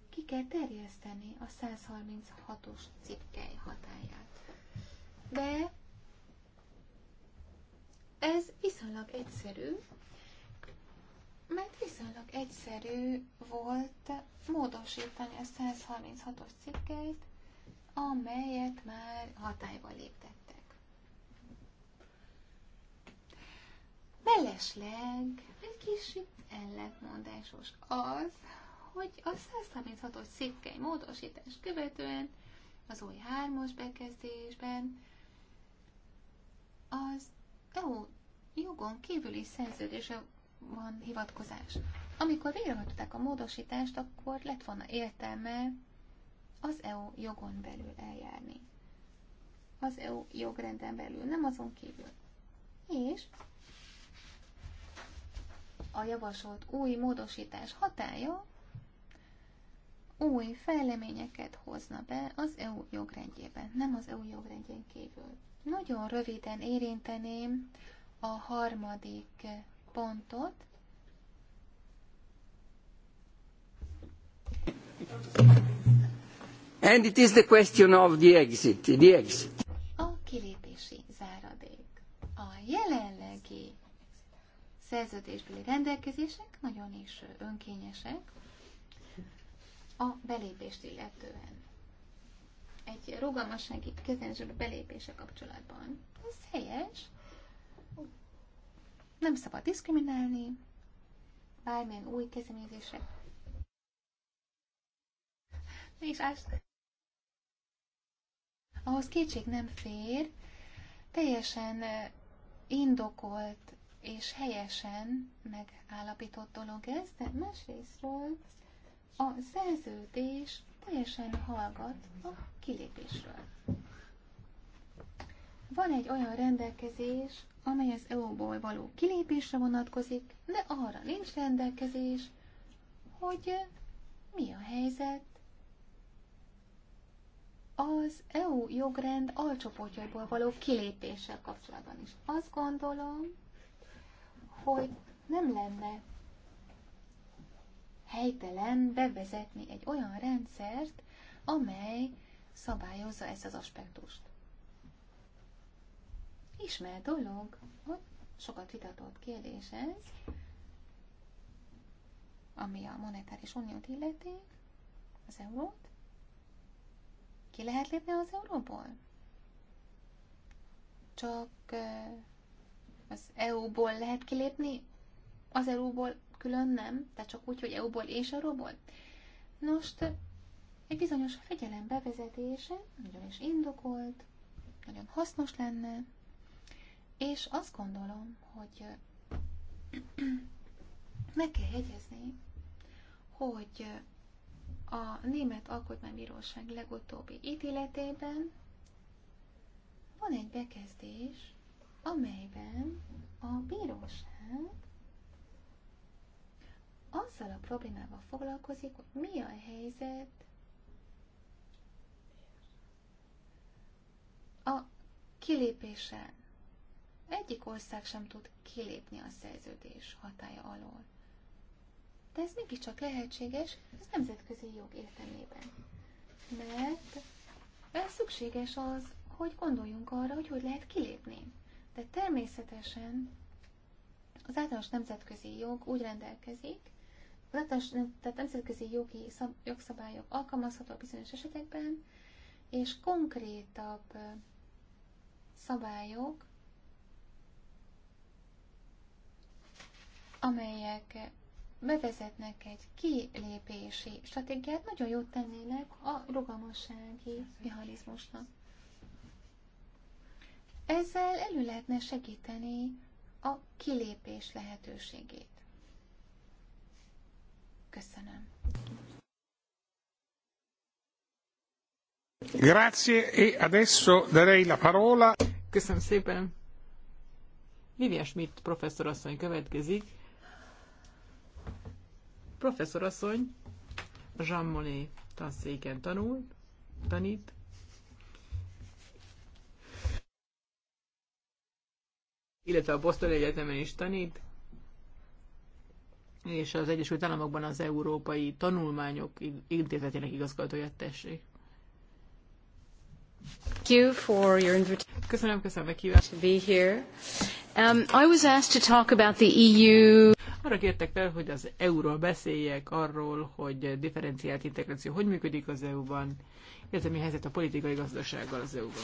ki kell terjeszteni a 136-os cikkely hatáját. De ez viszonylag egyszerű, mert viszonylag egyszerű volt módosítani a 136-os cikkeit, amelyet már hatályba léptettek. Mellesleg egy kis ellentmondásos az, hogy a 136-os cikkei módosítás követően az új hármas bekezdésben az EU jogon kívüli szerződése van hivatkozás. Amikor végrehajtották a módosítást, akkor lett volna értelme az EU jogon belül eljárni. Az EU jogrenden belül, nem azon kívül. És a javasolt új módosítás hatája új fejleményeket hozna be az EU jogrendjében, nem az EU jogrendjén kívül. Nagyon röviden érinteném a harmadik pontot. And it is the question of the exit, the exit. A kilépési záradék. A jelenlegi szerződésbeli rendelkezések nagyon is önkényesek a belépést illetően. Egy rugalmassági a belépése kapcsolatban. Ez helyes, nem szabad diszkriminálni bármilyen új kezdeményezésre. És azt, ahhoz kétség nem fér, teljesen indokolt és helyesen megállapított dolog ez, de másrésztről a szerződés teljesen hallgat a kilépésről. Van egy olyan rendelkezés, amely az EU-ból való kilépésre vonatkozik, de arra nincs rendelkezés, hogy mi a helyzet az EU jogrend alcsoportjaiból való kilépéssel kapcsolatban is. Azt gondolom, hogy nem lenne helytelen bevezetni egy olyan rendszert, amely szabályozza ezt az aspektust. Ismert dolog, hogy sokat vitatott kérdés ez, ami a monetáris uniót illeti, az eurót. Ki lehet lépni az euróból? Csak az EU-ból lehet kilépni, az EU-ból külön nem, tehát csak úgy, hogy EU-ból és euróból. Nos, egy bizonyos fegyelem bevezetése nagyon is indokolt, nagyon hasznos lenne, és azt gondolom, hogy meg kell jegyezni, hogy a Német Alkotmánybíróság legutóbbi ítéletében van egy bekezdés, amelyben a bíróság azzal a problémával foglalkozik, hogy mi a helyzet a kilépésen egyik ország sem tud kilépni a szerződés hatája alól. De ez mégiscsak lehetséges az nemzetközi jog értelmében. Mert ez szükséges az, hogy gondoljunk arra, hogy hogy lehet kilépni. De természetesen az általános nemzetközi jog úgy rendelkezik, az általános tehát nemzetközi jogi szab, jogszabályok alkalmazhatók bizonyos esetekben, és konkrétabb szabályok amelyek bevezetnek egy kilépési stratégiát, nagyon jót tennének a rugalmassági mechanizmusnak. Ezzel elő lehetne segíteni a kilépés lehetőségét. Köszönöm. Grazie e adesso darei la parola. Köszönöm szépen. Vivian Schmidt professzorasszony következik professzorasszony Jean Monnet tanszéken tanul, tanít, illetve a Boston Egyetemen is tanít, és az Egyesült Államokban az Európai Tanulmányok Intézetének igazgatóját tessék. Köszönöm, köszönöm a kívást. To be here. Um, I was asked to talk about the EU. Arra kértek fel, hogy az EU-ról beszéljek, arról, hogy differenciált integráció hogy működik az EU-ban, illetve mi helyzet a politikai gazdasággal az EU-ban.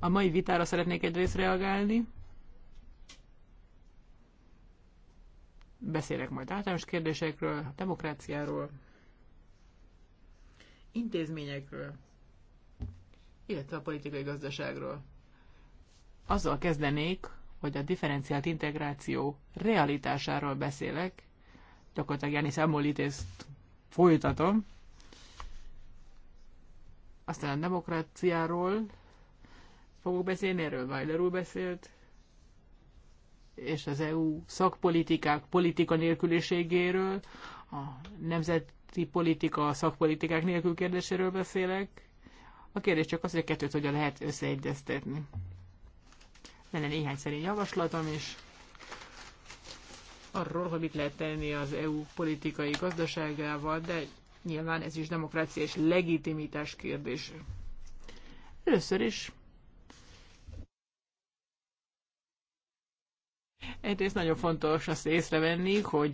A mai vitára szeretnék egyrészt reagálni. Beszélek majd általános kérdésekről, a demokráciáról, intézményekről, illetve a politikai gazdaságról azzal kezdenék, hogy a differenciált integráció realitásáról beszélek, gyakorlatilag Janis Amolitészt folytatom, aztán a demokráciáról fogok beszélni, erről Weiler úr beszélt, és az EU szakpolitikák politika nélküliségéről, a nemzeti politika szakpolitikák nélkül kérdéséről beszélek. A kérdés csak az, hogy a kettőt hogyan lehet összeegyeztetni lenne néhány szerint javaslatom is arról, hogy mit lehet tenni az EU politikai gazdaságával, de nyilván ez is demokrácia és legitimitás kérdése. Először is Egyrészt nagyon fontos azt észrevenni, hogy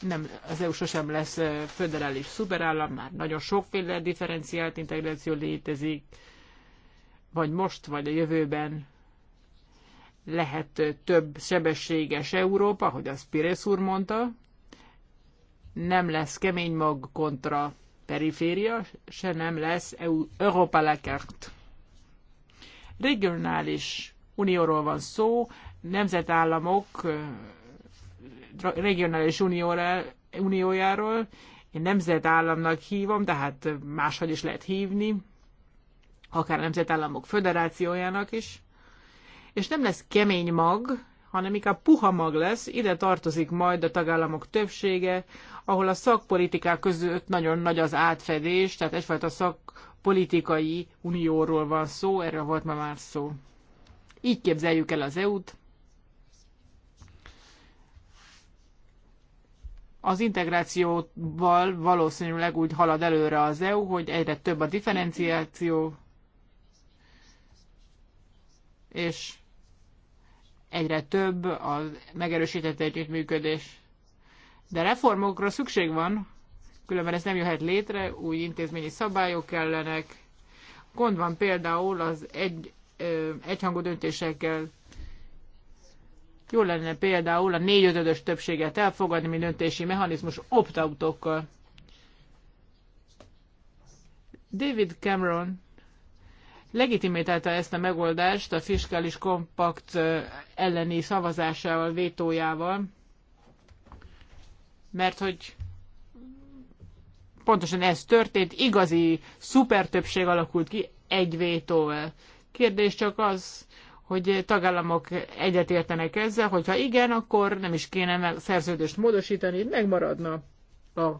nem, az EU sosem lesz föderális szuperállam, már nagyon sokféle differenciált integráció létezik, vagy most, vagy a jövőben lehet több sebességes Európa, hogy az Pires úr mondta, nem lesz kemény mag kontra periféria, se nem lesz EU, Európa la carte. Regionális unióról van szó, nemzetállamok regionális unióra, uniójáról, én nemzetállamnak hívom, tehát máshogy is lehet hívni, akár nemzetállamok föderációjának is és nem lesz kemény mag, hanem inkább puha mag lesz, ide tartozik majd a tagállamok többsége, ahol a szakpolitikák között nagyon nagy az átfedés, tehát egyfajta szakpolitikai unióról van szó, erről volt ma már szó. Így képzeljük el az EU-t. Az integrációval valószínűleg úgy halad előre az EU, hogy egyre több a differenciáció, és egyre több a megerősített együttműködés. De reformokra szükség van, különben ez nem jöhet létre, új intézményi szabályok kellenek. Gond van például az egy, ö, egyhangú döntésekkel. Jó lenne például a négyötödös többséget elfogadni, mint döntési mechanizmus opt-outokkal. David Cameron Legitimitálta ezt a megoldást a fiskális kompakt elleni szavazásával, vétójával, mert hogy pontosan ez történt, igazi szuper többség alakult ki egy vétóval. Kérdés csak az, hogy tagállamok egyetértenek ezzel, hogyha igen, akkor nem is kéne szerződést módosítani, megmaradna a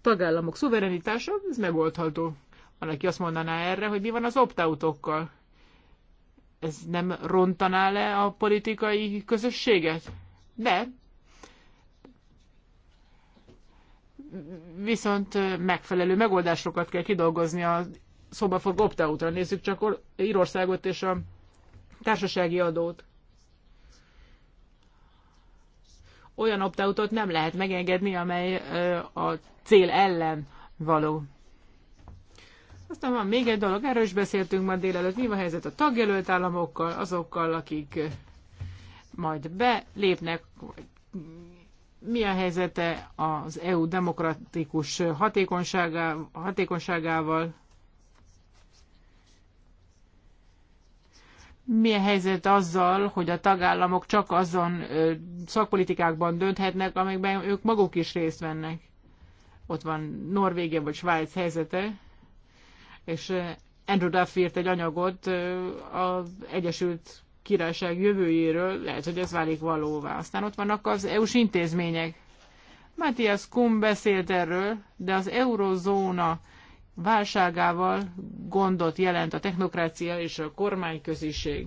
tagállamok szuverenitása, ez megoldható. Van, aki azt mondaná erre, hogy mi van az opt okkal Ez nem rontaná le a politikai közösséget? De. Viszont megfelelő megoldásokat kell kidolgozni a fog opt-outra. Nézzük csak Írországot és a társasági adót. Olyan opt nem lehet megengedni, amely a cél ellen való. Aztán van még egy dolog, erről is beszéltünk ma délelőtt, mi a helyzet a tagjelölt államokkal, azokkal, akik majd belépnek, vagy mi a helyzete az EU demokratikus hatékonyságá, hatékonyságával, mi a helyzet azzal, hogy a tagállamok csak azon szakpolitikákban dönthetnek, amikben ők maguk is részt vennek. Ott van Norvégia vagy Svájc helyzete és Andrew Duff írt egy anyagot az Egyesült Királyság jövőjéről, lehet, hogy ez válik valóvá. Aztán ott vannak az EU-s intézmények. Matthias Kuhn beszélt erről, de az eurozóna válságával gondot jelent a technokrácia és a kormányköziség.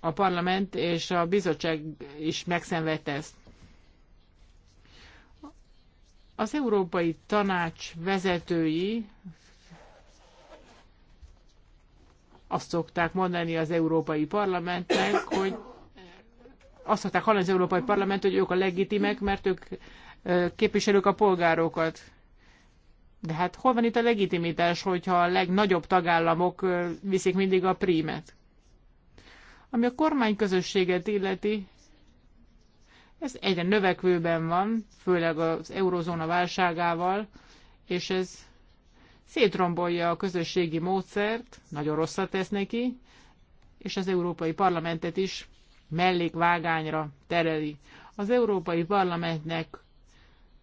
A parlament és a bizottság is megszenvedt ezt. Az Európai Tanács vezetői Azt szokták mondani az Európai Parlamentnek, hogy azt szokták hallani az Európai Parlament, hogy ők a legitimek, mert ők képviselők a polgárokat. De hát hol van itt a legitimitás, hogyha a legnagyobb tagállamok viszik mindig a prímet? Ami a kormány közösséget illeti, ez egyre növekvőben van, főleg az eurozóna válságával, és ez szétrombolja a közösségi módszert, nagyon rosszat tesz neki, és az Európai Parlamentet is mellékvágányra tereli. Az Európai Parlamentnek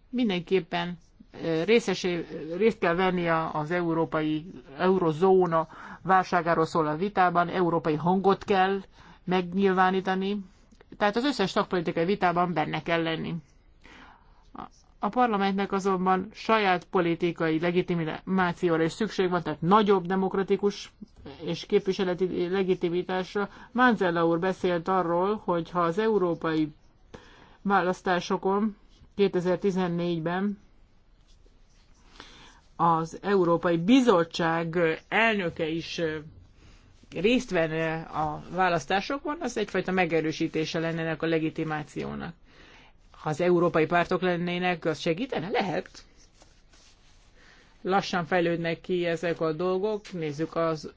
mindenképpen eh, részesé, részt kell venni az európai eurozóna válságáról szól a vitában, európai hangot kell megnyilvánítani, tehát az összes szakpolitikai vitában benne kell lenni. A parlamentnek azonban saját politikai legitimációra is szükség van, tehát nagyobb demokratikus és képviseleti legitimitásra. Manzella úr beszélt arról, hogy ha az európai választásokon 2014-ben az Európai Bizottság elnöke is részt venne a választásokon, az egyfajta megerősítése lenne ennek a legitimációnak ha az európai pártok lennének, az segítene? Lehet. Lassan fejlődnek ki ezek a dolgok. Nézzük az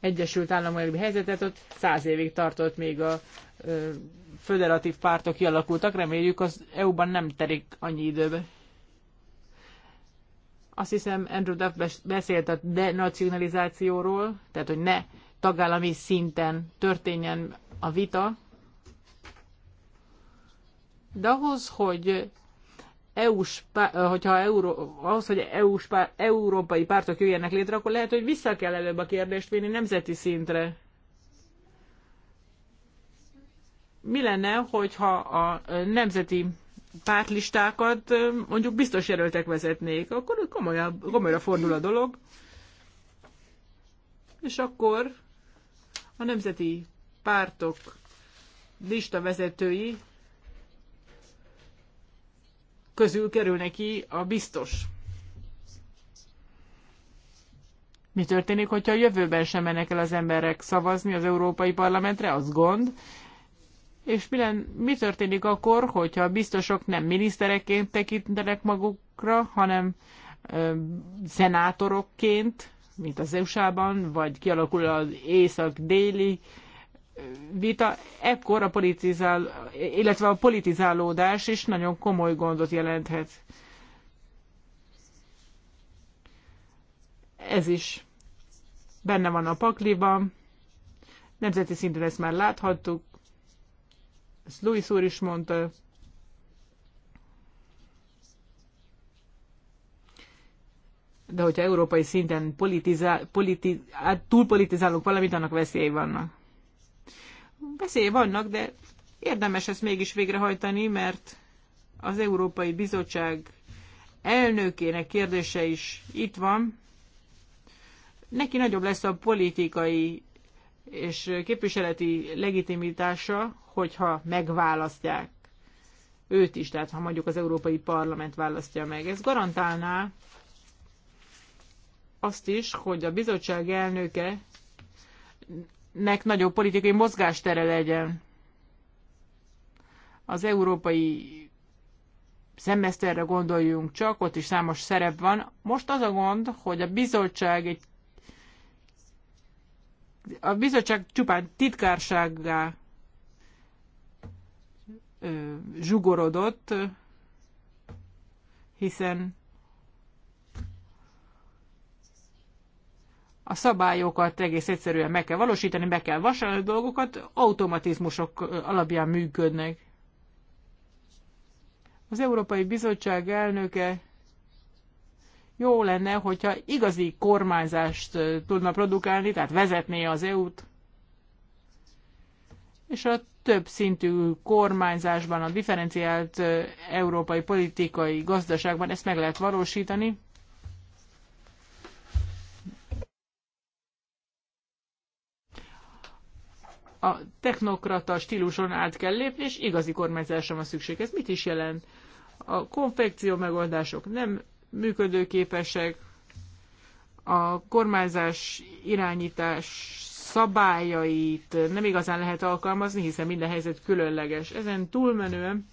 Egyesült Államok helyzetet, ott száz évig tartott, még a föderatív pártok kialakultak. Reméljük az EU-ban nem terik annyi időbe. Azt hiszem Andrew Duff beszélt a denacionalizációról, tehát hogy ne tagállami szinten történjen a vita, de ahhoz, hogy EU-s, hogyha Euró, ahhoz, hogy EU-s, európai pártok jöjjenek létre, akkor lehet, hogy vissza kell előbb a kérdést vinni nemzeti szintre. Mi lenne, hogyha a nemzeti pártlistákat mondjuk biztos jelöltek vezetnék, akkor komolyabb, komolyra fordul a dolog. És akkor a nemzeti pártok lista vezetői közül kerül neki a biztos. Mi történik, hogyha a jövőben sem mennek el az emberek szavazni az Európai Parlamentre, az gond. És mi, len, mi történik akkor, hogyha a biztosok nem minisztereként tekintenek magukra, hanem ö, szenátorokként, mint az eu ban vagy kialakul az észak-déli ö, vita, ekkor a politizál, illetve a politizálódás is nagyon komoly gondot jelenthet. Ez is benne van a pakliban, nemzeti szinten ezt már láthattuk, ezt Louis úr is mondta, de hogyha európai szinten politizál, politi, hát túlpolitizálunk valamit, annak veszélyei vannak veszélye vannak, de érdemes ezt mégis végrehajtani, mert az Európai Bizottság elnökének kérdése is itt van. Neki nagyobb lesz a politikai és képviseleti legitimitása, hogyha megválasztják őt is, tehát ha mondjuk az Európai Parlament választja meg. Ez garantálná azt is, hogy a bizottság elnöke nek nagyobb politikai mozgástere legyen. Az európai szemeszterre gondoljunk csak, ott is számos szerep van. Most az a gond, hogy a bizottság egy a bizottság csupán titkársággá zsugorodott, hiszen a szabályokat egész egyszerűen meg kell valósítani, meg kell vasalni dolgokat, automatizmusok alapján működnek. Az Európai Bizottság elnöke jó lenne, hogyha igazi kormányzást tudna produkálni, tehát vezetné az EU-t, és a több szintű kormányzásban, a differenciált európai politikai gazdaságban ezt meg lehet valósítani. a technokrata stíluson át kell lépni, és igazi kormányzásra van szükség. Ez mit is jelent? A konfekció megoldások nem működőképesek, a kormányzás irányítás szabályait nem igazán lehet alkalmazni, hiszen minden helyzet különleges. Ezen túlmenően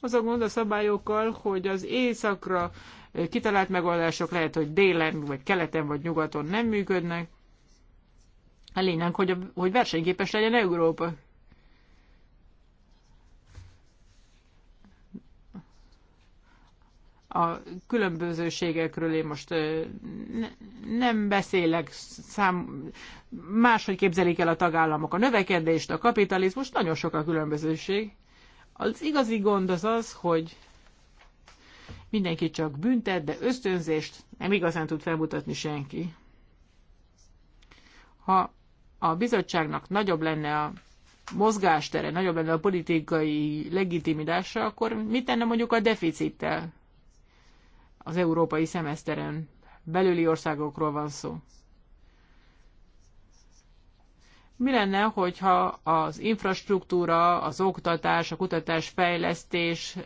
az a gond a szabályokkal, hogy az éjszakra kitalált megoldások lehet, hogy délen, vagy keleten, vagy nyugaton nem működnek, a lényeg, hogy, a, hogy versenyképes legyen Európa. a különbözőségekről én most ne, nem beszélek, szám, máshogy képzelik el a tagállamok a növekedést, a kapitalizmus, nagyon sok a különbözőség. Az igazi gond az az, hogy mindenki csak büntet, de ösztönzést nem igazán tud felmutatni senki. Ha a bizottságnak nagyobb lenne a mozgástere, nagyobb lenne a politikai legitimitása, akkor mit tenne mondjuk a deficittel? Az európai szemeszteren belüli országokról van szó. Mi lenne, hogyha az infrastruktúra, az oktatás, a kutatás, fejlesztés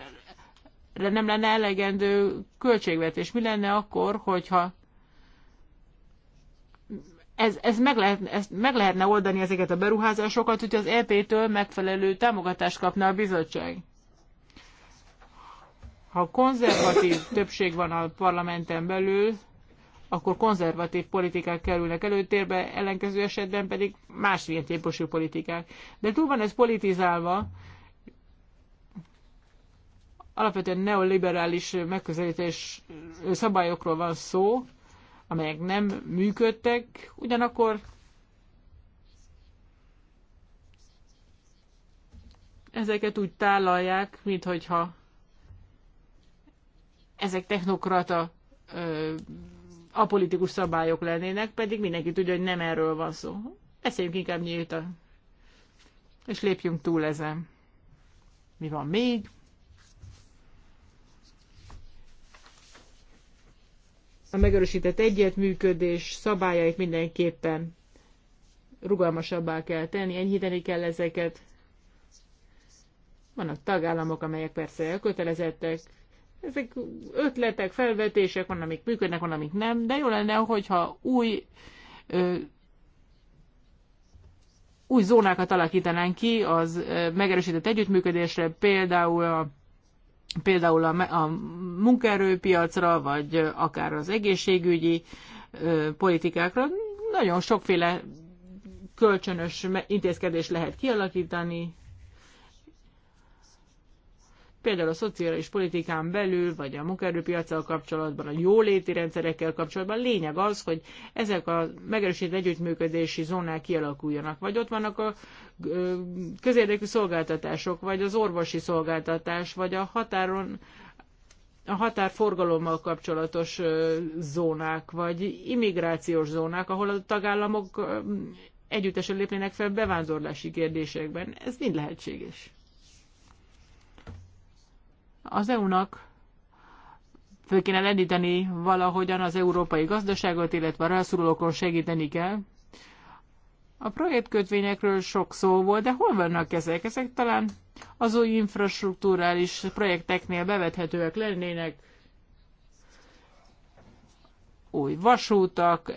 nem lenne elegendő költségvetés? Mi lenne akkor, hogyha ez, ez meg, lehet, ezt meg lehetne oldani ezeket a beruházásokat, hogyha az EP-től megfelelő támogatást kapna a bizottság. Ha konzervatív többség van a parlamenten belül, akkor konzervatív politikák kerülnek előtérbe, ellenkező esetben pedig másmilyen típusú politikák. De túl van ez politizálva, alapvetően neoliberális megközelítés szabályokról van szó, amelyek nem működtek, ugyanakkor ezeket úgy tálalják, mintha ezek technokrata ö, apolitikus szabályok lennének, pedig mindenki tudja, hogy nem erről van szó. Beszéljünk inkább nyíltan, és lépjünk túl ezen. Mi van még? a megerősített egyetműködés szabályait mindenképpen rugalmasabbá kell tenni, enyhíteni kell ezeket. Vannak tagállamok, amelyek persze elkötelezettek, ezek ötletek, felvetések, van, amik működnek, van, amik nem, de jó lenne, hogyha új ö, új zónákat alakítanánk ki az megerősített együttműködésre, például a például a, a munkaerőpiacra, vagy akár az egészségügyi politikákra. Nagyon sokféle kölcsönös intézkedés lehet kialakítani, például a szociális politikán belül, vagy a munkaerőpiacsal kapcsolatban, a jóléti rendszerekkel kapcsolatban. Lényeg az, hogy ezek a megerősített együttműködési zónák kialakuljanak. Vagy ott vannak a közérdekű szolgáltatások, vagy az orvosi szolgáltatás, vagy a határon a határforgalommal kapcsolatos zónák, vagy immigrációs zónák, ahol a tagállamok együttesen lépnének fel bevándorlási kérdésekben. Ez mind lehetséges. Az EU-nak föl kéne lendíteni valahogyan az európai gazdaságot, illetve a rászorulókon segíteni kell. A projektkötvényekről sok szó volt, de hol vannak ezek? Ezek talán az új infrastruktúrális projekteknél bevethetőek lennének. Új vasútak,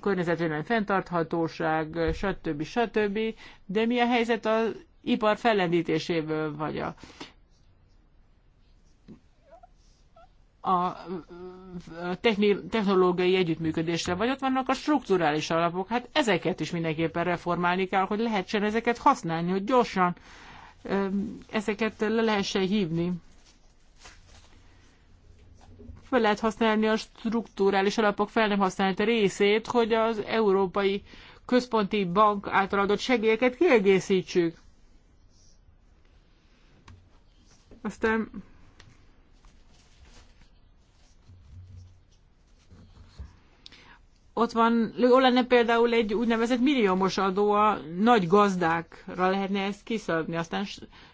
környezetvédelmi fenntarthatóság, stb. stb. De mi a helyzet az ipar fellendítésével, vagy a a technológiai együttműködésre, vagy ott vannak a strukturális alapok. Hát ezeket is mindenképpen reformálni kell, hogy lehessen ezeket használni, hogy gyorsan ezeket le lehessen hívni. Fel lehet használni a strukturális alapok fel nem használt részét, hogy az Európai Központi Bank által adott segélyeket kiegészítsük. Aztán ott van, jó lenne például egy úgynevezett milliómos adó, a nagy gazdákra lehetne ezt kiszabni, aztán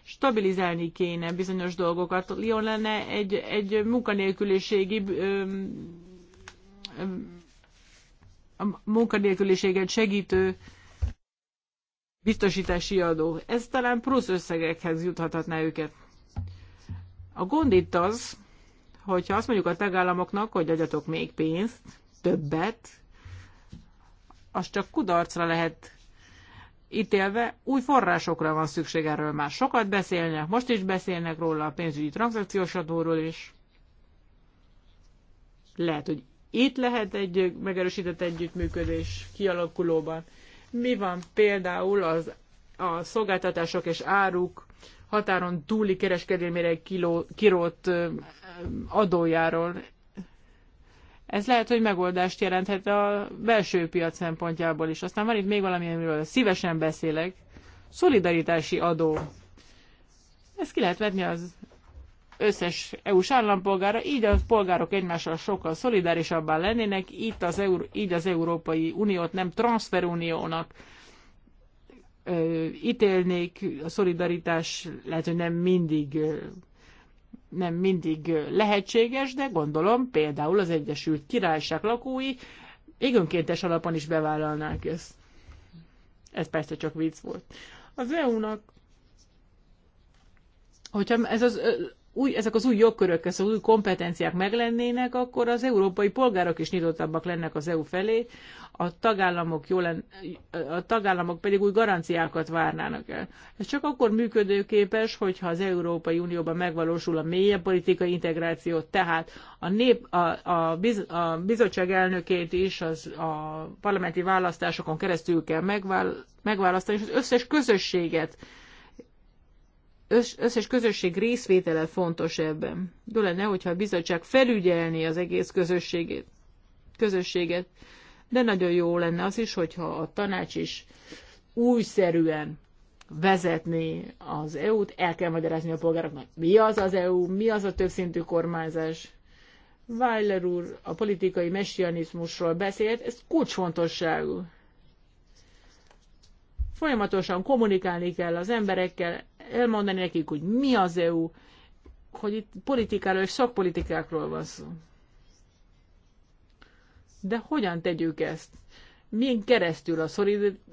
stabilizálni kéne bizonyos dolgokat. Jó lenne egy, egy munkanélküliségi a munkanélküliséget segítő biztosítási adó. Ez talán plusz összegekhez juthatatná őket. A gond itt az, hogyha azt mondjuk a tagállamoknak, hogy adjatok még pénzt, többet, az csak kudarcra lehet ítélve, új forrásokra van szükség, erről már sokat beszélnek, most is beszélnek róla a pénzügyi tranzakciós adóról is. Lehet, hogy itt lehet egy megerősített együttműködés kialakulóban. Mi van például az, a szolgáltatások és áruk határon túli kereskedelmére kiló, kirót adójáról? Ez lehet, hogy megoldást jelenthet a belső piac szempontjából is. Aztán van itt még valami, amiről szívesen beszélek. Szolidaritási adó. Ezt ki lehet vetni az összes EU-s állampolgára, így a polgárok egymással sokkal szolidárisabbá lennének, itt az Euró- így az Európai Uniót nem transferuniónak ö, ítélnék, a szolidaritás lehet, hogy nem mindig nem mindig lehetséges, de gondolom például az Egyesült Királyság lakói igönkéntes alapon is bevállalnák ezt. Ez persze csak vicc volt. Az EU-nak, hogyha ez az új, ezek az új jogkörök, az új kompetenciák meglennének, akkor az európai polgárok is nyitottabbak lennek az EU felé, a tagállamok, jó len, a tagállamok pedig új garanciákat várnának el. Ez csak akkor működőképes, hogyha az Európai Unióban megvalósul a mélyebb politikai integráció, tehát a, nép, a, a, biz, a bizottság elnökét is az, a parlamenti választásokon keresztül kell megvál, megválasztani, és az összes közösséget összes közösség részvétele fontos ebben. Jó lenne, hogyha a bizottság felügyelni az egész közösségét, közösséget, de nagyon jó lenne az is, hogyha a tanács is újszerűen vezetni az EU-t, el kell magyarázni a polgároknak, mi az az EU, mi az a többszintű kormányzás. Weiler úr a politikai messianizmusról beszélt, ez kulcsfontosságú. Folyamatosan kommunikálni kell az emberekkel, elmondani nekik, hogy mi az EU, hogy itt politikáról és szakpolitikákról van szó. De hogyan tegyük ezt? Milyen keresztül a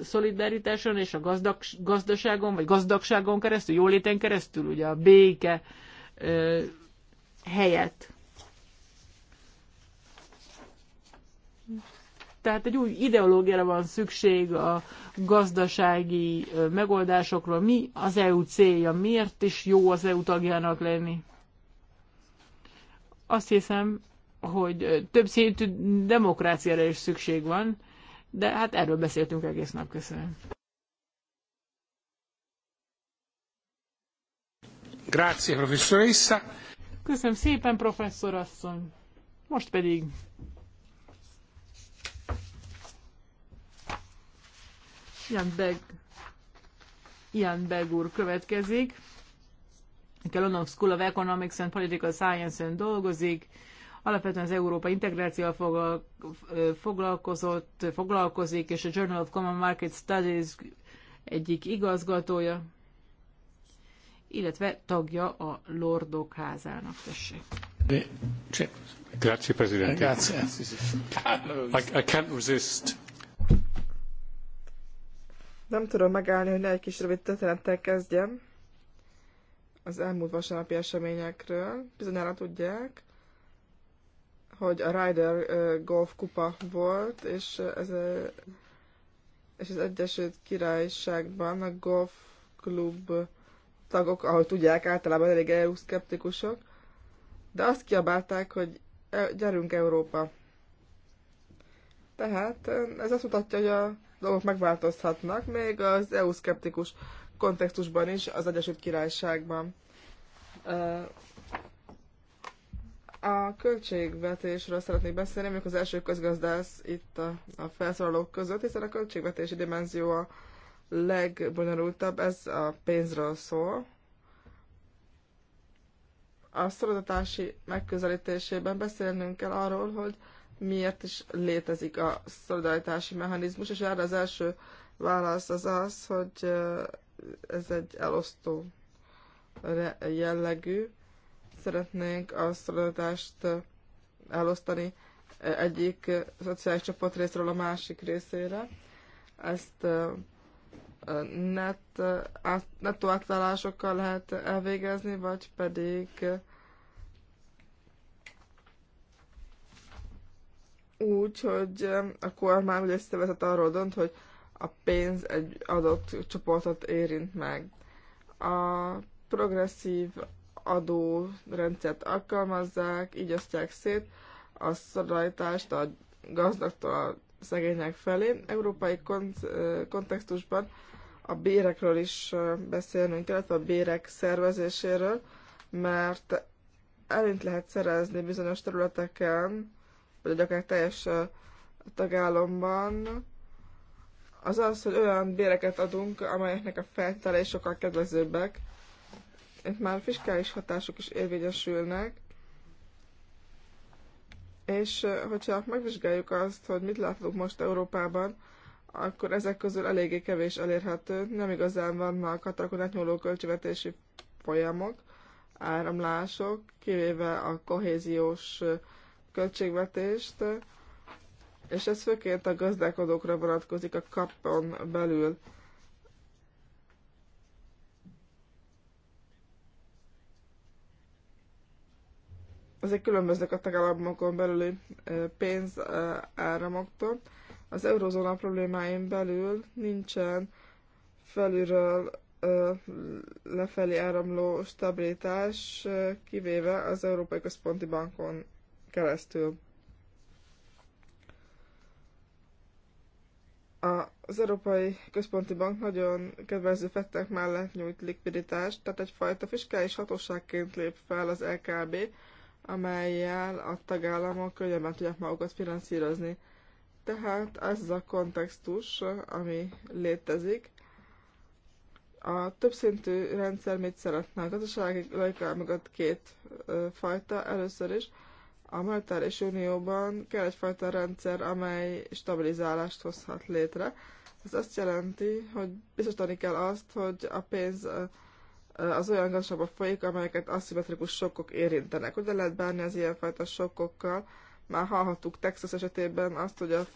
szolidaritáson és a gazdag, gazdaságon, vagy gazdagságon keresztül, jóléten keresztül, ugye a béke ö, helyett. Tehát egy új ideológiára van szükség a gazdasági megoldásokról. Mi az EU célja? Miért is jó az EU tagjának lenni? Azt hiszem, hogy több szintű demokráciára is szükség van, de hát erről beszéltünk egész nap. Köszönöm. Grazie, Köszönöm szépen, professzor asszony. Most pedig Ian Beg, Ian Beg úr következik, aki a London School of Economics and Political Science-en dolgozik, alapvetően az Európa integrációval foglalkozott, foglalkozik, és a Journal of Common Market Studies egyik igazgatója, illetve tagja a Lordok házának. Tessék. Grazie, Presidente. Grazie. I, I can't resist nem tudom megállni, hogy ne egy kis rövid történettel kezdjem az elmúlt vasárnapi eseményekről. Bizonyára tudják, hogy a Ryder Golf Kupa volt, és ez a, és az Egyesült Királyságban a golf klub tagok, ahogy tudják, általában elég EU-szkeptikusok, de azt kiabálták, hogy gyerünk Európa. Tehát ez azt mutatja, hogy a dolgok megváltozhatnak, még az EU-szkeptikus kontextusban is az Egyesült Királyságban. A költségvetésről szeretnék beszélni, mondjuk az első közgazdász itt a, a felszólalók között, hiszen a költségvetési dimenzió a legbonyolultabb, ez a pénzről szól. A szorozatási megközelítésében beszélnünk kell arról, hogy miért is létezik a szolidaritási mechanizmus, és erre az első válasz az az, hogy ez egy elosztó jellegű. Szeretnénk a szolidaritást elosztani egyik szociális csoport részről a másik részére. Ezt net, át, nettó lehet elvégezni, vagy pedig úgy, hogy a kormány ugye egy arról dönt, hogy a pénz egy adott csoportot érint meg. A progresszív adórendszert alkalmazzák, így osztják szét a szolidaritást a gazdagtól a szegények felé. Európai kont- kontextusban a bérekről is beszélnünk kell, a bérek szervezéséről, mert előnyt lehet szerezni bizonyos területeken vagy akár teljes tagállamban, az az, hogy olyan béreket adunk, amelyeknek a feltételei sokkal kedvezőbbek. Itt már fiskális hatások is érvényesülnek. És hogyha megvizsgáljuk azt, hogy mit látunk most Európában, akkor ezek közül eléggé kevés elérhető, nem igazán vannak határokon átnyúló költségvetési folyamok, áramlások, kivéve a kohéziós költségvetést, és ez főként a gazdálkodókra vonatkozik a kapon belül. Ezek különböznek a tagállamokon belüli pénzáramoktól. Az eurozóna problémáin belül nincsen felülről lefelé áramló stabilitás, kivéve az Európai Központi Bankon keresztül. Az Európai Központi Bank nagyon kedvező fettek mellett nyújt likviditást, tehát egyfajta fiskális hatóságként lép fel az LKB, amelyel a tagállamok könnyebben tudják magukat finanszírozni. Tehát ez a kontextus, ami létezik. A többszintű rendszer mit szeretne? A gazdasági logika mögött két fajta először is. A és unióban kell egyfajta rendszer, amely stabilizálást hozhat létre. Ez azt jelenti, hogy biztosítani kell azt, hogy a pénz az olyan gazdaságban folyik, amelyeket aszimmetrikus sokkok érintenek. Hogyan lehet bánni az ilyenfajta sokkokkal? Már hallhattuk Texas esetében azt, hogy a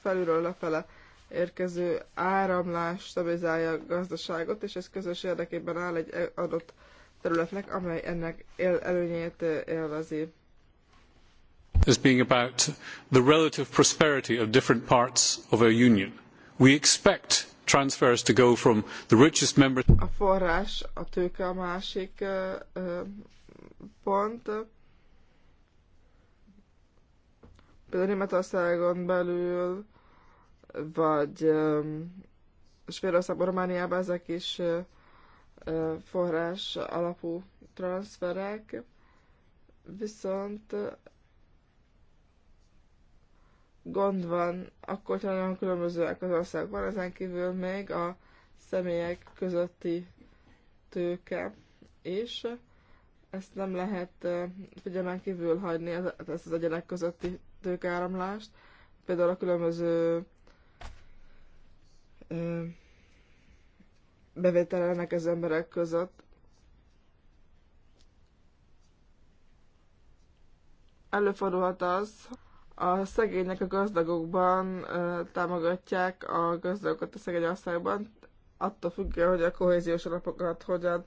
felülről lefele érkező áramlás stabilizálja a gazdaságot, és ez közös érdekében áll egy adott területnek, amely ennek él, előnyét élvezi as being about the relative prosperity of different parts of our union. We expect transfers to go from the richest member A forrás, a tőke a másik uh, pont. Például Németországon belül, vagy um, Svédországban, Romániában ezek is uh, forrás alapú transferek, viszont gond van, akkor talán különbözőek az országban, ezen kívül még a személyek közötti tőke, és ezt nem lehet figyelmen kívül hagyni, ezt az egyenek közötti tőkáramlást, például a különböző bevételenek az emberek között. Előfordulhat az, a szegények a gazdagokban támogatják a gazdagokat a szegény országban, attól függően, hogy a kohéziós alapokat hogyan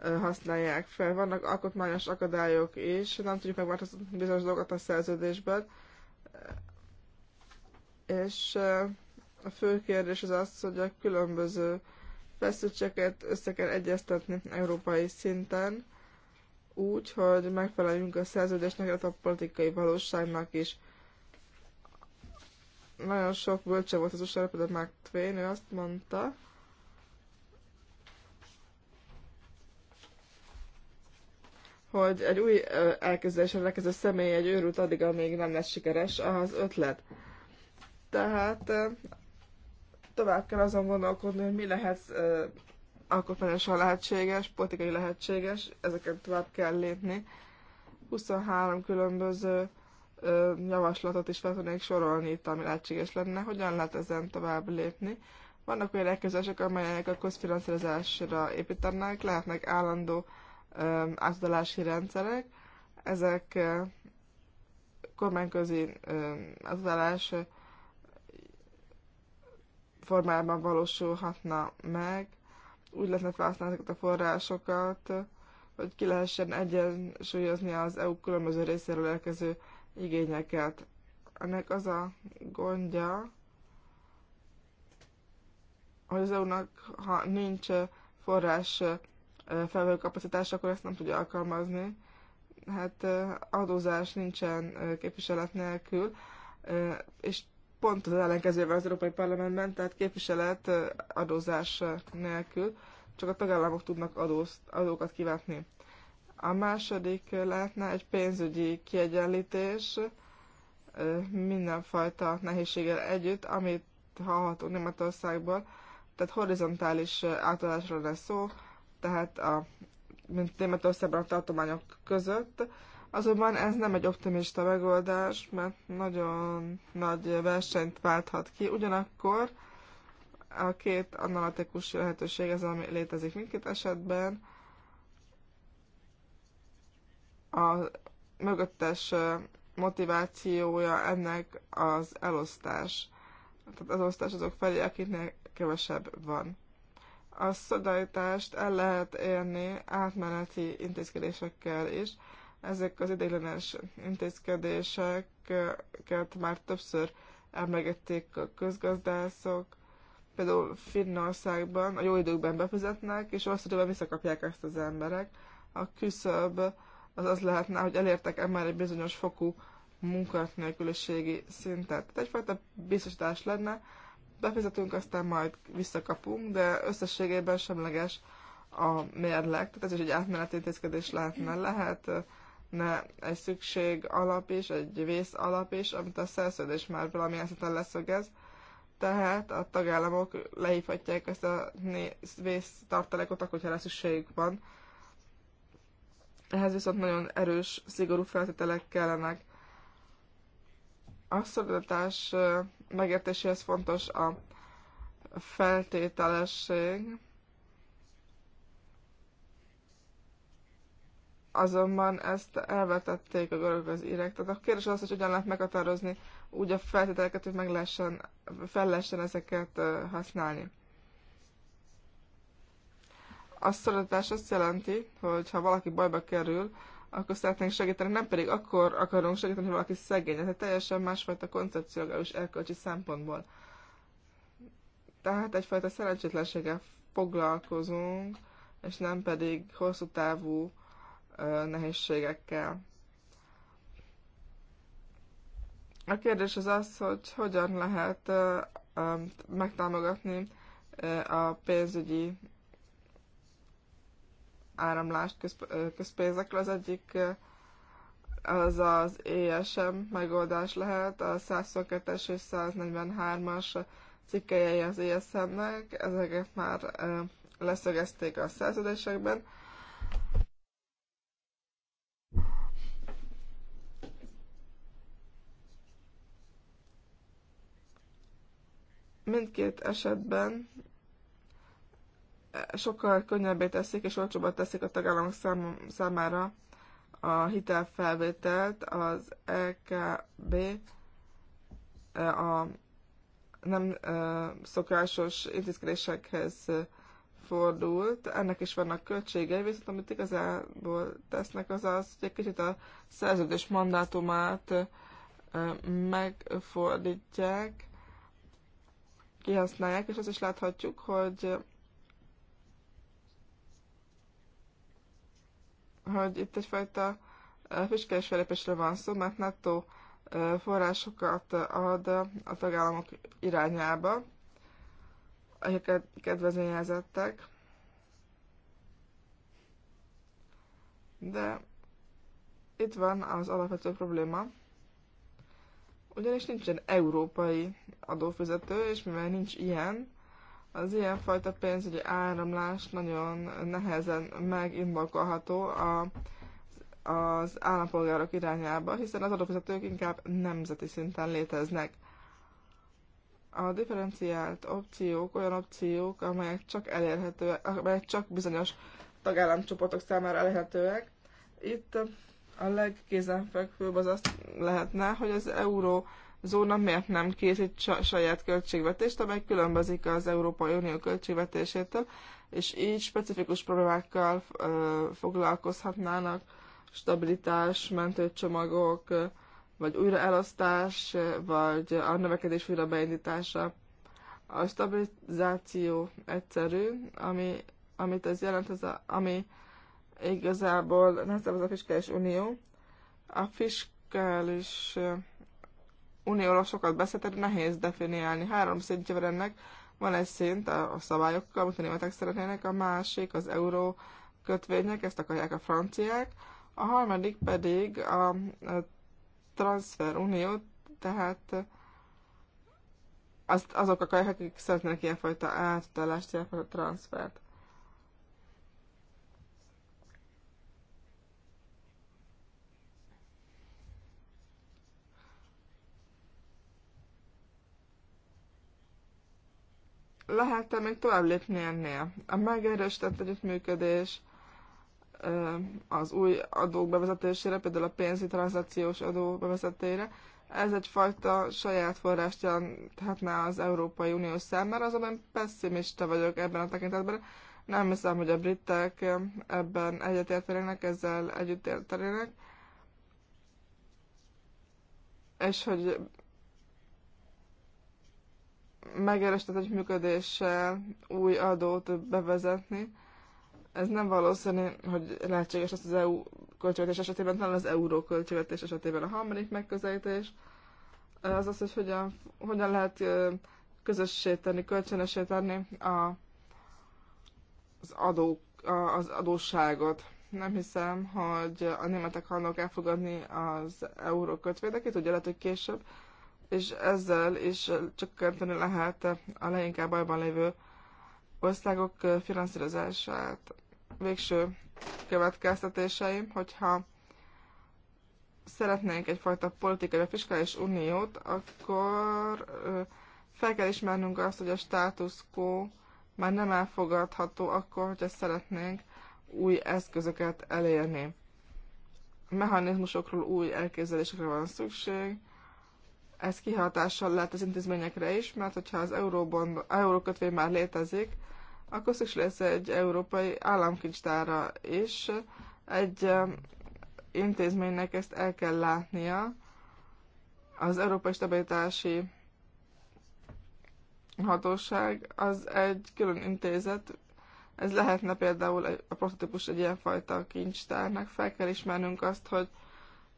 használják fel. Vannak alkotmányos akadályok is, nem tudjuk megváltoztatni bizonyos dolgokat a szerződésben. És a fő kérdés az az, hogy a különböző feszültségeket össze kell egyeztetni európai szinten, úgy, hogy megfeleljünk a szerződésnek, a politikai valóságnak is nagyon sok bölcse volt az usa például Mark Twain, ő azt mondta, hogy egy új elképzelésre lekezdő személy egy őrült addig, amíg nem lesz sikeres az ötlet. Tehát tovább kell azon gondolkodni, hogy mi lehet alkotmányosan lehetséges, politikai lehetséges, ezeket tovább kell lépni. 23 különböző javaslatot is fel tudnék sorolni itt, ami lehetséges lenne. Hogyan lehet ezen tovább lépni? Vannak olyan elképzelések, amelyek a közfinanszírozásra építenek, lehetnek állandó átadalási rendszerek. Ezek kormányközi átudalás formájában valósulhatna meg. Úgy lehetne felhasználni ezeket a forrásokat, hogy ki lehessen egyensúlyozni az EU különböző részéről érkező igényeket. Ennek az a gondja, hogy az EU-nak, ha nincs forrás felvevő kapacitás, akkor ezt nem tudja alkalmazni. Hát adózás nincsen képviselet nélkül, és pont az ellenkezővel az Európai Parlamentben, tehát képviselet adózás nélkül, csak a tagállamok tudnak adózt, adókat kivetni. A második lehetne egy pénzügyi kiegyenlítés mindenfajta nehézséggel együtt, amit hallhatunk Németországból, tehát horizontális átadásról lesz szó, tehát a, mint Németországban a tartományok között, Azonban ez nem egy optimista megoldás, mert nagyon nagy versenyt válthat ki. Ugyanakkor a két analitikus lehetőség az, ami létezik mindkét esetben, a mögöttes motivációja ennek az elosztás. Tehát az elosztás azok felé, akiknek kevesebb van. A szodajtást el lehet érni átmeneti intézkedésekkel is. Ezek az ideiglenes intézkedéseket már többször emlegették a közgazdászok, például Finnországban a jó időkben befizetnek, és azt időben visszakapják ezt az emberek. A küszöb az az lehetne, hogy elértek-e már egy bizonyos fokú munkanélküliségi szintet. Tehát egyfajta biztosítás lenne, befizetünk, aztán majd visszakapunk, de összességében semleges a mérleg. Tehát ez is egy átmeneti intézkedés lehetne. Lehet ne egy szükség alap is, egy vész alap is, amit a szerződés már valamilyen szinten leszögez. Tehát a tagállamok lehívhatják ezt a vész tartalékot, akkor, ha szükségük van ehhez viszont nagyon erős, szigorú feltételek kellenek. A szolidatás megértéséhez fontos a feltételesség, azonban ezt elvetették a görög az írek. Tehát a kérdés az, hogy hogyan lehet meghatározni úgy a feltételeket, hogy meg lehessen, fel lehessen ezeket használni a szorítás azt jelenti, hogy ha valaki bajba kerül, akkor szeretnénk segíteni, nem pedig akkor akarunk segíteni, ha valaki szegény. Ez egy teljesen másfajta koncepciógális erkölcsi szempontból. Tehát egyfajta szerencsétlenséggel foglalkozunk, és nem pedig hosszú távú ö, nehézségekkel. A kérdés az az, hogy hogyan lehet ö, ö, megtámogatni ö, a pénzügyi áramlást közpénzekről. Az egyik az az ESM megoldás lehet, a 122-es és 143-as cikkelyei az ESM-nek, ezeket már leszögezték a szerződésekben. Mindkét esetben sokkal könnyebbé teszik és olcsóbbá teszik a tagállamok szám, számára a hitelfelvételt, az EKB e, a nem e, szokásos intézkedésekhez fordult, ennek is vannak költségei, viszont amit igazából tesznek az az, hogy egy kicsit a szerződés mandátumát e, megfordítják, kihasználják, és azt is láthatjuk, hogy hogy itt egyfajta fiskális felépésre van szó, mert nettó forrásokat ad a tagállamok irányába, akiket kedvezményezettek. De itt van az alapvető probléma, ugyanis nincsen európai adófizető, és mivel nincs ilyen, az ilyenfajta pénzügyi áramlás nagyon nehezen megindokolható a, az állampolgárok irányába, hiszen az adófizetők inkább nemzeti szinten léteznek. A differenciált opciók olyan opciók, amelyek csak elérhetőek, amelyek csak bizonyos tagállamcsoportok számára elérhetőek. Itt a legkézenfekvőbb az azt lehetne, hogy az euró zóna miért nem készít saját költségvetést, amely különbözik az Európai Unió költségvetésétől, és így specifikus problémákkal foglalkozhatnának, stabilitás, mentőcsomagok, vagy újraelosztás, vagy a növekedés újra beindítása. A stabilizáció egyszerű, ami, amit ez jelent, az a, ami igazából nem az a fiskális unió. A fiskális unióról sokat beszélt, nehéz definiálni. Három szintje van ennek. Van egy szint a, szabályokkal, amit a németek szeretnének, a másik az euró kötvények, ezt akarják a franciák, a harmadik pedig a, a unió, tehát azt, azok akarják, akik szeretnének ilyenfajta átutalást, ilyenfajta transfert. Lehet, lehet-e még tovább lépni ennél. A megerősített együttműködés, az új adók bevezetésére, például a pénzi tranzakciós adó bevezetére, ez egyfajta saját forrást jelenthetne az Európai Unió számára, azonban pessimista vagyok ebben a tekintetben. Nem hiszem, hogy a britek ebben egyetértenének, ezzel együttértenének. És hogy megerősített működéssel új adót bevezetni. Ez nem valószínű, hogy lehetséges lesz az EU költségvetés esetében, talán az euró költségvetés esetében a harmadik megközelítés. Az az, hogy hogyan, hogyan lehet közössé tenni, kölcsönössé tenni a, az, adó, a, az adósságot. Nem hiszem, hogy a németek hajlandók elfogadni az euró kötvédekét, ugye lehet, hogy később, és ezzel is csökkenteni lehet a leginkább bajban lévő országok finanszírozását. Végső következtetéseim, hogyha szeretnénk egyfajta politikai vagy fiskális uniót, akkor fel kell ismernünk azt, hogy a status quo már nem elfogadható akkor, hogyha szeretnénk új eszközöket elérni. A mechanizmusokról új elképzelésekre van szükség, ez kihatással lehet az intézményekre is, mert hogyha az euróbond, eurókötvény már létezik, akkor szükség lesz egy európai államkincstára is. Egy um, intézménynek ezt el kell látnia. Az Európai Stabilitási Hatóság az egy külön intézet, ez lehetne például a prototípus egy ilyenfajta kincstárnak. Fel kell ismernünk azt, hogy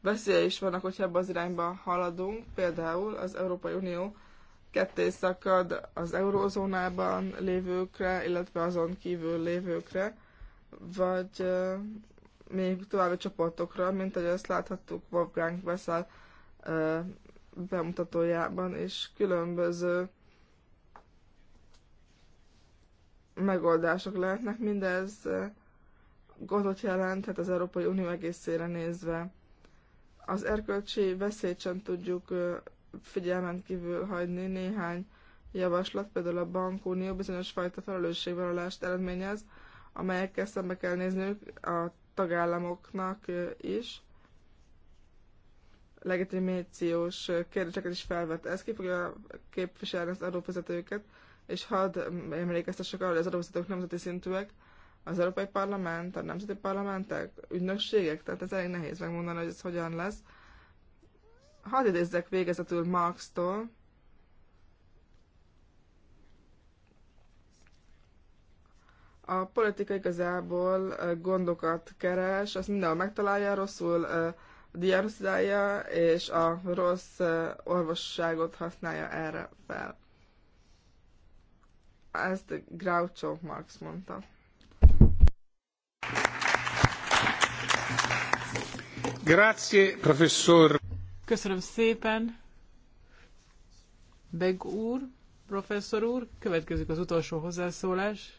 veszélye is vannak, hogyha ebbe az irányba haladunk. Például az Európai Unió ketté szakad az eurózónában lévőkre, illetve azon kívül lévőkre, vagy még további csoportokra, mint ahogy azt láthattuk Wolfgang Vessel bemutatójában, és különböző megoldások lehetnek. Mindez gondot jelenthet az Európai Unió egészére nézve. Az erkölcsi veszélyt sem tudjuk figyelmen kívül hagyni. Néhány javaslat, például a bankunió bizonyos fajta felelősségvállalást eredményez, amelyekkel szembe kell nézniük a tagállamoknak is. Legitimációs kérdéseket is felvett. Ez ki fogja képviselni az adófizetőket, és hadd emlékeztessek arra, hogy az adófizetők nemzeti szintűek, az Európai Parlament, a Nemzeti Parlamentek, ügynökségek, tehát ez elég nehéz megmondani, hogy ez hogyan lesz. Hadd idézzek végezetül Marx-tól. A politika igazából gondokat keres, azt mindenhol megtalálja, rosszul diagnosztizálja, és a rossz orvosságot használja erre fel. Ezt Groucho Marx mondta. Köszönöm szépen. Beg úr, professzor úr, következik az utolsó hozzászólás.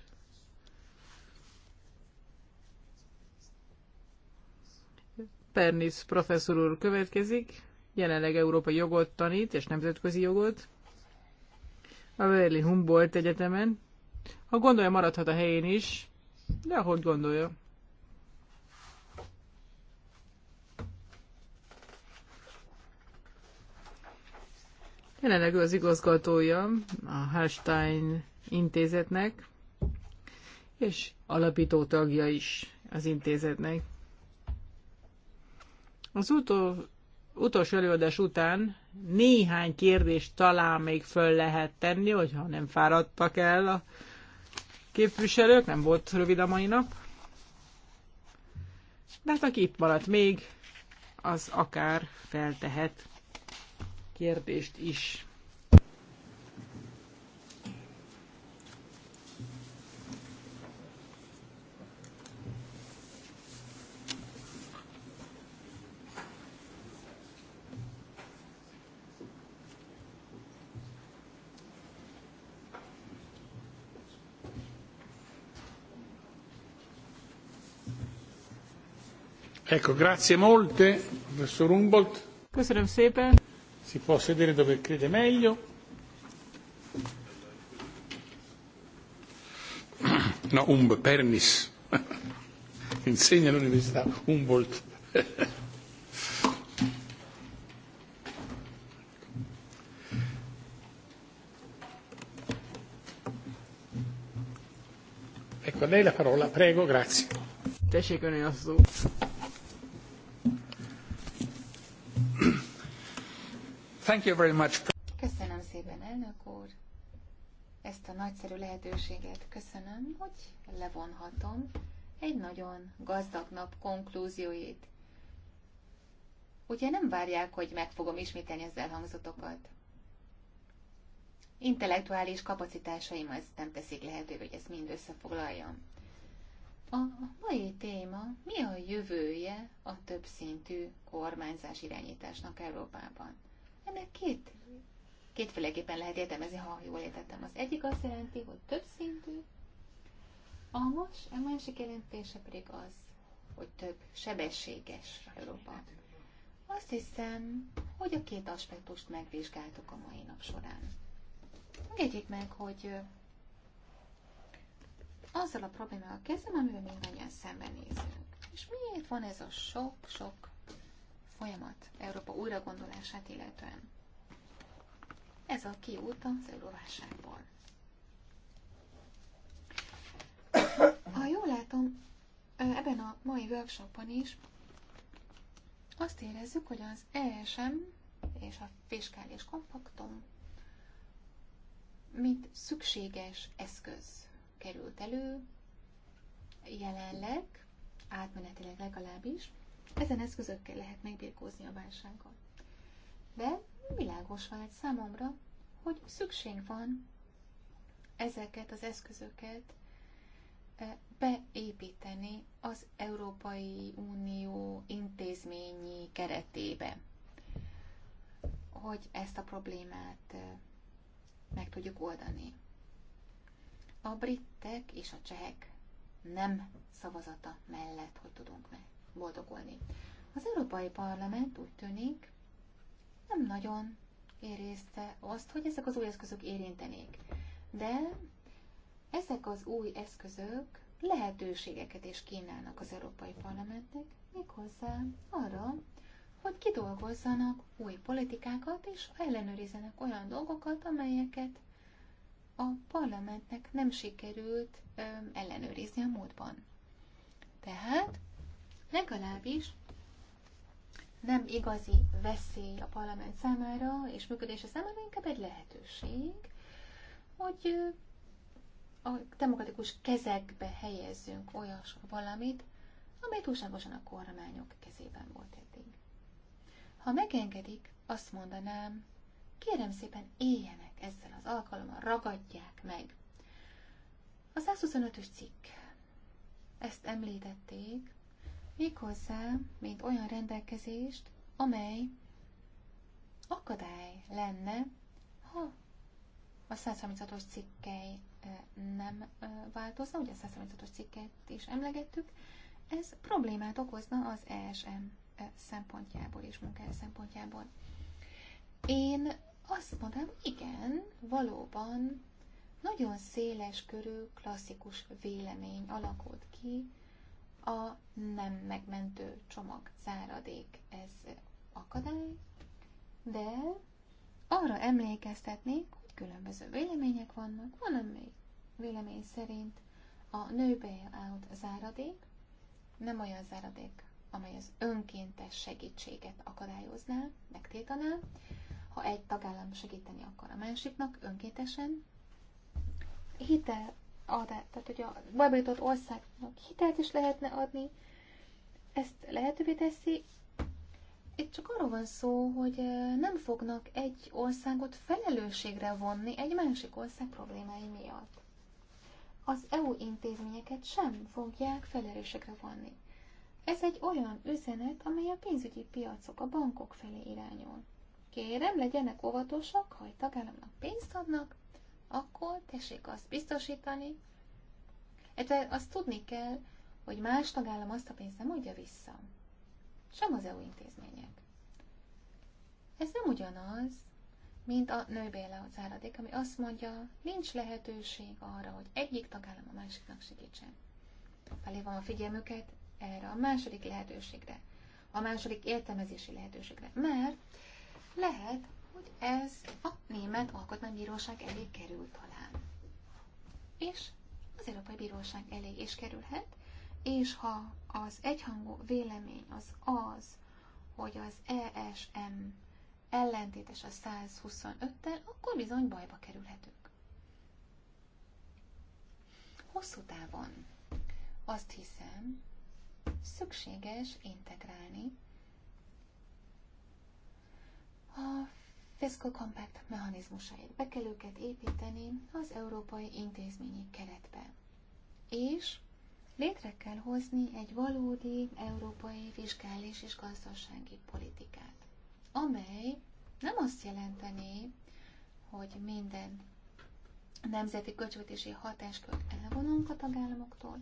Pernis professzor úr következik, jelenleg európai jogot tanít, és nemzetközi jogot. A Berlin Humboldt Egyetemen. Ha gondolja, maradhat a helyén is, de ahogy gondolja. Jelenleg ő az igazgatója a Hallstein intézetnek, és alapító tagja is az intézetnek. Az utol, utolsó előadás után néhány kérdést talán még föl lehet tenni, hogyha nem fáradtak el a képviselők, nem volt rövid a mai nap. De hát aki itt maradt még, az akár feltehet kérdést is. Ecco, grazie molte, professor Humboldt. Köszönöm szépen si può sedere dove crede meglio. No, umb, pernis. Insegna all'università Humboldt. ecco, a lei la parola, prego, grazie. Tessék, a szó. Thank you very much. Köszönöm szépen, elnök úr, ezt a nagyszerű lehetőséget. Köszönöm, hogy levonhatom egy nagyon gazdag nap konklúzióit. Ugye nem várják, hogy meg fogom ismételni az elhangzatokat. Intellektuális kapacitásaim ezt nem teszik lehetővé, hogy ezt mind összefoglaljam. A mai téma mi a jövője a többszintű kormányzás irányításnak Európában? Ennek két, kétféleképpen lehet értelmezni, ha jól értettem. Az egyik azt jelenti, hogy többszintű, szintű, a, a másik jelentése pedig az, hogy több sebességes Európa. Azt hiszem, hogy a két aspektust megvizsgáltuk a mai nap során. Engedjék meg, hogy azzal a problémával kezdem, amivel mindannyian szembenézünk. És miért van ez a sok-sok folyamat Európa újragondolását illetően. Ez a kiút az euróválságból. Ha jól látom, ebben a mai workshopban is azt érezzük, hogy az ESM és a fiskális kompaktum mint szükséges eszköz került elő, jelenleg, átmenetileg legalábbis, ezen eszközökkel lehet megbirkózni a válsággal. De világos van egy számomra, hogy szükség van ezeket az eszközöket eh, beépíteni az Európai Unió intézményi keretébe, hogy ezt a problémát eh, meg tudjuk oldani. A britek és a csehek nem szavazata mellett, hogy tudunk meg boldogulni. Az Európai Parlament úgy tűnik, nem nagyon érészte azt, hogy ezek az új eszközök érintenék. De ezek az új eszközök lehetőségeket is kínálnak az Európai Parlamentnek, méghozzá arra, hogy kidolgozzanak új politikákat, és ellenőrizzenek olyan dolgokat, amelyeket a parlamentnek nem sikerült ö, ellenőrizni a múltban. Tehát legalábbis nem igazi veszély a parlament számára és működése számára, inkább egy lehetőség, hogy a demokratikus kezekbe helyezzünk olyas valamit, amely túlságosan a kormányok kezében volt eddig. Ha megengedik, azt mondanám, kérem szépen éljenek ezzel az alkalommal, ragadják meg. A 125-ös cikk. Ezt említették, méghozzá, mint olyan rendelkezést, amely akadály lenne, ha a 136-os cikkely nem változna, ugye a 136-os cikket is emlegettük, ez problémát okozna az ESM szempontjából és munkája szempontjából. Én azt mondom, igen, valóban nagyon széles körű klasszikus vélemény alakult ki a nem megmentő csomag záradék, ez akadály, de arra emlékeztetnék, hogy különböző vélemények vannak. Van, ami vélemény szerint a nőbe állt záradék nem olyan záradék, amely az önkéntes segítséget akadályozná, megtiltaná. Ha egy tagállam segíteni akar a másiknak önkéntesen, hitel adát. Ah, tehát, hogy a bajba jutott országnak hitelt is lehetne adni, ezt lehetővé teszi. Itt csak arról van szó, hogy nem fognak egy országot felelősségre vonni egy másik ország problémái miatt. Az EU intézményeket sem fogják felelősségre vonni. Ez egy olyan üzenet, amely a pénzügyi piacok, a bankok felé irányul. Kérem, legyenek óvatosak, ha egy tagállamnak pénzt adnak, akkor tessék azt biztosítani, illetve azt tudni kell, hogy más tagállam azt a pénzt nem adja vissza. Sem az EU intézmények. Ez nem ugyanaz, mint a az áradék, ami azt mondja, nincs lehetőség arra, hogy egyik tagállam a másiknak segítsen. Felhívom a figyelmüket erre a második lehetőségre, a második értelmezési lehetőségre, mert lehet, hogy ez a Német Alkotmánybíróság elé kerül talán. És az Európai Bíróság elé is kerülhet, és ha az egyhangú vélemény az az, hogy az ESM ellentétes a 125-tel, akkor bizony bajba kerülhetünk. Hosszú távon azt hiszem, szükséges integrálni a fiscal compact mechanizmusait. Be kell őket építeni az európai intézményi keretbe. És létre kell hozni egy valódi európai fiskális és gazdasági politikát, amely nem azt jelenteni, hogy minden nemzeti költségvetési hatáskört elvonunk a tagállamoktól,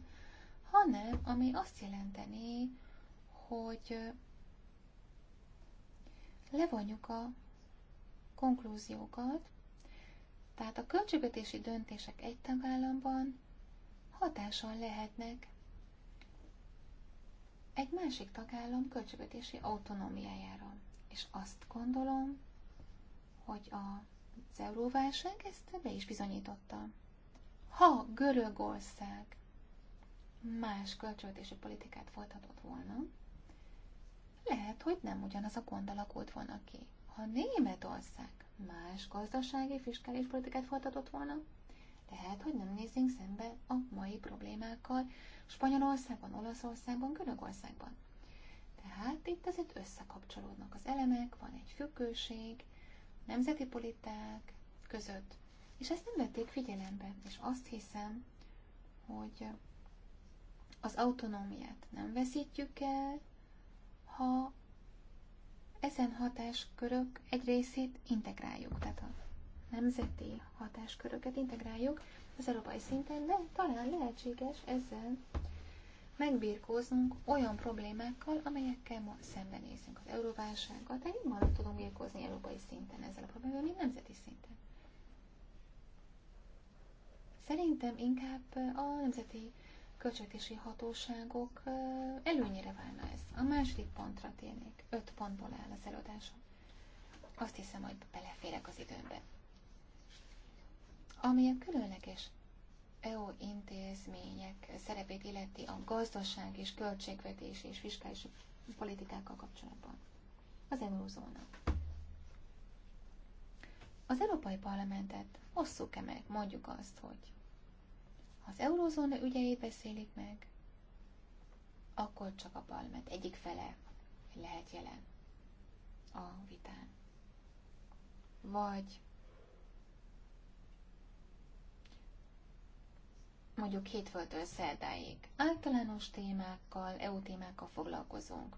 hanem ami azt jelenteni, hogy levonjuk a konklúziókat. Tehát a költségvetési döntések egy tagállamban hatással lehetnek egy másik tagállam költségvetési autonómiájára. És azt gondolom, hogy az euróválság ezt be is bizonyította. Ha Görögország más költségvetési politikát folytatott volna, lehet, hogy nem ugyanaz a gond alakult volna ki. Ha Németország más gazdasági, fiskális politikát folytatott volna, lehet, hogy nem nézünk szembe a mai problémákkal Spanyolországban, Olaszországban, Görögországban. Tehát itt azért összekapcsolódnak az elemek, van egy függőség, nemzeti politák között, és ezt nem vették figyelembe, és azt hiszem, hogy az autonómiát nem veszítjük el, ha ezen hatáskörök egy részét integráljuk, tehát a nemzeti hatásköröket integráljuk az európai szinten, de talán lehetséges ezzel megbírkóznunk olyan problémákkal, amelyekkel ma szembenézünk az euróválsággal, tehát jobban tudunk birkózni európai szinten ezzel a problémával, mint nemzeti szinten. Szerintem inkább a nemzeti költségvetési hatóságok előnyére válna ez. A második pontra térnék. Öt pontból áll az előadásom. Azt hiszem, hogy beleférek az időbe. Ami a különleges EU intézmények szerepét illeti a gazdaság és költségvetés és fiskális politikákkal kapcsolatban. Az eurozóna. Az Európai Parlamentet hosszú kemek, mondjuk azt, hogy ha az eurózóna ügyeit beszélik meg, akkor csak a parlament egyik fele lehet jelen a vitán. Vagy mondjuk hétfőtől szerdáig általános témákkal, EU témákkal foglalkozunk,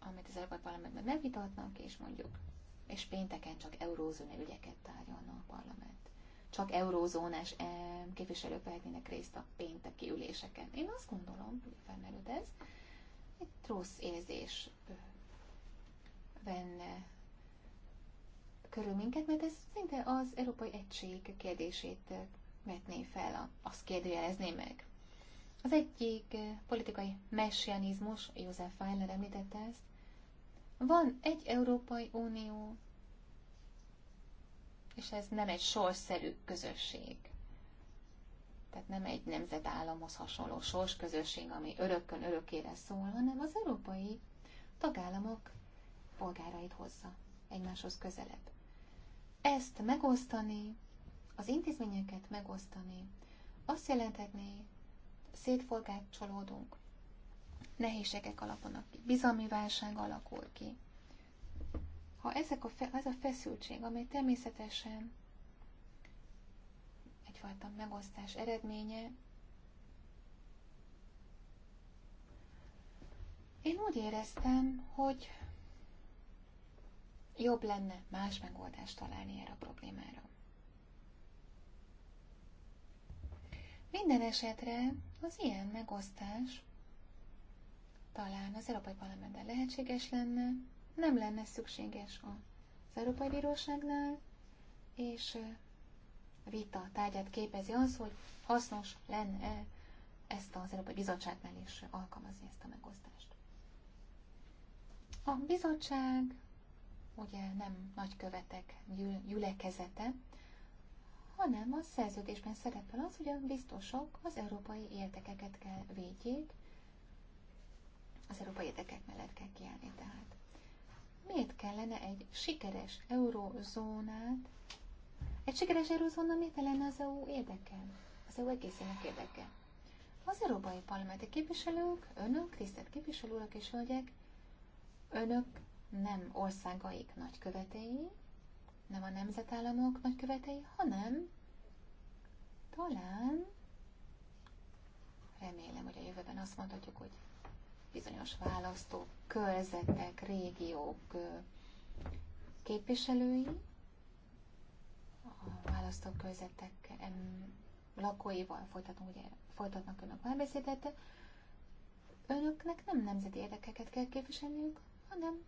amit az Európai Parlamentben megvitatnak, és mondjuk, és pénteken csak eurózóna ügyeket tárgyalna a parlament csak eurózónás eh, képviselők vehetnének részt a pénteki üléseken. Én azt gondolom, hogy felmerült ez, egy rossz érzés venne körül minket, mert ez szinte az Európai Egység kérdését vetné fel, azt kérdőjelezné meg. Az egyik politikai messianizmus, József Feiner említette ezt, van egy Európai Unió, és ez nem egy sorszerű közösség. Tehát nem egy nemzetállamhoz hasonló sors közösség, ami örökkön örökére szól, hanem az európai tagállamok polgárait hozza egymáshoz közelebb. Ezt megosztani, az intézményeket megosztani, azt jelenthetné, szétforgácsolódunk, nehézségek alakulnak ki, bizalmi válság alakul ki. Ha ezek a fe, ez a feszültség, amely természetesen egyfajta megosztás eredménye, én úgy éreztem, hogy jobb lenne más megoldást találni erre a problémára. Minden esetre az ilyen megosztás talán az Európai Parlamentben lehetséges lenne, nem lenne szükséges az Európai Bíróságnál, és vita tárgyát képezi az, hogy hasznos lenne ezt az Európai Bizottságnál is alkalmazni ezt a megosztást. A bizottság ugye nem nagykövetek gyülekezete, hanem a szerződésben szerepel az, hogy a biztosok az európai érdekeket kell védjék, az európai érdekek mellett kell kiállni tehát miért kellene egy sikeres eurozónát, egy sikeres eurozóna miért lenne az EU érdeke? Az EU egészének érdeke. Az Európai Parlamenti képviselők, önök, tisztelt képviselő urak és hölgyek, önök nem országaik nagykövetei, nem a nemzetállamok nagykövetei, hanem talán remélem, hogy a jövőben azt mondhatjuk, hogy bizonyos választók, körzetek, régiók képviselői, a körzetek lakóival folytatnak, ugye, folytatnak önök párbeszédet, önöknek nem nemzeti érdekeket kell képviselniük, hanem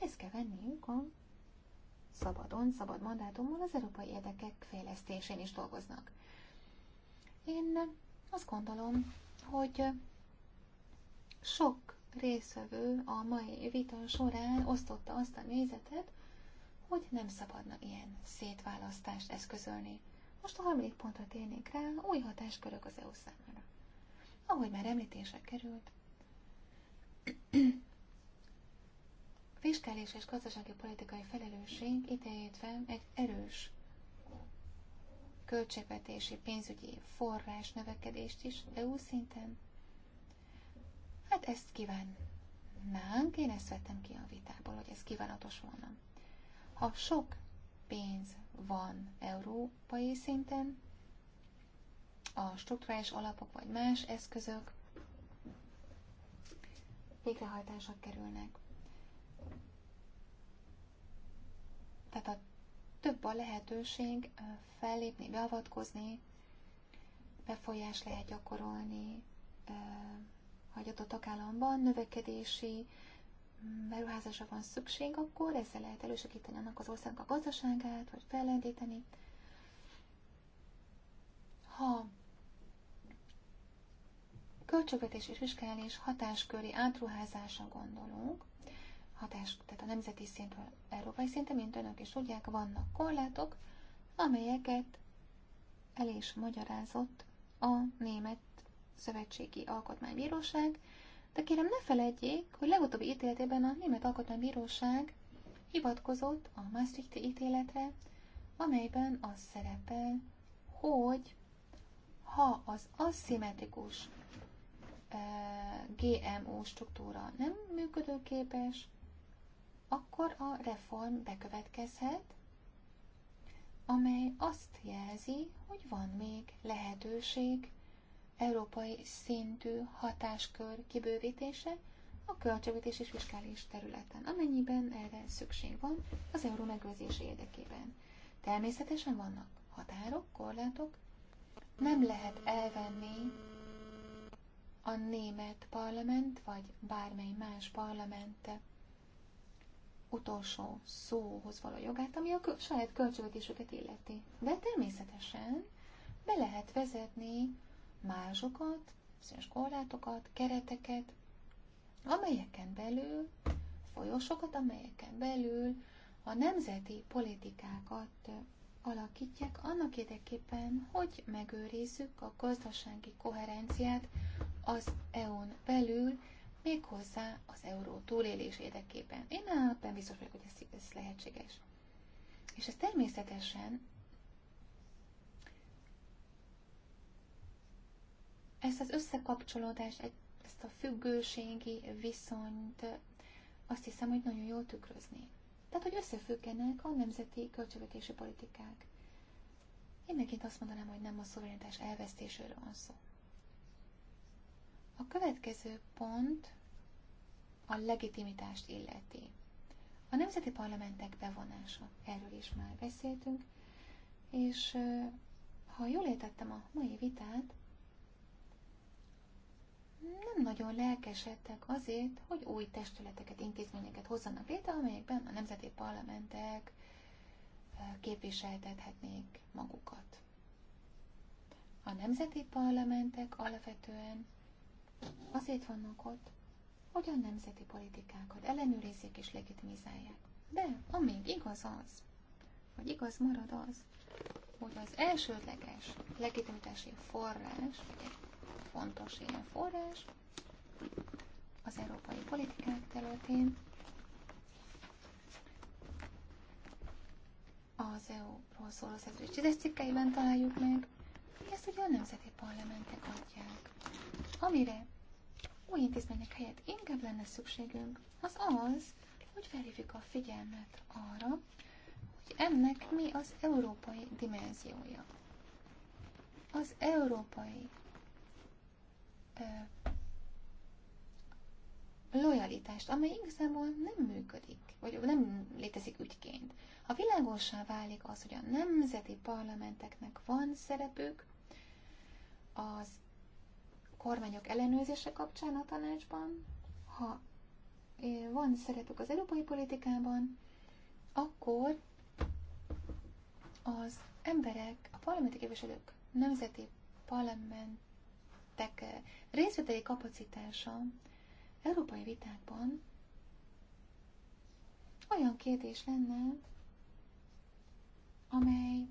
részt kell venniük a szabadon, szabad mandátummal az európai érdekek fejlesztésén is dolgoznak. Én azt gondolom, hogy sok részvevő a mai vita során osztotta azt a nézetet, hogy nem szabadna ilyen szétválasztást eszközölni. Most a harmadik pontra térnék rá, új hatáskörök az EU számára. Ahogy már említésre került, fiskális és gazdasági politikai felelősség idejétve egy erős költségvetési pénzügyi forrás növekedést is EU szinten Hát ezt kívánnánk, én ezt vettem ki a vitából, hogy ez kívánatos volna. Ha sok pénz van európai szinten, a struktúrális alapok vagy más eszközök végrehajtásra kerülnek. Tehát a több a lehetőség fellépni, beavatkozni, befolyás lehet gyakorolni, hogy adott tagállamban növekedési mm, beruházásra van szükség, akkor ezzel lehet elősegíteni annak az országnak a gazdaságát, vagy fellendíteni. Ha költségvetés és vizsgálés hatásköri átruházásra gondolunk, hatás, tehát a nemzeti szintről európai szinten, mint önök is tudják, vannak korlátok, amelyeket el is magyarázott a német Szövetségi Alkotmánybíróság, de kérem ne felejtjék, hogy legutóbbi ítéletében a Német Alkotmánybíróság hivatkozott a Maastrichti ítéletre, amelyben az szerepel, hogy ha az aszimmetrikus e, GMO struktúra nem működőképes, akkor a reform bekövetkezhet, amely azt jelzi, hogy van még lehetőség európai szintű hatáskör kibővítése a költségvetés és fiskális területen, amennyiben erre szükség van az euró megőrzése érdekében. Természetesen vannak határok, korlátok, nem lehet elvenni a német parlament, vagy bármely más parlament utolsó szóhoz való jogát, ami a saját költségvetésüket illeti. De természetesen be lehet vezetni másokat, bizonyos korlátokat, kereteket, amelyeken belül, folyosokat, amelyeken belül a nemzeti politikákat alakítják annak érdekében, hogy megőrizzük a gazdasági koherenciát az EU-n belül, méghozzá az euró túlélés érdekében. Én ebben biztos vagyok, hogy ez, ez lehetséges. És ez természetesen Ezt az összekapcsolódást, ezt a függőségi viszonyt azt hiszem, hogy nagyon jól tükrözni. Tehát, hogy összefüggenek a nemzeti költségvetési politikák. Én megint azt mondanám, hogy nem a szuverenitás elvesztéséről van szó. A következő pont a legitimitást illeti. A nemzeti parlamentek bevonása, erről is már beszéltünk, és ha jól értettem a mai vitát, nem nagyon lelkesedtek azért, hogy új testületeket, intézményeket hozzanak létre, amelyekben a nemzeti parlamentek képviseltethetnék magukat. A nemzeti parlamentek alapvetően azért vannak ott, hogy a nemzeti politikákat ellenőrizzék és legitimizálják. De amíg igaz az, vagy igaz marad az, hogy az elsődleges legitimitási forrás, fontos ilyen forrás az európai politikák területén. Az EU-ról szóló szerződés 10 cikkeiben találjuk meg, ezt ugye a nemzeti parlamentek adják. Amire új intézmények helyett inkább lenne szükségünk, az az, hogy felhívjuk a figyelmet arra, hogy ennek mi az európai dimenziója. Az európai lojalitást, amely igazából nem működik, vagy nem létezik ügyként. Ha világossá válik az, hogy a nemzeti parlamenteknek van szerepük az kormányok ellenőrzése kapcsán a tanácsban, ha van szerepük az európai politikában, akkor az emberek, a parlamenti képviselők nemzeti parlament érintettek eh, részvételi kapacitása európai vitákban olyan kérdés lenne, amely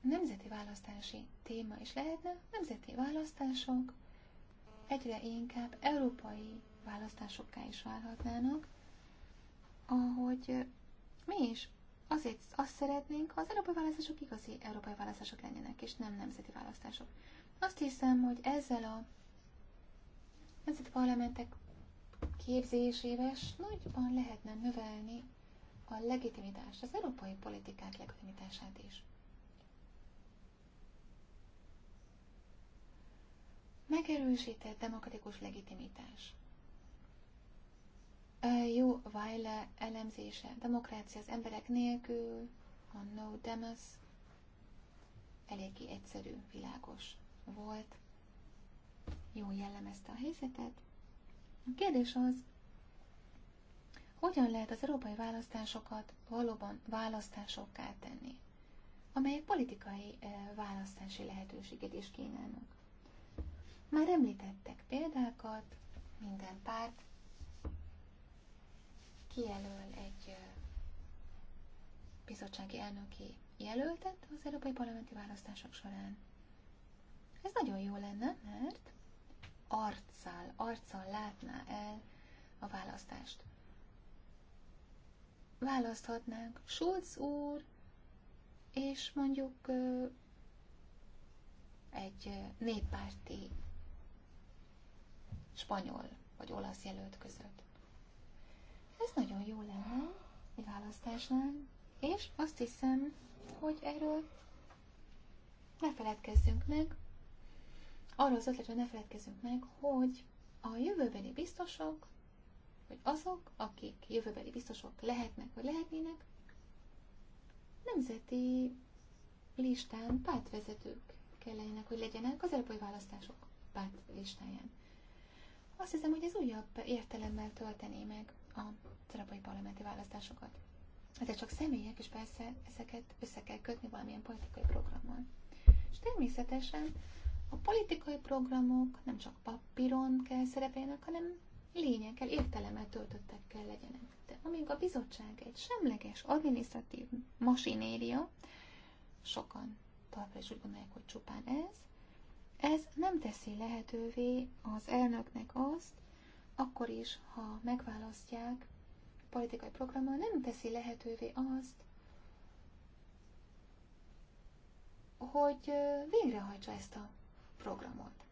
nemzeti választási téma is lehetne, nemzeti választások egyre inkább európai választásokká is válhatnának, ahogy mi is azért azt szeretnénk, ha az európai választások igazi európai választások lennének, és nem nemzeti választások. Azt hiszem, hogy ezzel a nemzeti parlamentek képzésével nagyban lehetne növelni a legitimitást, az európai politikák legitimitását is. Megerősített demokratikus legitimitás. Jó Weile elemzése, demokrácia az emberek nélkül, a no demos, eléggé egyszerű, világos volt, jó jellemezte a helyzetet. A kérdés az, hogyan lehet az európai választásokat valóban választásokká tenni, amelyek politikai eh, választási lehetőséget is kínálnak. Már említettek példákat, minden párt kijelöl egy eh, bizottsági elnöki jelöltet az európai parlamenti választások során. Ez nagyon jó lenne, mert arccal, arccal látná el a választást. Választhatnánk Schulz úr, és mondjuk egy néppárti spanyol vagy olasz jelölt között. Ez nagyon jó lenne egy választásnál, és azt hiszem, hogy erről ne feledkezzünk meg, arra az ötletre ne feledkezzünk meg, hogy a jövőbeli biztosok, vagy azok, akik jövőbeli biztosok lehetnek, vagy lehetnének, nemzeti listán pártvezetők kellenek, hogy legyenek az európai választások párt listáján. Azt hiszem, hogy ez újabb értelemmel töltené meg a európai parlamenti választásokat. Ezek csak személyek, és persze ezeket össze kell kötni valamilyen politikai programmal. És természetesen a politikai programok nem csak papíron kell szerepeljenek, hanem lényekkel, értelemmel kell legyenek. De amíg a bizottság egy semleges, adminisztratív masinéria, sokan továbbra is úgy gondolják, hogy csupán ez, ez nem teszi lehetővé az elnöknek azt, akkor is, ha megválasztják politikai programmal, nem teszi lehetővé azt, hogy végrehajtsa ezt a programot.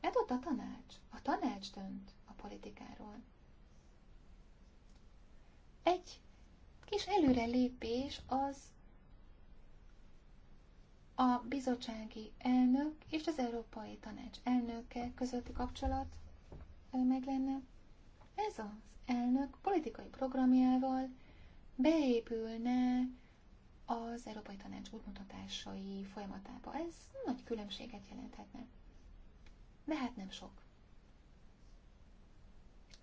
Ez ott a tanács. A tanács dönt a politikáról. Egy kis előrelépés az a bizottsági elnök és az Európai Tanács elnöke közötti kapcsolat meg lenne. Ez az elnök politikai programjával beépülne az Európai Tanács útmutatásai folyamatába. Ez nagy különbséget jelenthetne. De hát nem sok.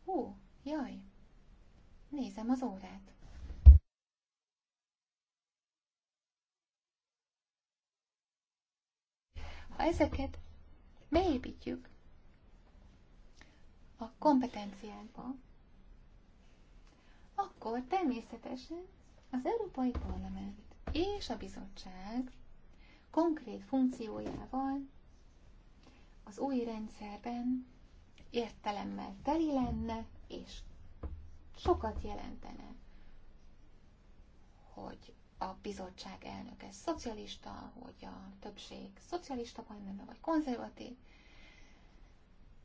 Ó, jaj! Nézem az órát. Ha ezeket beépítjük a kompetenciákba, akkor természetesen az Európai Parlament és a bizottság konkrét funkciójával az új rendszerben értelemmel teli lenne, és sokat jelentene, hogy a bizottság elnöke szocialista, hogy a többség szocialista benne, vagy konzervatív.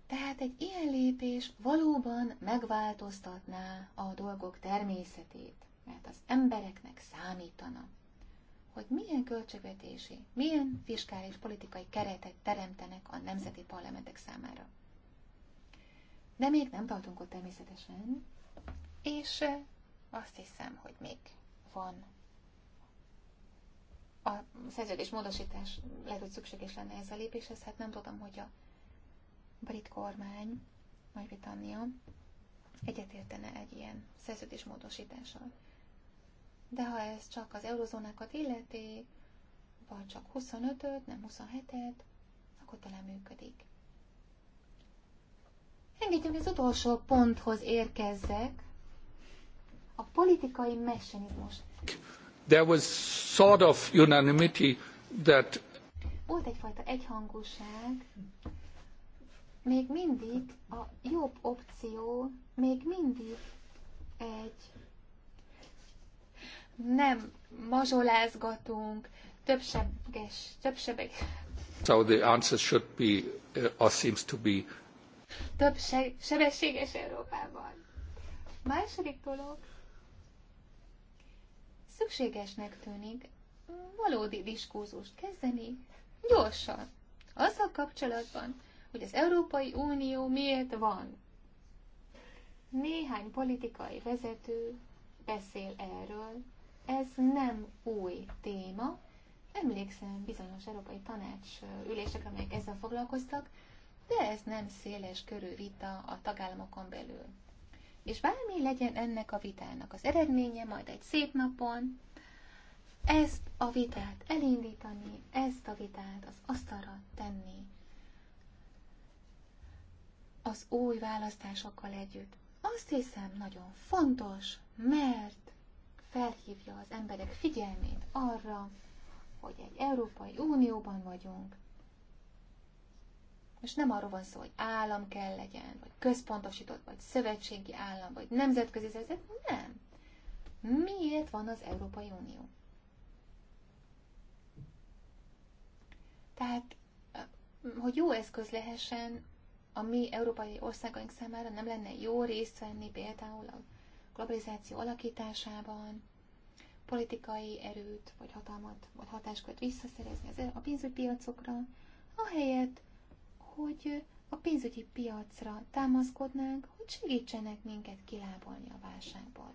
Tehát egy ilyen lépés valóban megváltoztatná a dolgok természetét, mert az embereknek számítana hogy milyen költségvetési, milyen fiskális politikai keretet teremtenek a nemzeti parlamentek számára. De még nem tartunk ott természetesen, és eh, azt hiszem, hogy még van a szerződés módosítás, lehet, hogy szükséges lenne ez a lépéshez, hát nem tudom, hogy a brit kormány, Nagy-Britannia egyetértene egy ilyen szerződés módosítással de ha ez csak az eurozónákat illeti, vagy csak 25-öt, nem 27-et, akkor talán működik. Engedjünk az utolsó ponthoz érkezzek, a politikai mechanizmus. There was sort of unanimity that volt egyfajta egyhangúság, még mindig a jobb opció, még mindig egy nem mazsolázgatunk, többseges, többseges. So the answer should be, uh, or seems to be... Több se- sebességes Európában. Második dolog, szükségesnek tűnik valódi diskurzust kezdeni, gyorsan, azzal kapcsolatban, hogy az Európai Unió miért van. Néhány politikai vezető beszél erről, ez nem új téma. Emlékszem bizonyos európai tanács ülések, amelyek ezzel foglalkoztak, de ez nem széles körű vita a tagállamokon belül. És bármi legyen ennek a vitának az eredménye, majd egy szép napon, ezt a vitát elindítani, ezt a vitát az asztalra tenni, az új választásokkal együtt. Azt hiszem nagyon fontos, mert felhívja az emberek figyelmét arra, hogy egy Európai Unióban vagyunk, és nem arról van szó, hogy állam kell legyen, vagy központosított, vagy szövetségi állam, vagy nemzetközi szervezet, nem. Miért van az Európai Unió? Tehát, hogy jó eszköz lehessen a mi európai országaink számára, nem lenne jó részt venni például a globalizáció alakításában, politikai erőt, vagy hatalmat, vagy hatáskört visszaszerezni e- a pénzügyi piacokra, ahelyett, hogy a pénzügyi piacra támaszkodnánk, hogy segítsenek minket kilábalni a válságból.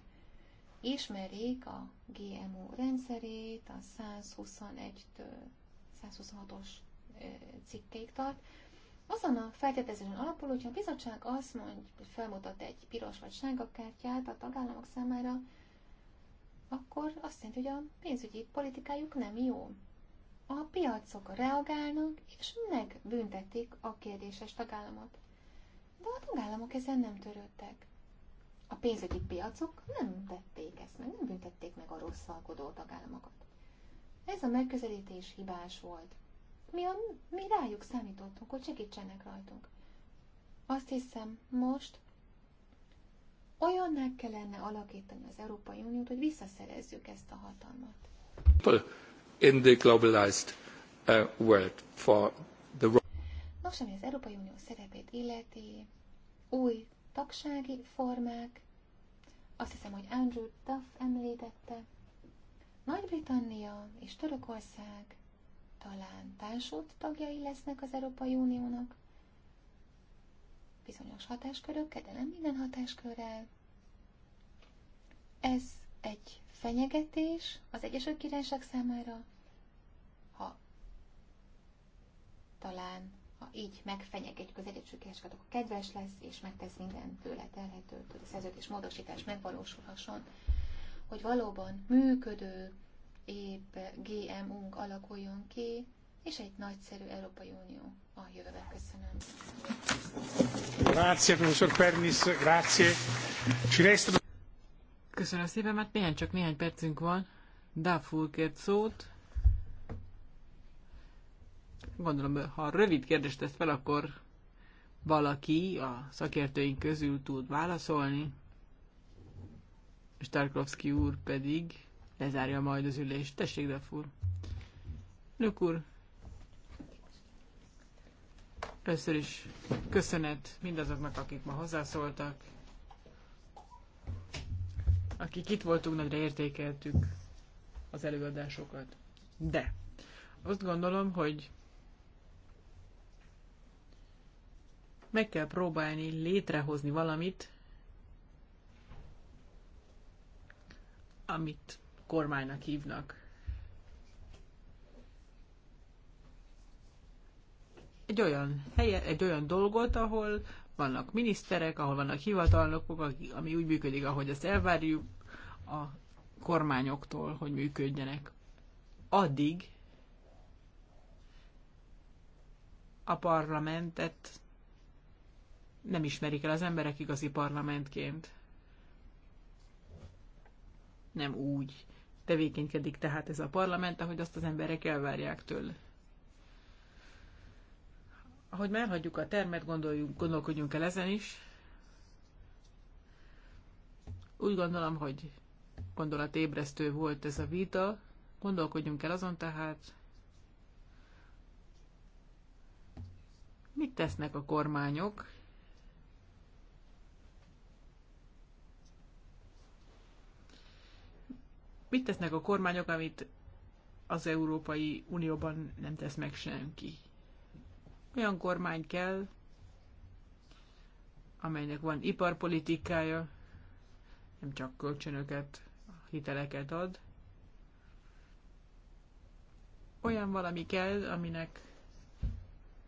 Ismerjék a GMO rendszerét, a 121 126-os cikkeig tart, azon a feltételezésen alapul, hogyha a bizottság azt mondja, hogy felmutat egy piros vagy sárga kártyát a tagállamok számára, akkor azt jelenti, hogy a pénzügyi politikájuk nem jó. A piacok reagálnak, és megbüntetik a kérdéses tagállamot. De a tagállamok ezen nem törődtek. A pénzügyi piacok nem tették ezt meg, nem büntették meg a rosszalkodó tagállamokat. Ez a megközelítés hibás volt mi, a, mi rájuk számítottunk, hogy segítsenek rajtunk. Azt hiszem, most olyannak kellene alakítani az Európai Uniót, hogy visszaszerezzük ezt a hatalmat. In the globalized uh, world for the... Nos, ami az Európai Unió szerepét illeti, új tagsági formák, azt hiszem, hogy Andrew Duff említette, Nagy-Britannia és Törökország talán társult tagjai lesznek az Európai Uniónak, bizonyos hatáskörökkel, de nem minden hatáskörrel. Ez egy fenyegetés az Egyesült Királyság számára, ha talán, ha így megfenyegetjük az Egyesült Királyságot, akkor kedves lesz, és megtesz minden tőle telhetőt, hogy a szerződés módosítás megvalósulhasson, hogy valóban működő épp gmo unk alakuljon ki, és egy nagyszerű Európai Unió a jövőben. Köszönöm. Grazie, professor Pernis, grazie. Ci resta... Köszönöm szépen, mert néhány, csak néhány percünk van. Dáfúr kért szót. Gondolom, ha rövid kérdést tesz fel, akkor valaki a szakértőink közül tud válaszolni. Starkovsky úr pedig lezárja majd az ülést. Tessék, Dafur. Lök úr, először is köszönet mindazoknak, akik ma hozzászóltak, akik itt voltunk, nagyra értékeltük az előadásokat. De azt gondolom, hogy meg kell próbálni létrehozni valamit, amit kormánynak hívnak. Egy olyan, helye, egy olyan dolgot, ahol vannak miniszterek, ahol vannak hivatalnokok, ami úgy működik, ahogy ezt elvárjuk a kormányoktól, hogy működjenek. Addig a parlamentet nem ismerik el az emberek igazi parlamentként. Nem úgy, tevékenykedik tehát ez a parlament, ahogy azt az emberek elvárják tőle. Ahogy már hagyjuk a termet, gondoljunk, gondolkodjunk el ezen is. Úgy gondolom, hogy gondolatébresztő volt ez a vita. Gondolkodjunk el azon tehát, mit tesznek a kormányok Mit tesznek a kormányok, amit az Európai Unióban nem tesz meg senki? Olyan kormány kell, amelynek van iparpolitikája, nem csak kölcsönöket, hiteleket ad. Olyan valami kell, aminek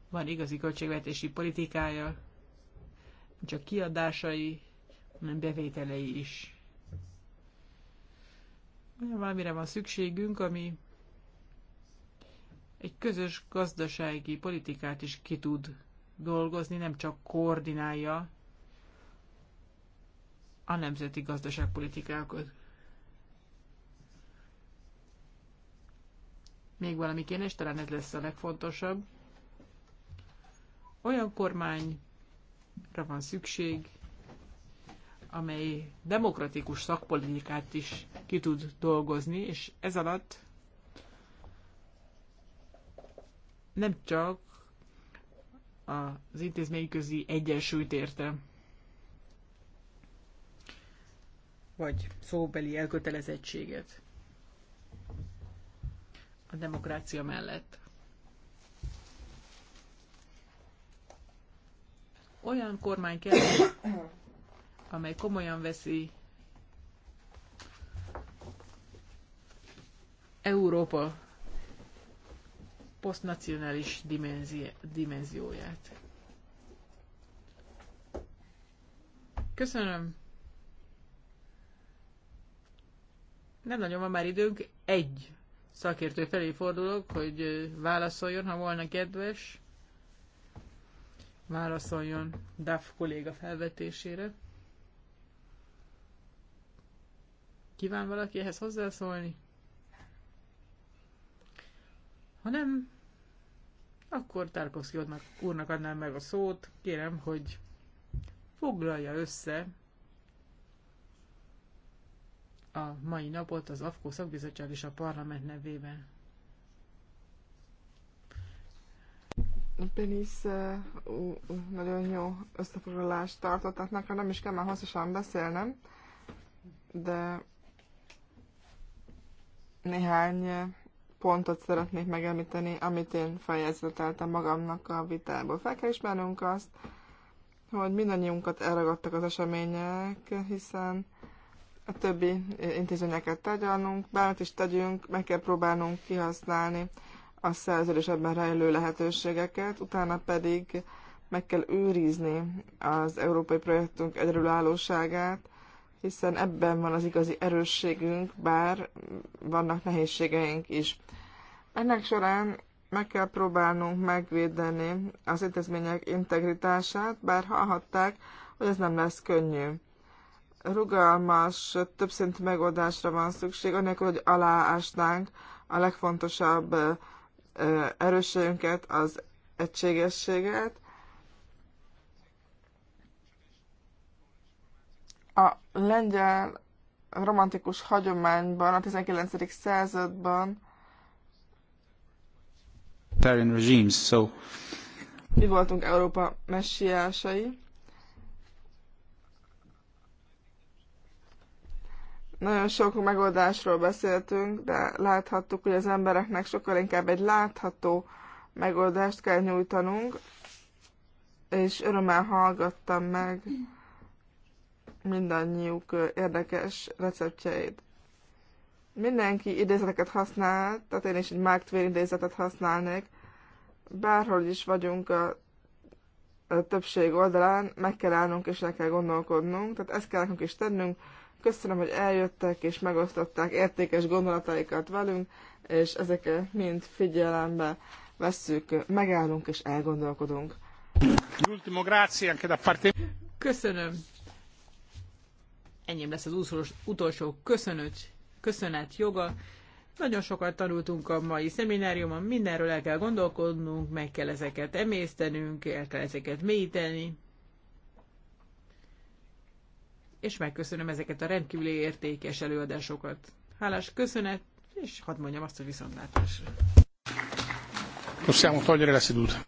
van igazi költségvetési politikája, nem csak kiadásai, hanem bevételei is valamire van szükségünk, ami egy közös gazdasági politikát is ki tud dolgozni, nem csak koordinálja a nemzeti gazdaságpolitikákat. Még valami kéne, és talán ez lesz a legfontosabb. Olyan kormányra van szükség, amely demokratikus szakpolitikát is ki tud dolgozni, és ez alatt nem csak az intézményközi egyensúlyt értem, vagy szóbeli elkötelezettséget a demokrácia mellett. Olyan kormány kell, amely komolyan veszi Európa posztnacionális dimenzióját. Köszönöm. Nem nagyon van már időnk. Egy szakértő felé fordulok, hogy válaszoljon, ha volna kedves. Válaszoljon DAF kolléga felvetésére. Kíván valaki ehhez hozzászólni? Ha nem, akkor Tarkovsky úrnak adnám meg a szót. Kérem, hogy foglalja össze a mai napot az AFKO szakbizottság és a parlament nevében. Pénisz uh, uh, nagyon jó összefoglalást tartott, tehát nekem nem is kell már hosszasan beszélnem, de néhány pontot szeretnék megemlíteni, amit én fejezeteltem magamnak a vitából. Fel kell ismernünk azt, hogy mindannyiunkat elragadtak az események, hiszen a többi intézményeket tárgyalnunk, bármit is tegyünk, meg kell próbálnunk kihasználni a szerződés ebben rejlő lehetőségeket, utána pedig meg kell őrizni az európai projektünk egyedülállóságát, hiszen ebben van az igazi erősségünk, bár vannak nehézségeink is. Ennek során meg kell próbálnunk megvédeni az intézmények integritását, bár hallhatták, hogy ez nem lesz könnyű. Rugalmas, többszintű megoldásra van szükség, anélkül, hogy aláásnánk a legfontosabb erősségünket, az egységességet, lengyel romantikus hagyományban, a 19. században regimes, so... Mi voltunk Európa messiásai. Nagyon sok megoldásról beszéltünk, de láthattuk, hogy az embereknek sokkal inkább egy látható megoldást kell nyújtanunk, és örömmel hallgattam meg mindannyiuk érdekes receptjeit. Mindenki idézeteket használ, tehát én is egy Mark Twain idézetet használnék. Bárhol is vagyunk a, a többség oldalán, meg kell állnunk és el kell gondolkodnunk, tehát ezt kell nekünk is tennünk. Köszönöm, hogy eljöttek és megosztották értékes gondolataikat velünk, és ezeket mind figyelembe vesszük, megállunk és elgondolkodunk. Köszönöm Enyém lesz az utolsó köszönöt, köszönet joga. Nagyon sokat tanultunk a mai szemináriumon, mindenről el kell gondolkodnunk, meg kell ezeket emésztenünk, el kell ezeket mélyíteni. És megköszönöm ezeket a rendkívüli értékes előadásokat. Hálás köszönet, és hadd mondjam azt, hogy viszontlátásra. Possiamo togliere la seduta.